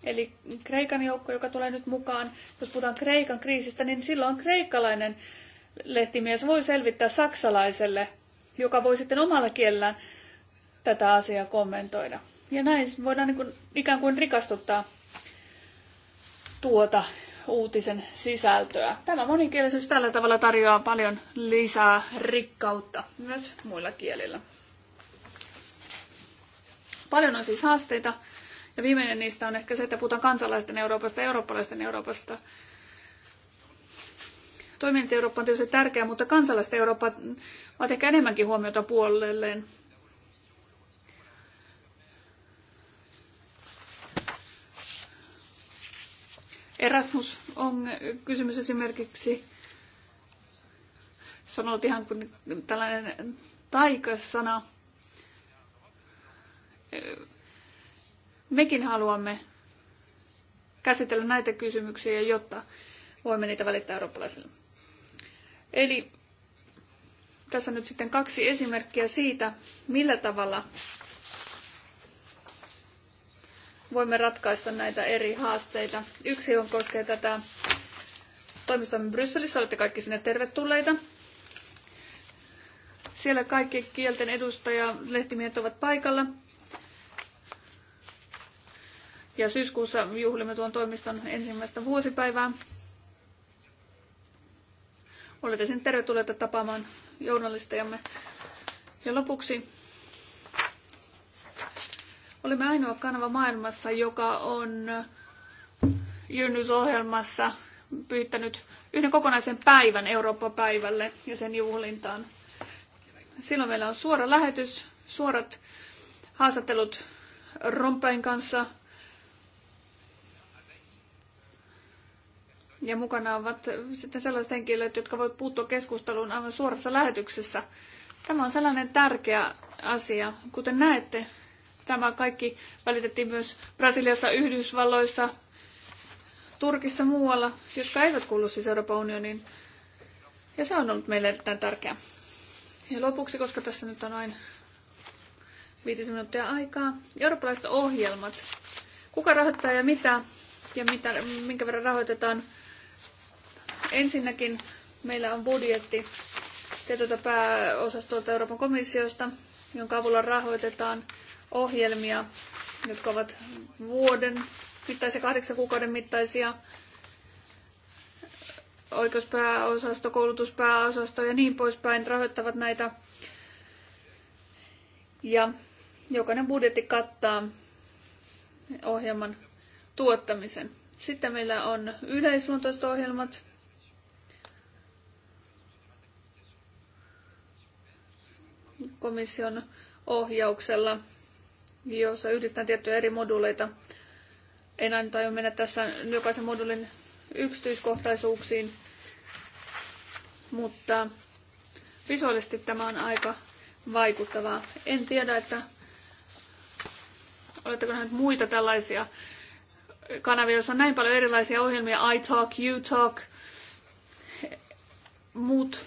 [SPEAKER 3] Eli Kreikan joukko, joka tulee nyt mukaan, jos puhutaan Kreikan kriisistä, niin silloin kreikkalainen lehtimies voi selvittää saksalaiselle, joka voi sitten omalla kielellään tätä asiaa kommentoida. Ja näin voidaan niin kuin, ikään kuin rikastuttaa tuota uutisen sisältöä. Tämä monikielisyys tällä tavalla tarjoaa paljon lisää rikkautta myös muilla kielillä. Paljon on siis haasteita, ja viimeinen niistä on ehkä se, että puhutaan kansalaisten Euroopasta ja eurooppalaisten Euroopasta. Toiminta Eurooppa on tietysti tärkeää, mutta kansalaisten Eurooppa ovat ehkä enemmänkin huomiota puolelleen. Erasmus on kysymys esimerkiksi sanonut ihan kuin tällainen taikasana. Mekin haluamme käsitellä näitä kysymyksiä, jotta voimme niitä välittää eurooppalaisille. Eli tässä nyt sitten kaksi esimerkkiä siitä, millä tavalla voimme ratkaista näitä eri haasteita. Yksi on koskee tätä toimistomme Brysselissä, olette kaikki sinne tervetulleita. Siellä kaikki kielten edustaja, lehtimiehet ovat paikalla. Ja syyskuussa juhlimme tuon toimiston ensimmäistä vuosipäivää. Olette sinne tervetulleita tapaamaan journalistejamme. Ja lopuksi Olemme ainoa kanava maailmassa, joka on Jyrnys-ohjelmassa pyytänyt yhden kokonaisen päivän Eurooppa-päivälle ja sen juhlintaan. Silloin meillä on suora lähetys, suorat haastattelut rompain kanssa. Ja mukana ovat sitten sellaiset henkilöt, jotka voivat puuttua keskusteluun aivan suorassa lähetyksessä. Tämä on sellainen tärkeä asia. Kuten näette, Tämä kaikki välitettiin myös Brasiliassa, Yhdysvalloissa, Turkissa muualla, jotka eivät kuulu siis Euroopan unioniin. Ja se on ollut meille erittäin tärkeää. Ja lopuksi, koska tässä nyt on noin viitisen minuuttia aikaa, eurooppalaiset ohjelmat. Kuka rahoittaa ja mitä, ja mitä, minkä verran rahoitetaan. Ensinnäkin meillä on budjetti tietota pääosastolta Euroopan komissiosta, jonka avulla rahoitetaan ohjelmia, jotka ovat vuoden mittaisia, kahdeksan kuukauden mittaisia, oikeuspääosasto, koulutuspääosasto ja niin poispäin rahoittavat näitä. Ja jokainen budjetti kattaa ohjelman tuottamisen. Sitten meillä on yleisluontoiset ohjelmat, komission ohjauksella jossa yhdistetään tiettyjä eri moduuleita. En aina tajua mennä tässä jokaisen modulin yksityiskohtaisuuksiin, mutta visuaalisesti tämä on aika vaikuttavaa. En tiedä, että oletteko nähneet muita tällaisia kanavia, joissa on näin paljon erilaisia ohjelmia, iTalk, UTalk, muut,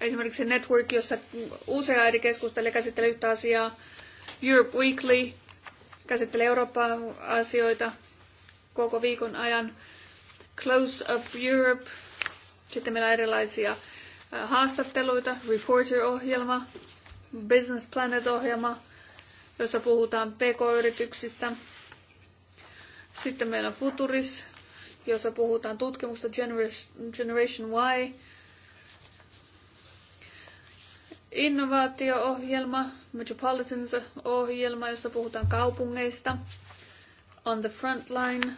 [SPEAKER 3] esimerkiksi network, jossa usea eri keskustelee käsittelee yhtä asiaa, Europe Weekly käsittelee Euroopan asioita koko viikon ajan. Close Up Europe. Sitten meillä on erilaisia haastatteluita, Reporter-ohjelma, Business Planet-ohjelma, jossa puhutaan pk-yrityksistä. Sitten meillä on Futuris, jossa puhutaan tutkimusta Generation Y innovaatio-ohjelma, Metropolitans-ohjelma, jossa puhutaan kaupungeista, On the Frontline,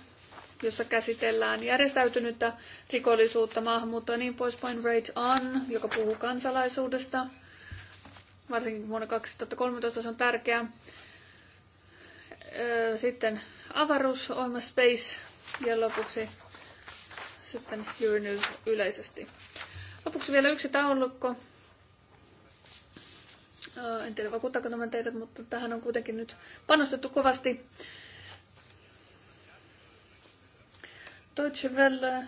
[SPEAKER 3] jossa käsitellään järjestäytynyttä rikollisuutta, maahanmuuttoa ja niin poispäin, Rate On, joka puhuu kansalaisuudesta, varsinkin vuonna 2013 se on tärkeää. Sitten avaruusohjelma Space ja lopuksi sitten Euronews yleisesti. Lopuksi vielä yksi taulukko, Äh, en tiedä vakuuttaako nämä teidät, mutta tähän on kuitenkin nyt panostettu kovasti. Deutsche Welle, äh,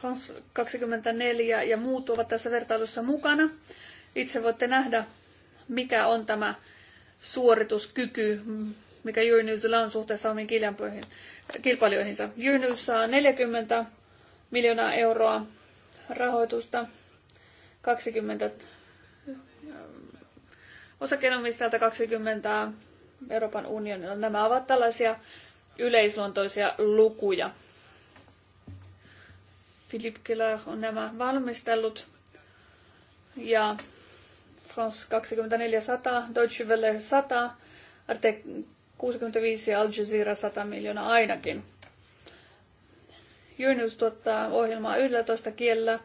[SPEAKER 3] France 24 ja muut ovat tässä vertailussa mukana. Itse voitte nähdä, mikä on tämä suorituskyky, mikä Jyrnyysillä on suhteessa omiin kilpailijoihinsa. Jyrnyys saa 40 miljoonaa euroa rahoitusta, 20 osakkeenomistajalta 20 Euroopan unionilla. Nämä ovat tällaisia yleisluontoisia lukuja. Philip Keller on nämä valmistellut ja France 2400, Deutsche Welle 100, RT 65 ja Al Jazeera 100 miljoonaa ainakin. Junius tuottaa ohjelmaa 11 kielellä,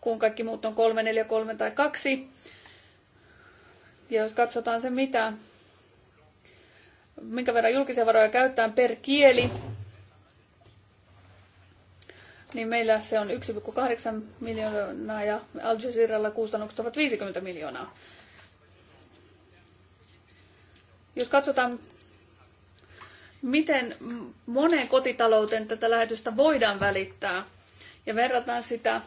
[SPEAKER 3] kun kaikki muut on 3, 4, 3 tai 2. Ja jos katsotaan se, mitä, minkä verran julkisia varoja käytetään per kieli, niin meillä se on 1,8 miljoonaa ja Al Jazeeralla kustannukset ovat 50 miljoonaa. Jos katsotaan, miten moneen kotitalouteen tätä lähetystä voidaan välittää ja verrataan sitä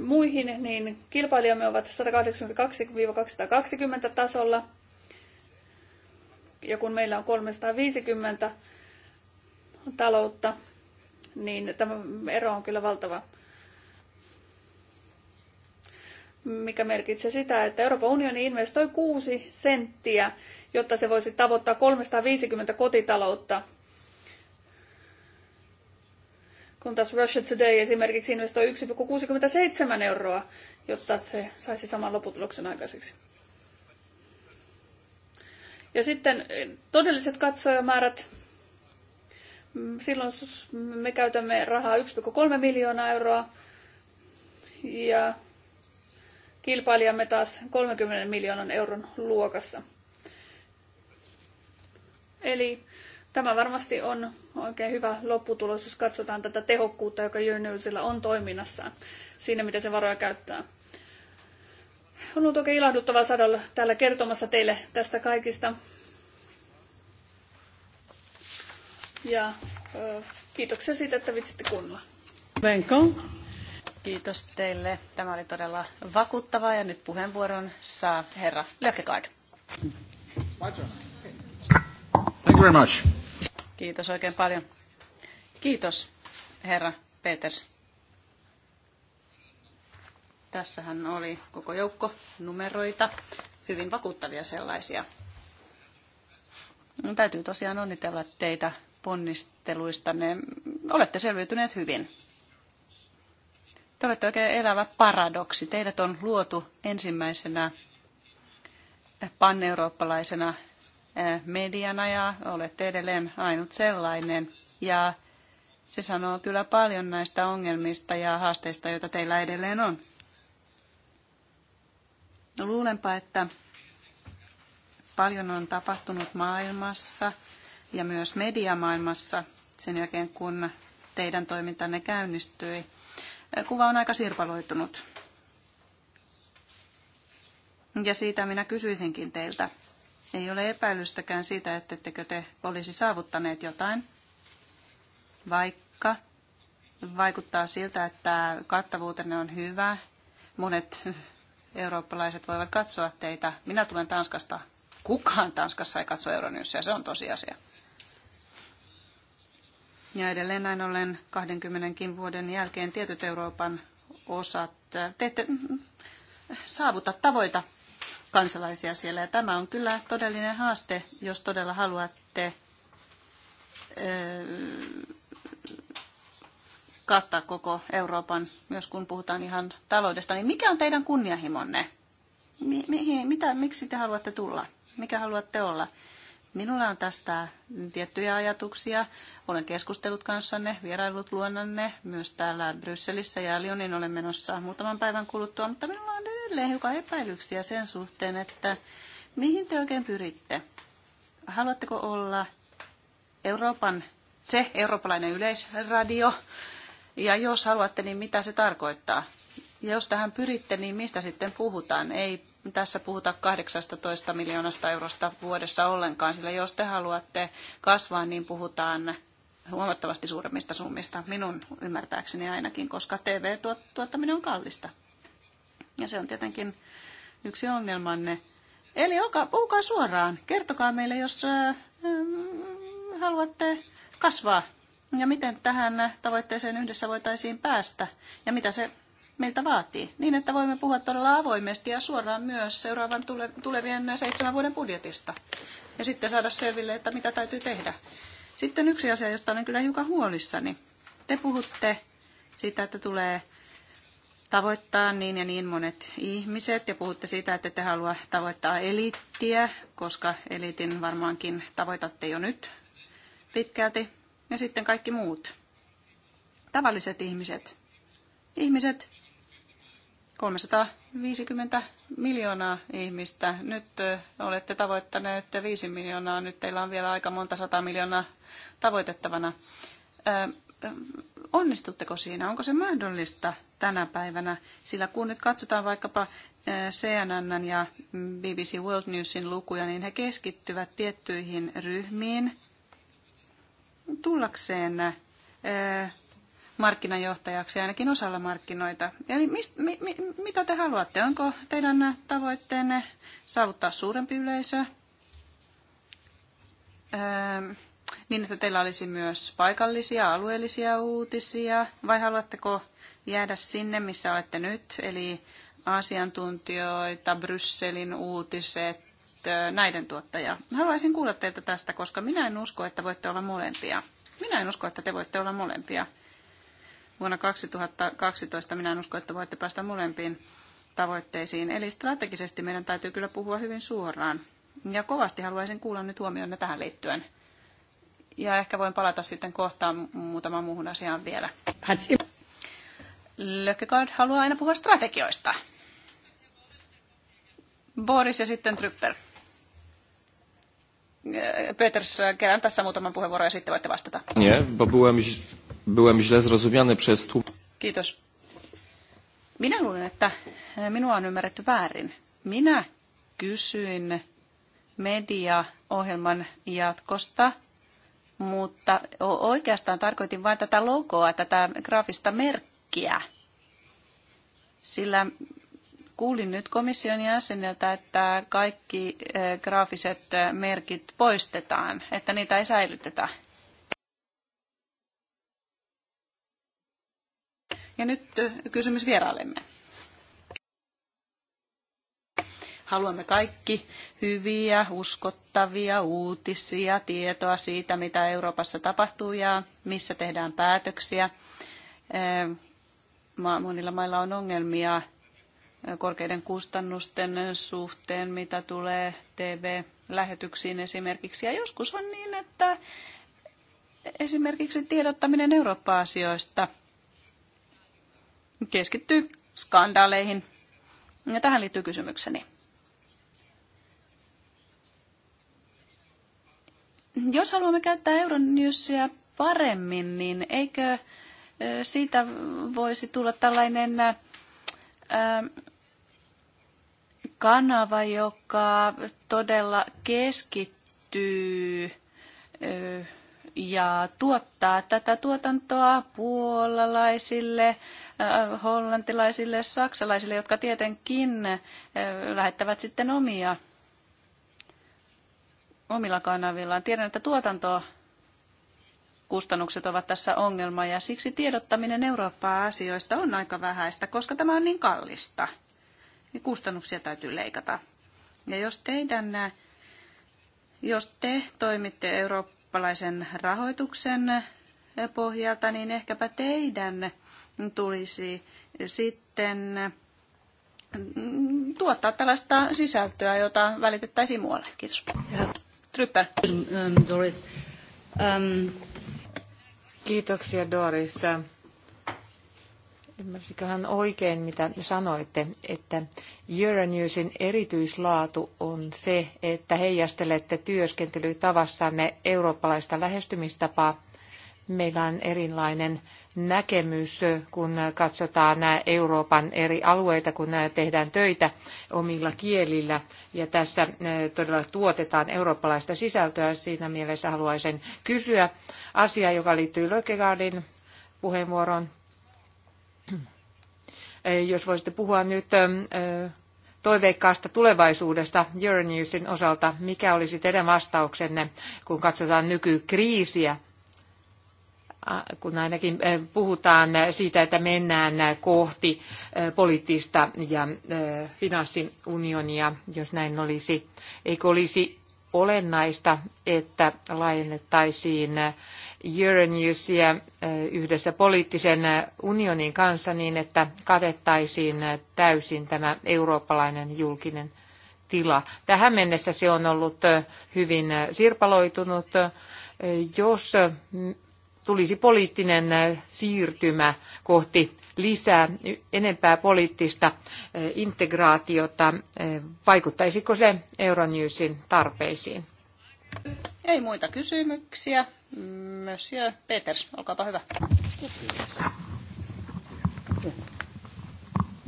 [SPEAKER 3] muihin, niin kilpailijamme ovat 182-220 tasolla. Ja kun meillä on 350 taloutta, niin tämä ero on kyllä valtava. Mikä merkitsee sitä, että Euroopan unioni investoi 6 senttiä, jotta se voisi tavoittaa 350 kotitaloutta – kun taas Russia Today esimerkiksi investoi 1,67 euroa, jotta se saisi saman lopputuloksen aikaiseksi. Ja sitten eh, todelliset katsojamäärät. Mm, silloin me käytämme rahaa 1,3 miljoonaa euroa ja kilpailijamme taas 30 miljoonan euron luokassa. Eli Tämä varmasti on oikein hyvä lopputulos, jos katsotaan tätä tehokkuutta, joka Jönyysillä on toiminnassaan, siinä miten se varoja käyttää. On ollut oikein ilahduttava sadolla täällä kertomassa teille tästä kaikista. Ja ö, kiitoksia
[SPEAKER 2] siitä, että vitsitte kuunnella. Welcome. Kiitos teille. Tämä oli todella vakuuttavaa ja nyt puheenvuoron saa herra Lökegaard. Thank you very much. Kiitos oikein paljon. Kiitos, herra Peters. Tässähän oli koko joukko numeroita, hyvin vakuuttavia sellaisia. No, täytyy tosiaan onnitella teitä Ne, Olette selviytyneet hyvin. Te olette oikein elävä paradoksi. Teidät on luotu ensimmäisenä panneurooppalaisena Äh, mediana ja olette edelleen ainut sellainen. Ja se sanoo kyllä paljon näistä ongelmista ja haasteista, joita teillä edelleen on. No, luulenpa, että paljon on tapahtunut maailmassa ja myös mediamaailmassa sen jälkeen, kun teidän toimintanne käynnistyi. Äh, kuva on aika sirpaloitunut. Ja siitä minä kysyisinkin teiltä. Ei ole epäilystäkään siitä, ettettekö te olisi saavuttaneet jotain, vaikka vaikuttaa siltä, että kattavuutenne on hyvä. Monet eurooppalaiset voivat katsoa teitä. Minä tulen Tanskasta. Kukaan Tanskassa ei katso Euronyyssiä, se on tosiasia. Ja edelleen näin ollen 20 vuoden jälkeen tietyt Euroopan osat, te ette mm, saavuta tavoita kansalaisia siellä. Ja tämä on kyllä todellinen haaste, jos todella haluatte kattaa koko Euroopan, myös kun puhutaan ihan taloudesta, niin mikä on teidän kunnianhimonne? Mi- mihin, mitä, miksi te haluatte tulla? Mikä haluatte olla? Minulla on tästä tiettyjä ajatuksia. Olen keskustellut kanssanne, vierailut luonnanne, myös täällä Brysselissä ja Lyonin olen menossa muutaman päivän kuluttua, mutta minulla on edelleen hiukan epäilyksiä sen suhteen, että mihin te oikein pyritte? Haluatteko olla Euroopan, se eurooppalainen yleisradio? Ja jos haluatte, niin mitä se tarkoittaa? Ja jos tähän pyritte, niin mistä sitten puhutaan? Ei tässä puhuta 18 miljoonasta eurosta vuodessa ollenkaan, sillä jos te haluatte kasvaa, niin puhutaan huomattavasti suuremmista summista, minun ymmärtääkseni ainakin, koska TV-tuottaminen on kallista. Ja se on tietenkin yksi ongelmanne. Eli olkaa, puhukaa suoraan. Kertokaa meille, jos äh, mm, haluatte kasvaa. Ja miten tähän tavoitteeseen yhdessä voitaisiin päästä. Ja mitä se meiltä vaatii. Niin, että voimme puhua todella avoimesti ja suoraan myös seuraavan tule, tulevien seitsemän vuoden budjetista. Ja sitten saada selville, että mitä täytyy tehdä. Sitten yksi asia, josta olen kyllä hiukan huolissani. Te puhutte siitä, että tulee tavoittaa niin ja niin monet ihmiset ja puhutte siitä, että te halua tavoittaa eliittiä, koska eliitin varmaankin tavoitatte jo nyt pitkälti. Ja sitten kaikki muut. Tavalliset ihmiset. Ihmiset, 350 miljoonaa ihmistä. Nyt olette tavoittaneet 5 miljoonaa. Nyt teillä on vielä aika monta sata miljoonaa tavoitettavana onnistutteko siinä? Onko se mahdollista tänä päivänä? Sillä kun nyt katsotaan vaikkapa CNN ja BBC World Newsin lukuja, niin he keskittyvät tiettyihin ryhmiin tullakseen markkinajohtajaksi ainakin osalla markkinoita. niin mist, mi, mi, mitä te haluatte? Onko teidän tavoitteenne saavuttaa suurempi yleisö? Öö, niin että teillä olisi myös paikallisia, alueellisia uutisia, vai haluatteko jäädä sinne, missä olette nyt, eli asiantuntijoita, Brysselin uutiset, näiden tuottaja. Haluaisin kuulla teiltä tästä, koska minä en usko, että voitte olla molempia. Minä en usko, että te voitte olla molempia. Vuonna 2012 minä en usko, että voitte päästä molempiin tavoitteisiin. Eli strategisesti meidän täytyy kyllä puhua hyvin suoraan. Ja kovasti haluaisin kuulla nyt huomionne tähän liittyen. Ja ehkä voin palata sitten kohtaan muutama muuhun asiaan vielä. Lökkegaard haluaa aina puhua strategioista. Boris ja sitten Trypper. Peters, kerään tässä muutaman puheenvuoron ja sitten voitte vastata.
[SPEAKER 1] Nie, bo byłem, byłem źle zrozumiany przez tu.
[SPEAKER 2] Kiitos. Minä luulen, että minua on ymmärretty väärin. Minä kysyin mediaohjelman jatkosta mutta oikeastaan tarkoitin vain tätä logoa, tätä graafista merkkiä. Sillä kuulin nyt komission jäseneltä, että kaikki e, graafiset e, merkit poistetaan, että niitä ei säilytetä. Ja nyt e, kysymys vieraillemme. Haluamme kaikki hyviä, uskottavia uutisia, tietoa siitä, mitä Euroopassa tapahtuu ja missä tehdään päätöksiä. Ehm, monilla mailla on ongelmia eh, korkeiden kustannusten suhteen, mitä tulee TV-lähetyksiin esimerkiksi. Ja joskus on niin, että esimerkiksi tiedottaminen Eurooppa-asioista keskittyy skandaaleihin. Ja tähän liittyy kysymykseni. Jos haluamme käyttää Euronewsia paremmin, niin eikö siitä voisi tulla tällainen kanava, joka todella keskittyy ja tuottaa tätä tuotantoa puolalaisille, hollantilaisille, saksalaisille, jotka tietenkin lähettävät sitten omia omilla kanavillaan. Tiedän, että tuotantoa kustannukset ovat tässä ongelma ja siksi tiedottaminen Eurooppaa asioista on aika vähäistä, koska tämä on niin kallista. Niin kustannuksia täytyy leikata. Ja jos teidän, jos te toimitte eurooppalaisen rahoituksen pohjalta, niin ehkäpä teidän tulisi sitten tuottaa tällaista sisältöä, jota välitettäisiin muualle. Kiitos.
[SPEAKER 1] Trypä. Um, Doris. Um... Kiitoksia Doris. Ymmärsiköhän oikein, mitä sanoitte, että Euronewsin erityislaatu on se, että heijastelette työskentelytavassanne eurooppalaista lähestymistapaa meillä on erilainen näkemys, kun katsotaan nämä Euroopan eri alueita, kun tehdään töitä omilla kielillä. Ja tässä eh, todella tuotetaan eurooppalaista sisältöä. Siinä mielessä haluaisin kysyä asiaa, joka liittyy Lökegaardin puheenvuoroon. Eh, jos voisitte puhua nyt eh, toiveikkaasta tulevaisuudesta Euronewsin osalta. Mikä olisi teidän vastauksenne, kun katsotaan nykykriisiä kun ainakin e, puhutaan siitä, että mennään kohti e, poliittista ja e, finanssiunionia, jos näin olisi, eikö olisi olennaista, että laajennettaisiin Euronewsia yhdessä poliittisen unionin kanssa niin, että katettaisiin täysin tämä eurooppalainen julkinen tila. Tähän mennessä se on ollut hyvin sirpaloitunut. Jos tulisi poliittinen eh, siirtymä kohti lisää enempää poliittista eh, integraatiota. Eh, vaikuttaisiko se Euronewsin tarpeisiin?
[SPEAKER 2] Ei muita kysymyksiä. Monsieur Peters, olkaapa hyvä.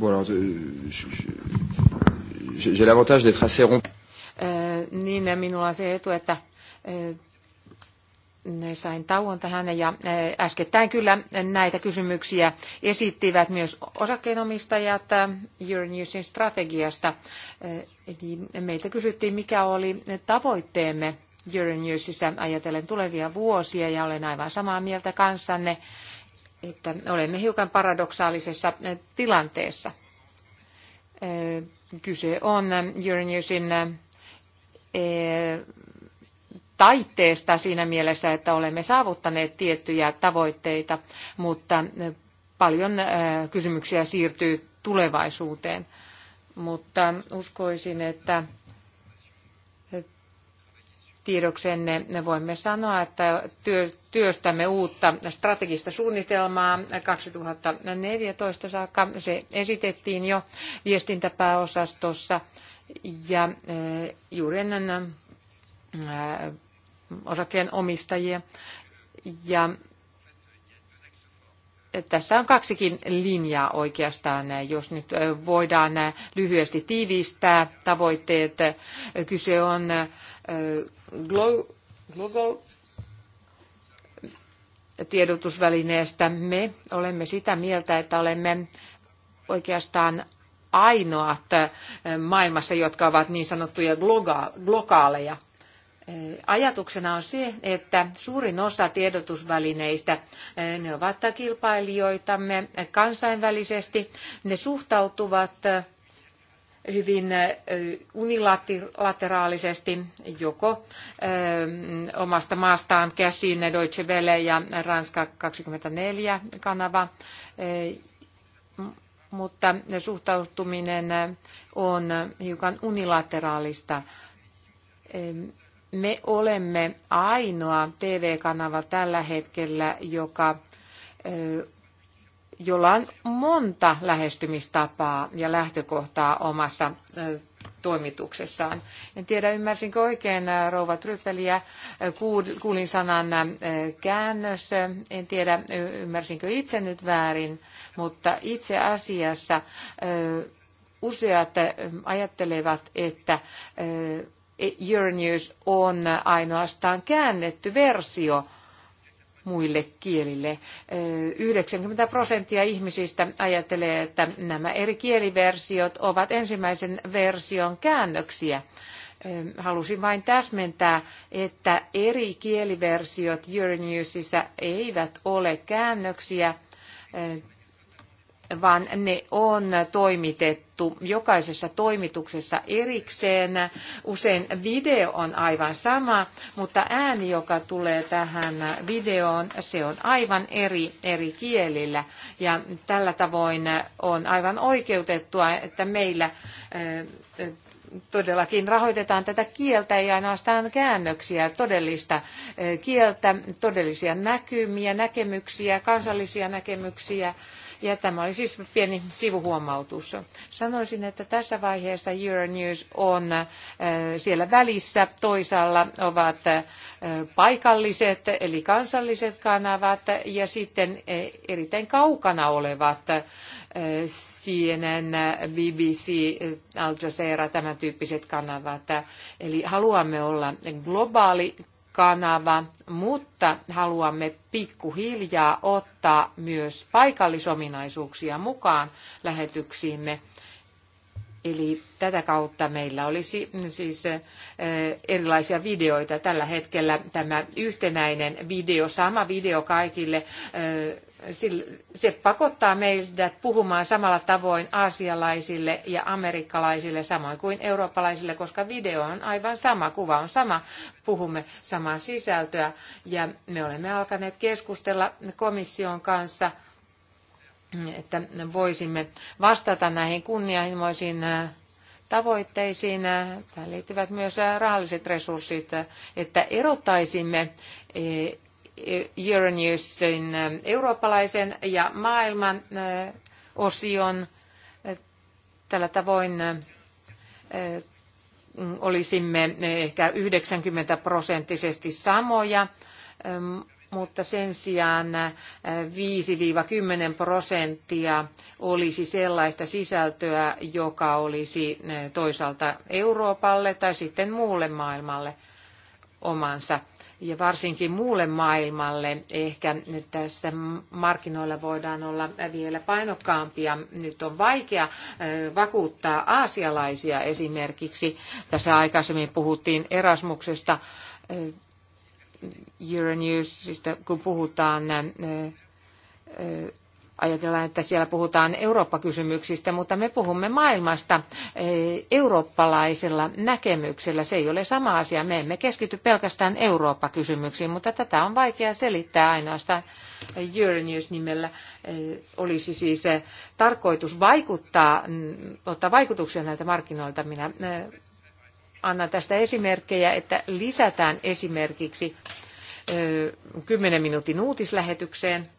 [SPEAKER 1] Voilà, euh, j'ai l'avantage d'être assez rond. Niin, minulla on se etu, että sain tauon tähän ja eh, äskettäin kyllä näitä kysymyksiä esittivät myös osakkeenomistajat eh, Euronewsin strategiasta. Eh, eli meiltä kysyttiin, mikä oli tavoitteemme Euronewsissa ajatellen tulevia vuosia ja olen aivan samaa mieltä kanssanne, että olemme hiukan paradoksaalisessa tilanteessa. Kyse on Euronewsin taitteesta siinä mielessä, että olemme saavuttaneet tiettyjä tavoitteita, mutta paljon kysymyksiä siirtyy tulevaisuuteen. Mutta uskoisin, että tiedoksenne me voimme sanoa, että työstämme uutta strategista suunnitelmaa 2014 saakka. Se esitettiin jo viestintäpääosastossa ja juuri ennen osakkeen omistajia. Ja tässä on kaksikin linjaa oikeastaan, jos nyt voidaan lyhyesti tiivistää tavoitteet. Kyse on global tiedotusvälineestä. Me olemme sitä mieltä, että olemme oikeastaan ainoat maailmassa, jotka ovat niin sanottuja globaaleja Ajatuksena on se, että suurin osa tiedotusvälineistä, ne ovat kilpailijoitamme kansainvälisesti, ne suhtautuvat hyvin unilateraalisesti joko omasta maastaan käsin Deutsche Welle ja Ranska 24 kanava, mutta suhtautuminen on hiukan unilateraalista me olemme ainoa TV-kanava tällä hetkellä, joka, jolla on monta lähestymistapaa ja lähtökohtaa omassa toimituksessaan. En tiedä, ymmärsinkö oikein rouva Tryppeliä. Kuulin sanan käännös. En tiedä, ymmärsinkö itse nyt väärin, mutta itse asiassa useat ajattelevat, että Euronews on ainoastaan käännetty versio muille kielille. 90 prosenttia ihmisistä ajattelee, että nämä eri kieliversiot ovat ensimmäisen version käännöksiä. Halusin vain täsmentää, että eri kieliversiot Euronewsissa eivät ole käännöksiä vaan ne on toimitettu jokaisessa toimituksessa erikseen. Usein video on aivan sama, mutta ääni, joka tulee tähän videoon, se on aivan eri, eri kielillä. Ja tällä tavoin on aivan oikeutettua, että meillä eh, eh, todellakin rahoitetaan tätä kieltä, ei ainoastaan käännöksiä, todellista eh, kieltä, todellisia näkymiä, näkemyksiä, kansallisia näkemyksiä ja tämä oli siis pieni sivuhuomautus. Sanoisin, että tässä vaiheessa Euronews on äh, siellä välissä. Toisaalla ovat äh, paikalliset eli kansalliset kanavat ja sitten äh, erittäin kaukana olevat CNN, BBC, Al Jazeera, tämän tyyppiset kanavat. Eli haluamme olla globaali kanava, mutta haluamme pikkuhiljaa ottaa myös paikallisominaisuuksia mukaan lähetyksiimme. Eli tätä kautta meillä olisi siis eh, erilaisia videoita. Tällä hetkellä tämä yhtenäinen video, sama video kaikille eh, se pakottaa meidät puhumaan samalla tavoin aasialaisille ja amerikkalaisille, samoin kuin eurooppalaisille, koska video on aivan sama, kuva on sama, puhumme samaa sisältöä ja me olemme alkaneet keskustella komission kanssa että voisimme vastata näihin kunnianhimoisiin äh, tavoitteisiin. Äh, tähän liittyvät myös äh, rahalliset resurssit, että erottaisimme e, Euronewsin ähm, eurooppalaisen ja maailman äh, osion. Äh, tällä tavoin äh, olisimme ehkä 90 prosenttisesti samoja, ähm, mutta sen sijaan 5-10 prosenttia olisi sellaista sisältöä, joka olisi toisaalta Euroopalle tai sitten muulle maailmalle omansa ja varsinkin muulle maailmalle. Ehkä tässä markkinoilla voidaan olla vielä painokkaampia. Nyt on vaikea vakuuttaa aasialaisia esimerkiksi. Tässä aikaisemmin puhuttiin Erasmuksesta Euronewsista, siis kun puhutaan ajatellaan, että siellä puhutaan Eurooppa-kysymyksistä, mutta me puhumme maailmasta eh, eurooppalaisella näkemyksellä. Se ei ole sama asia. Me emme keskity pelkästään Eurooppa-kysymyksiin, mutta tätä on vaikea selittää ainoastaan Euronews-nimellä. Eh, olisi siis eh, tarkoitus vaikuttaa, mm, ottaa vaikutuksia näiltä markkinoilta. Minä annan tästä esimerkkejä, että lisätään esimerkiksi 10 minuutin uutislähetykseen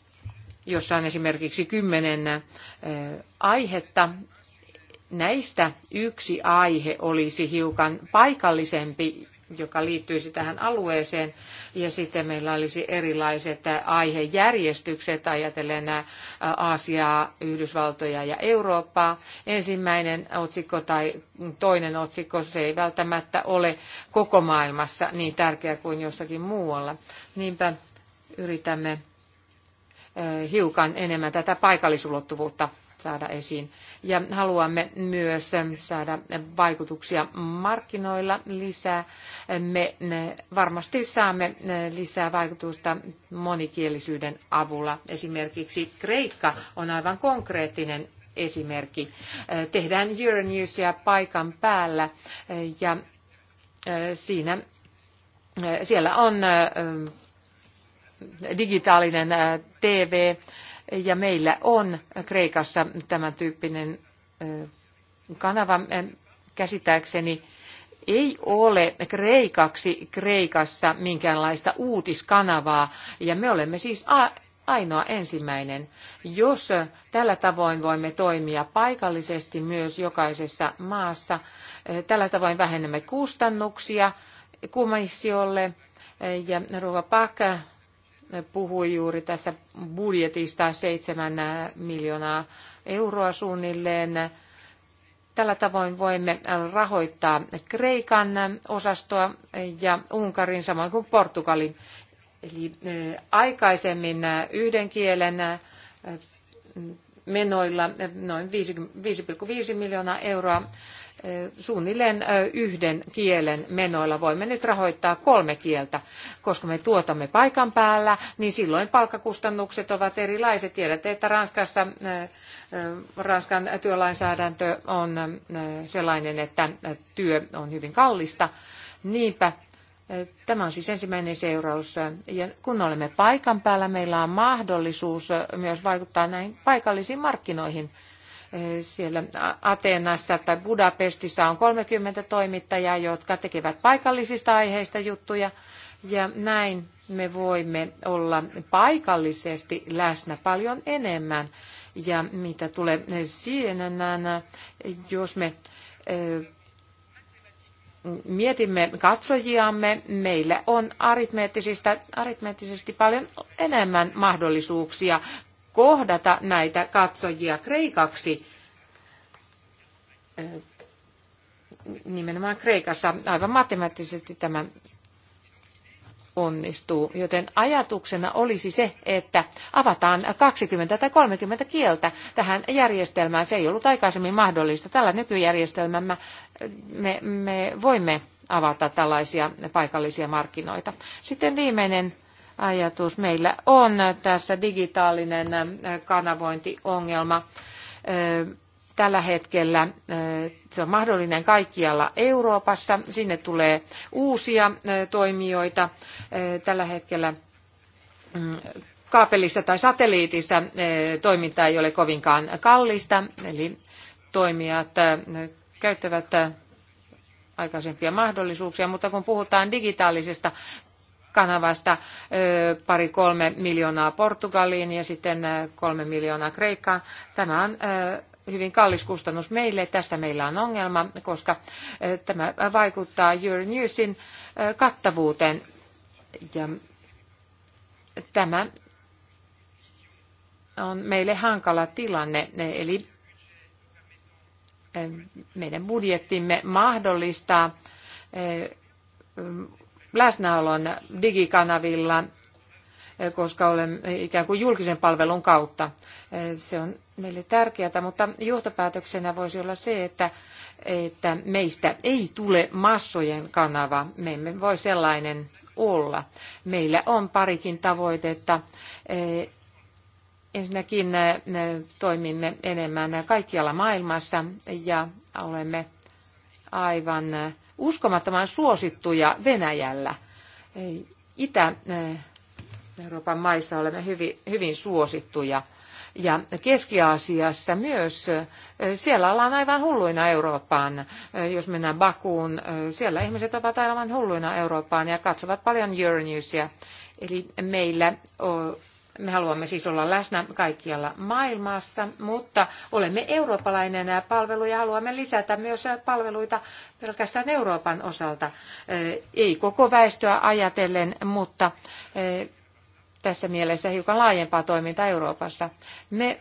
[SPEAKER 1] jossa on esimerkiksi kymmenen aihetta. Näistä yksi aihe olisi hiukan paikallisempi, joka liittyisi tähän alueeseen, ja sitten meillä olisi erilaiset aihejärjestykset ajatellen Aasiaa, Yhdysvaltoja ja Eurooppaa. Ensimmäinen otsikko tai toinen otsikko, se ei välttämättä ole koko maailmassa niin tärkeä kuin jossakin muualla. Niinpä yritämme hiukan enemmän tätä paikallisulottuvuutta saada esiin. Ja haluamme myös saada vaikutuksia markkinoilla lisää. Me varmasti saamme lisää vaikutusta monikielisyyden avulla. Esimerkiksi Kreikka on aivan konkreettinen esimerkki. Tehdään Euronewsia paikan päällä ja siinä siellä on digitaalinen äh, TV ja meillä on Kreikassa tämän tyyppinen äh, kanava äh, käsittääkseni ei ole kreikaksi Kreikassa minkäänlaista uutiskanavaa ja me olemme siis ainoa ensimmäinen. Jos tällä tavoin voimme toimia paikallisesti myös jokaisessa maassa, tällä tavoin vähennämme kustannuksia komissiolle ja Ruva Pakka puhui juuri tässä budjetista 7 miljoonaa euroa suunnilleen. Tällä tavoin voimme rahoittaa Kreikan osastoa ja Unkarin samoin kuin Portugalin. Eli e, aikaisemmin yhden kielen e, menoilla noin 5,5 miljoonaa euroa suunnilleen yhden kielen menoilla. Voimme nyt rahoittaa kolme kieltä, koska me tuotamme paikan päällä, niin silloin palkkakustannukset ovat erilaiset. Tiedätte, että Ranskassa Ranskan työlainsäädäntö on sellainen, että työ on hyvin kallista. Niinpä Tämä on siis ensimmäinen seuraus. Ja kun olemme paikan päällä, meillä on mahdollisuus myös vaikuttaa näihin paikallisiin markkinoihin siellä Ateenassa tai Budapestissa on 30 toimittajaa, jotka tekevät paikallisista aiheista juttuja. Ja näin me voimme olla paikallisesti läsnä paljon enemmän. Ja mitä tulee CNN, jos me mietimme katsojiamme, meillä on aritmeettisesti paljon enemmän mahdollisuuksia kohdata näitä katsojia kreikaksi nimenomaan Kreikassa aivan matemaattisesti tämä onnistuu. Joten ajatuksena olisi se, että avataan 20 tai 30 kieltä tähän järjestelmään. Se ei ollut aikaisemmin mahdollista. Tällä nykyjärjestelmällä me, me voimme avata tällaisia paikallisia markkinoita. Sitten viimeinen ajatus. Meillä on tässä digitaalinen äh, kanavointiongelma äh, tällä hetkellä. Äh, se on mahdollinen kaikkialla Euroopassa. Sinne tulee uusia toimijoita tällä hetkellä mm, kaapelissa tai satelliitissa toiminta ei ole kovinkaan kallista, eli toimijat käyttävät aikaisempia mahdollisuuksia, mutta kun puhutaan digitaalisesta kanavasta pari-kolme miljoonaa Portugaliin ja sitten kolme miljoonaa Kreikkaan. Tämä on hyvin kallis kustannus meille. Tässä meillä on ongelma, koska tämä vaikuttaa Euronewsin kattavuuteen. Ja tämä on meille hankala tilanne, eli meidän budjettimme mahdollistaa läsnäolon digikanavilla, eh, koska olemme ikään kuin julkisen palvelun kautta. Eh, se on meille tärkeää, mutta johtopäätöksenä voisi olla se, että, että meistä ei tule massojen kanava. Me emme voi sellainen olla. Meillä on parikin tavoitetta. Eh, ensinnäkin toimimme enemmän kaikkialla maailmassa ja olemme aivan uskomattoman suosittuja Venäjällä. Itä-Euroopan maissa olemme hyvin, hyvin suosittuja. Ja Keski-Aasiassa myös, siellä ollaan aivan hulluina Eurooppaan. Jos mennään Bakuun, siellä ihmiset ovat aivan hulluina Eurooppaan ja katsovat paljon Euronewsia. Eli meillä me haluamme siis olla läsnä kaikkialla maailmassa, mutta olemme eurooppalainen palvelu ja haluamme lisätä myös palveluita pelkästään Euroopan osalta. Ei koko väestöä ajatellen, mutta tässä mielessä hiukan laajempaa toimintaa Euroopassa. Me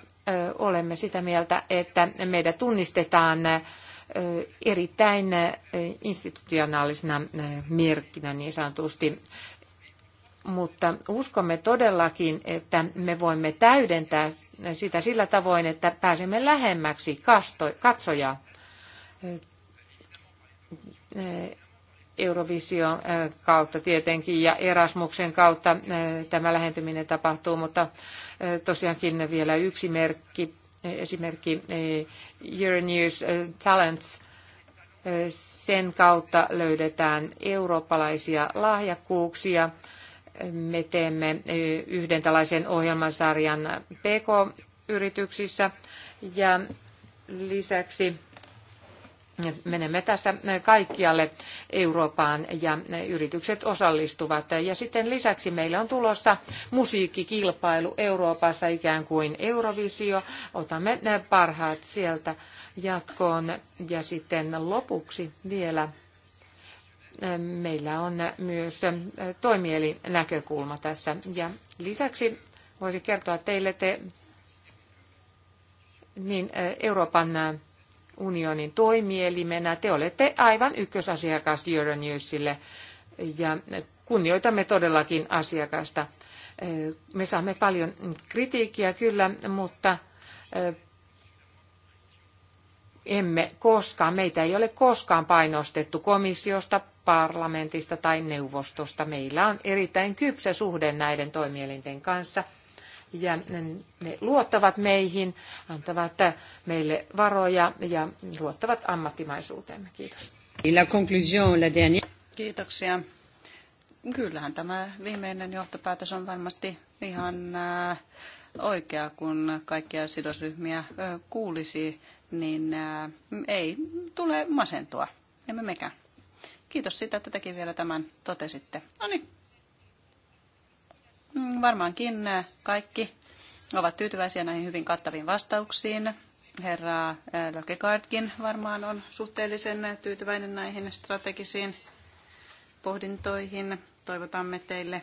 [SPEAKER 1] olemme sitä mieltä, että meidät tunnistetaan erittäin institutionaalisena merkkinä niin sanotusti mutta uskomme todellakin, että me voimme täydentää sitä sillä tavoin, että pääsemme lähemmäksi katsojaa. Eurovision äh, kautta tietenkin ja Erasmuksen kautta äh, tämä lähentyminen tapahtuu, mutta äh, tosiaankin vielä yksi merkki, esimerkki Euronews Talents. Sen kautta löydetään eurooppalaisia lahjakkuuksia me teemme e, yhden tällaisen ohjelmasarjan PK-yrityksissä ja lisäksi menemme tässä kaikkialle Eurooppaan ja yritykset osallistuvat. Ja sitten lisäksi meillä on tulossa musiikkikilpailu Euroopassa, ikään kuin Eurovisio. Otamme parhaat sieltä jatkoon. Ja sitten lopuksi vielä meillä on myös toimielinäkökulma tässä. Ja lisäksi voisin kertoa teille, te, niin Euroopan unionin toimielimenä te olette aivan ykkösasiakas Euronewsille ja kunnioitamme todellakin asiakasta. Me saamme paljon kritiikkiä kyllä, mutta emme koskaan, meitä ei ole koskaan painostettu komissiosta, parlamentista tai neuvostosta. Meillä on erittäin kypsä suhde näiden toimielinten kanssa ja ne luottavat meihin, antavat meille varoja ja luottavat ammattimaisuuteemme. Kiitos. Kiitoksia. Kyllähän
[SPEAKER 2] tämä viimeinen johtopäätös on varmasti ihan äh, oikea, kun kaikkia sidosryhmiä äh, kuulisi, niin äh, ei tule masentua. Emme mekään. Kiitos siitä, että tekin vielä tämän totesitte. No niin. Mm, varmaankin äh, kaikki ovat tyytyväisiä näihin hyvin kattaviin vastauksiin. Herra äh, Lökegaardkin varmaan on suhteellisen äh, tyytyväinen näihin strategisiin pohdintoihin. Toivotamme teille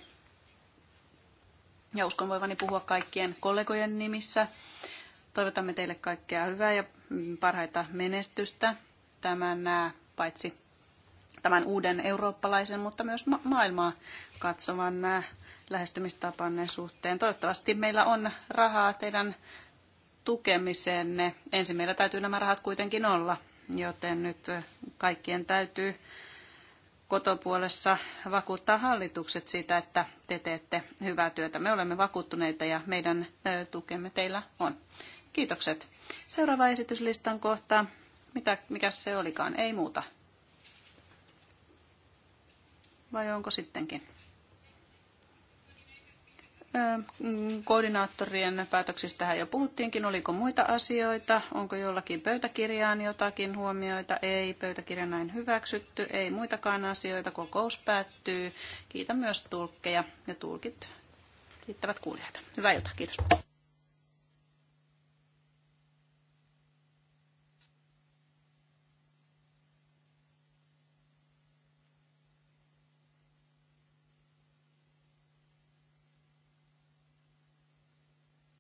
[SPEAKER 2] ja uskon voivani puhua kaikkien kollegojen nimissä. Toivotamme teille kaikkea hyvää ja mm, parhaita menestystä tämän paitsi tämän uuden eurooppalaisen, mutta myös ma- maailmaa katsovan äh, lähestymistapanne suhteen. Toivottavasti meillä on rahaa teidän tukemisenne. Ensin meillä täytyy nämä rahat kuitenkin olla, joten nyt äh, kaikkien täytyy kotopuolessa vakuuttaa hallitukset siitä, että te teette hyvää työtä. Me olemme vakuuttuneita ja meidän tukemme teillä on. Kiitokset. Seuraava esityslistan kohta. Mitä, mikä se olikaan? Ei muuta vai onko sittenkin? Mm, koordinaattorien päätöksistähän jo puhuttiinkin. Oliko muita asioita? Onko jollakin pöytäkirjaan jotakin huomioita? Ei, pöytäkirja näin hyväksytty. Ei muitakaan asioita. Kokous päättyy. Kiitän myös tulkkeja ja tulkit kiittävät kuulijoita. Hyvää iltaa. Kiitos.